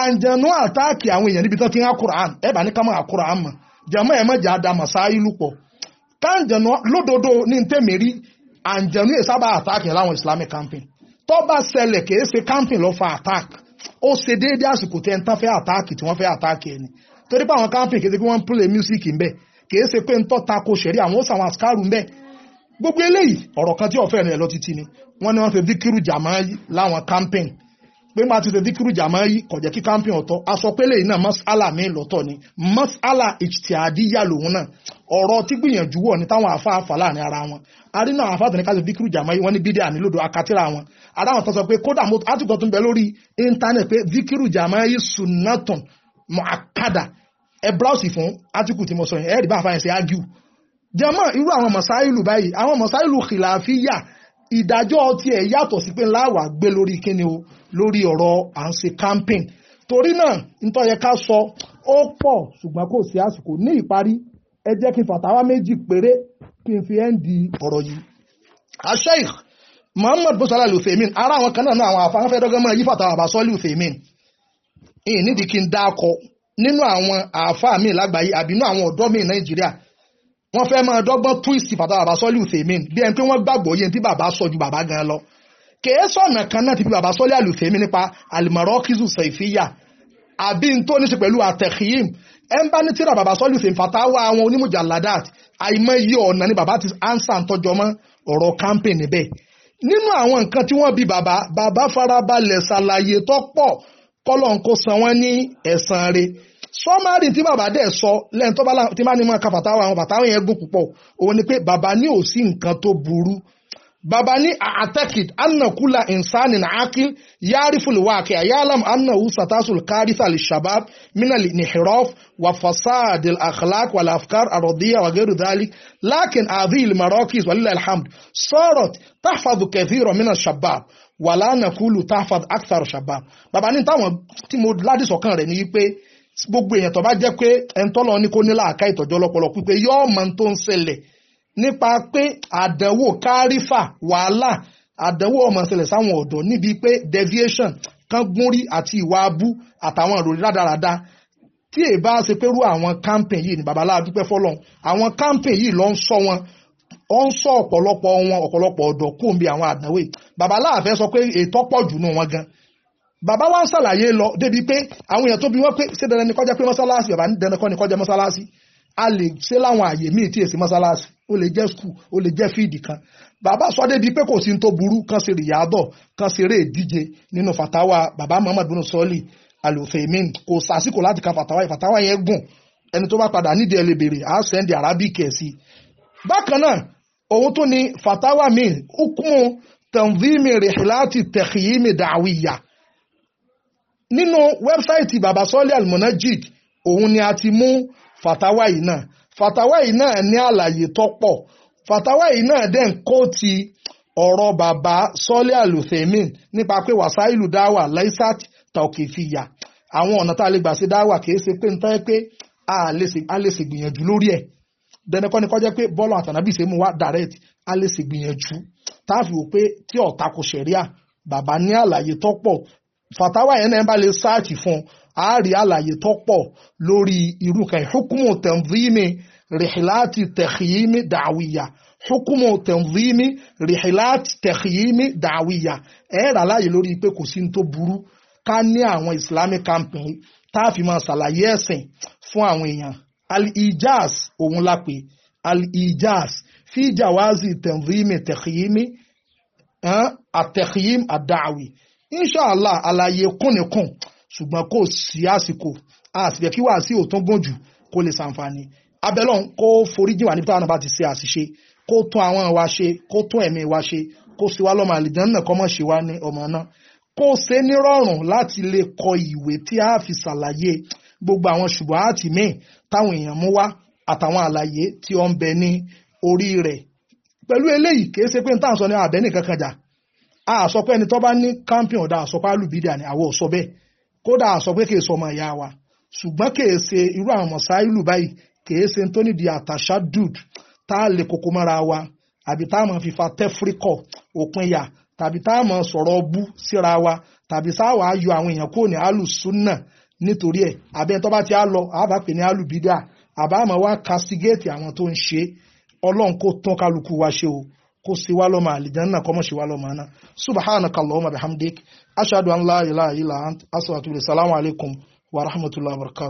àǹjẹ̀nú àtáàkì àwọn èèyàn níbi tán ti ń há Quran ẹ̀bà ní ká máa Quran mọ̀ jẹ̀mọ́ ẹ̀ mọ̀jà àdàmọ̀ sáyé lùpọ̀ káàǹjẹ̀nú lódodo ní tèmi rí àǹjẹ̀nú yẹn sábà àtáàkì láwọn Islamic camping tó bá ṣẹlẹ̀ kìí ṣe camping ló fa attack ó ṣe déédé àsìkò tẹ́ ń tán fẹ́ àtáàkì tí wọ́n fẹ́ àtáàkì ẹni torí pé àwọn camping kìí ṣe pé wọ́n ń play music ń bẹ̀ kìí ṣe gbogbo eléyìí ọ̀rọ̀ kan tí ọ̀fẹ́ rẹ̀ ni wọ́n pé má ti ṣe díkìrù jàmọ́ yìí kò jẹ́ kí kámpìn ọ̀tọ̀ aṣọ pélé yìí náà masala mi lọ́tọ̀ ni masala ìtìádíyà lòun náà ọ̀rọ̀ tí gbìyànjú wọ̀ ní táwọn àfáàfà láàrin ara wọn arínà àfáàtò ní káṣí díkìrù jàmọ́ yìí wọ́n ní bídíà nílòdò akátírà wọn ara wọn tó sọ pé kódà mo àtìkọ́ tó ń bẹ lórí íńtánẹ̀tì pé díkìrù jàmọ́ yìí sunnaton mu'akkada ẹ bráùsì fún átíkù tí mo sọ yẹn ẹ̀ẹ́dì bá àfáàyàn ṣe ágíù jẹ́mọ́ irú àwọn mọ̀sáìlù báyìí àwọn mọ̀sáìlù khilafiyya ìdájọ́ ọtí ẹ̀ yàtọ̀ sí pé ńlá wà gbé lórí kíni o lórí ọ̀rọ̀ à ń ṣe campaign torí náà nítorí yẹ ká sọ ó pọ̀ ṣùgbọ́n kò sí àsìkò ní ìparí ẹ jẹ́ kí n fàtàwá méjì péré kí n fi ẹ́ ń di ọ̀rọ̀ yìí. asheikh muhammad busala lufemin ara àwọn kan náà náà àwọn afáfẹ́ dọ́gọ́mọ́ yí fàtàwá àbásọ́ lufemin ìyìn nídìí kí n dákọ nínú àwọn àáfàá mi lágbàáyé àbínú àwọn ọ̀dọ́ mi nàìjíríà wọ́n fẹ́ máa dọ́gbọ́n twist bàbá bàbá sọ́lì ùsèmín bí ẹni pé wọ́n gbàgbọ́ yẹn tí bàbá sọ ju bàbá gan lọ kèé sọ̀nà kan náà ti fi bàbá sọ́lì àlùsèmín nípa àlùmọ̀rọ́ kìsù sẹ̀fíyà àbí n tó ní ṣe pẹ̀lú àtẹ̀kìyìm ẹ̀ ní tíra bàbá sọ́lì ùsèmín fàtàwà àwọn onímùjàládàt àìmọye ọ̀nà ni bàbá ti ánsà ń tọ́jọ́ mọ́ ọ̀rọ̀ campaign níbẹ̀ nínú àwọn nǹkan tí wọ́n bi bàbá bàbá farabalẹ̀ ṣàlàyé tó pọ̀ sọmárì tí bàbá dẹ̀ sọ lẹ́yìn tó bá tí má ní mọ́ ká fàtàwọ̀ àwọn fàtàwọ̀ yẹn gùn púpọ̀ òun ni pé bàbá ní ò sí nǹkan tó burú bàbá ní àtẹ́kìd annakula insani na akil yárìfúlì wá kí ayálam annahu satasul kárìsà lè shabab minali nihrof wa fasad al-akhlaq wal afkar arodiya wa gairu dhalik lakin adhi al-marakis walilahi alhamd sarat tahfadhu kathira min shabab wala nakulu tahfadh akthar shabab bàbá ní táwọn tí mo ládìsọ̀kan rẹ̀ ní pé gbogbo èèyàn tó bá jẹ́ pé ẹ̀ńtọ́lọ́ ní kó ní làákà ìtọ́jú ọlọ́pọlọ pípé yóò mọ tó ń ṣẹlẹ̀ nípa pé àdánwò kárífà wàhálà àdánwò ọmọ ṣẹlẹ̀ sáwọn ọ̀dọ́ níbi pé deviation kan gúnrí àti ìwà abú àtàwọn ìròyìn rádaràda tí èyí bá ṣe pé rú àwọn campaign yìí ní babaláwo dúpẹ́ fọlọ́n àwọn campaign yìí ló ń sọ wọn ó ń sọ ọ̀pọ̀lọpọ̀ wọn ọ̀pọ̀lọpọ̀ ọ̀dọ́ kóńbi àwọn àdánwò yìí babaláwo fẹ́ sọ pé ètò pọ̀ jù nù wọn gan bàbá wa ń ṣàlàyé lọ débi pé àwọn èèyàn tó bi wọ́n pé ṣé dandan ni kọjá pé mọ́ṣáláṣí bàbá ní dandan kọ́ ni kọjá mọ́ṣáláṣí a lè ṣe láwọn àyè míì tí èsì mọ́ṣáláṣí ó lè jẹ́ skul ó lè jẹ́ fíìdì kan bàbá sọ débi pé kò sí tó burú kan ṣe rìyádọ̀ kan ṣeré ìdíje nínú fatawa bàbá Muhammad bin sọ́ọ̀lì alufemin kò sàsìkò láti ka fatawa yìí fatawa yẹn gùn ẹni tó bá padà nídìí ẹ lè béèrè á sẹ́ndì arabic fatawa mi hukumu tanzimi rihilati tẹ̀kìyí mi dàwíyà nínú wẹ́bsáìtì bàbá sọ́ọ́lì almonajid òun ni a ti mú fàtàwá yìí náà fàtàwá yìí náà ní àlàyé tó pọ̀ fàtàwá yìí náà dẹ̀ ń kó ti ọ̀rọ̀ bàbá sọ́ọ́lì alùsẹ̀mìn nípa pé wàsáìlù dáwà laisat taokifiya àwọn ọ̀nà tá a lè gbà ṣe dáwà kìí ṣe pé nǹkan pé a lè ṣe gbìyànjú lórí ẹ̀ dẹnikọ́ni kọ́ jẹ́ pé bọ́ọ̀lù àtànábì ṣe mú wá direct a lè ṣe gbìyànjú táàfì wò pé tí ọ̀tá kò ṣẹ̀ríà bàbá ní àlàyé tó fàtàwà yẹn náà bá lè sáàtì fún a rí àlàyé tó pọ̀ lórí irú kan hukumu tanzimi rihilati tẹ̀kìyími dàwíyà hukumu tanzimi rihilati tẹ̀kìyími dàwíyà ẹ̀ rà láàyè lórí pé kò sí ní tó burú ká ní àwọn islamic campaign tá a fi máa ṣàlàyé ẹ̀sìn fún àwọn èèyàn al òun la pè al-ijaz fi jawazi tanzimi tẹ̀kìyími àdáwì. Eh, inshàlá àlàyé kúnnìkùn ṣùgbọ́n kò sí àsìkò àsìkò kí wàásù ò tún gùn jù kó lè ṣàǹfààní abẹ́lọ́n kó foríjì wà níbi táwọn náà bá ti ṣe àṣìṣe kó tún àwọn wa ṣe kó tún ẹ̀mí wa ṣe kó sì wá lọ́mọ àlìjàn náà kọ́ mọ̀ ṣe wá ní ọmọ náà kó ṣe ní rọrùn láti lè kọ ìwé tí a fi ṣàlàyé gbogbo àwọn ṣùgbọ́n àti míì táwọn èèyàn mú wá àtàwọn àlàyé tí ó ń bẹ ní orí rẹ̀ pẹ̀lú eléyìí kì í ṣe pé ní táwọn sọ ní àbẹ́ nìkan kan jà a sọ pé ẹni tó bá ní campion ọ̀dà àsọpá lùbídà ni àwọ̀ sọ bẹ́ẹ̀ kódà àsọ pé kìí sọmọ ìyá wa ṣùgbọ́n kìí ṣe irú àwọn mọ̀sáìlù báyìí kìí ṣe tó nídìí àtàṣà dude tá a lè kókó mọ́ra wa àbí tá a mọ̀ fífa tẹ́fríkọ̀ òpin ìyà tàbí tá a mọ̀ sọ̀rọ̀ ọbú síra wa tàbí sáwà á yọ àwọn èèyàn kúrò ní alùsùnà nítorí ẹ̀ àbẹ́ tó bá ti á lọ àbá pè ní alùbídà àbá mọ̀ wá castigate àwọn tó ń ṣe ọlọ́run kó tán kálukú wa ṣe o kó siwá lọ́mọ àlìjánná kọ́mọ́ siwá lọ́mọ aná subhanaka allahumma bihamdik ashhadu an la ilaha illa ant asalatu salamu alaykum wa rahmatullahi wa barakatuh.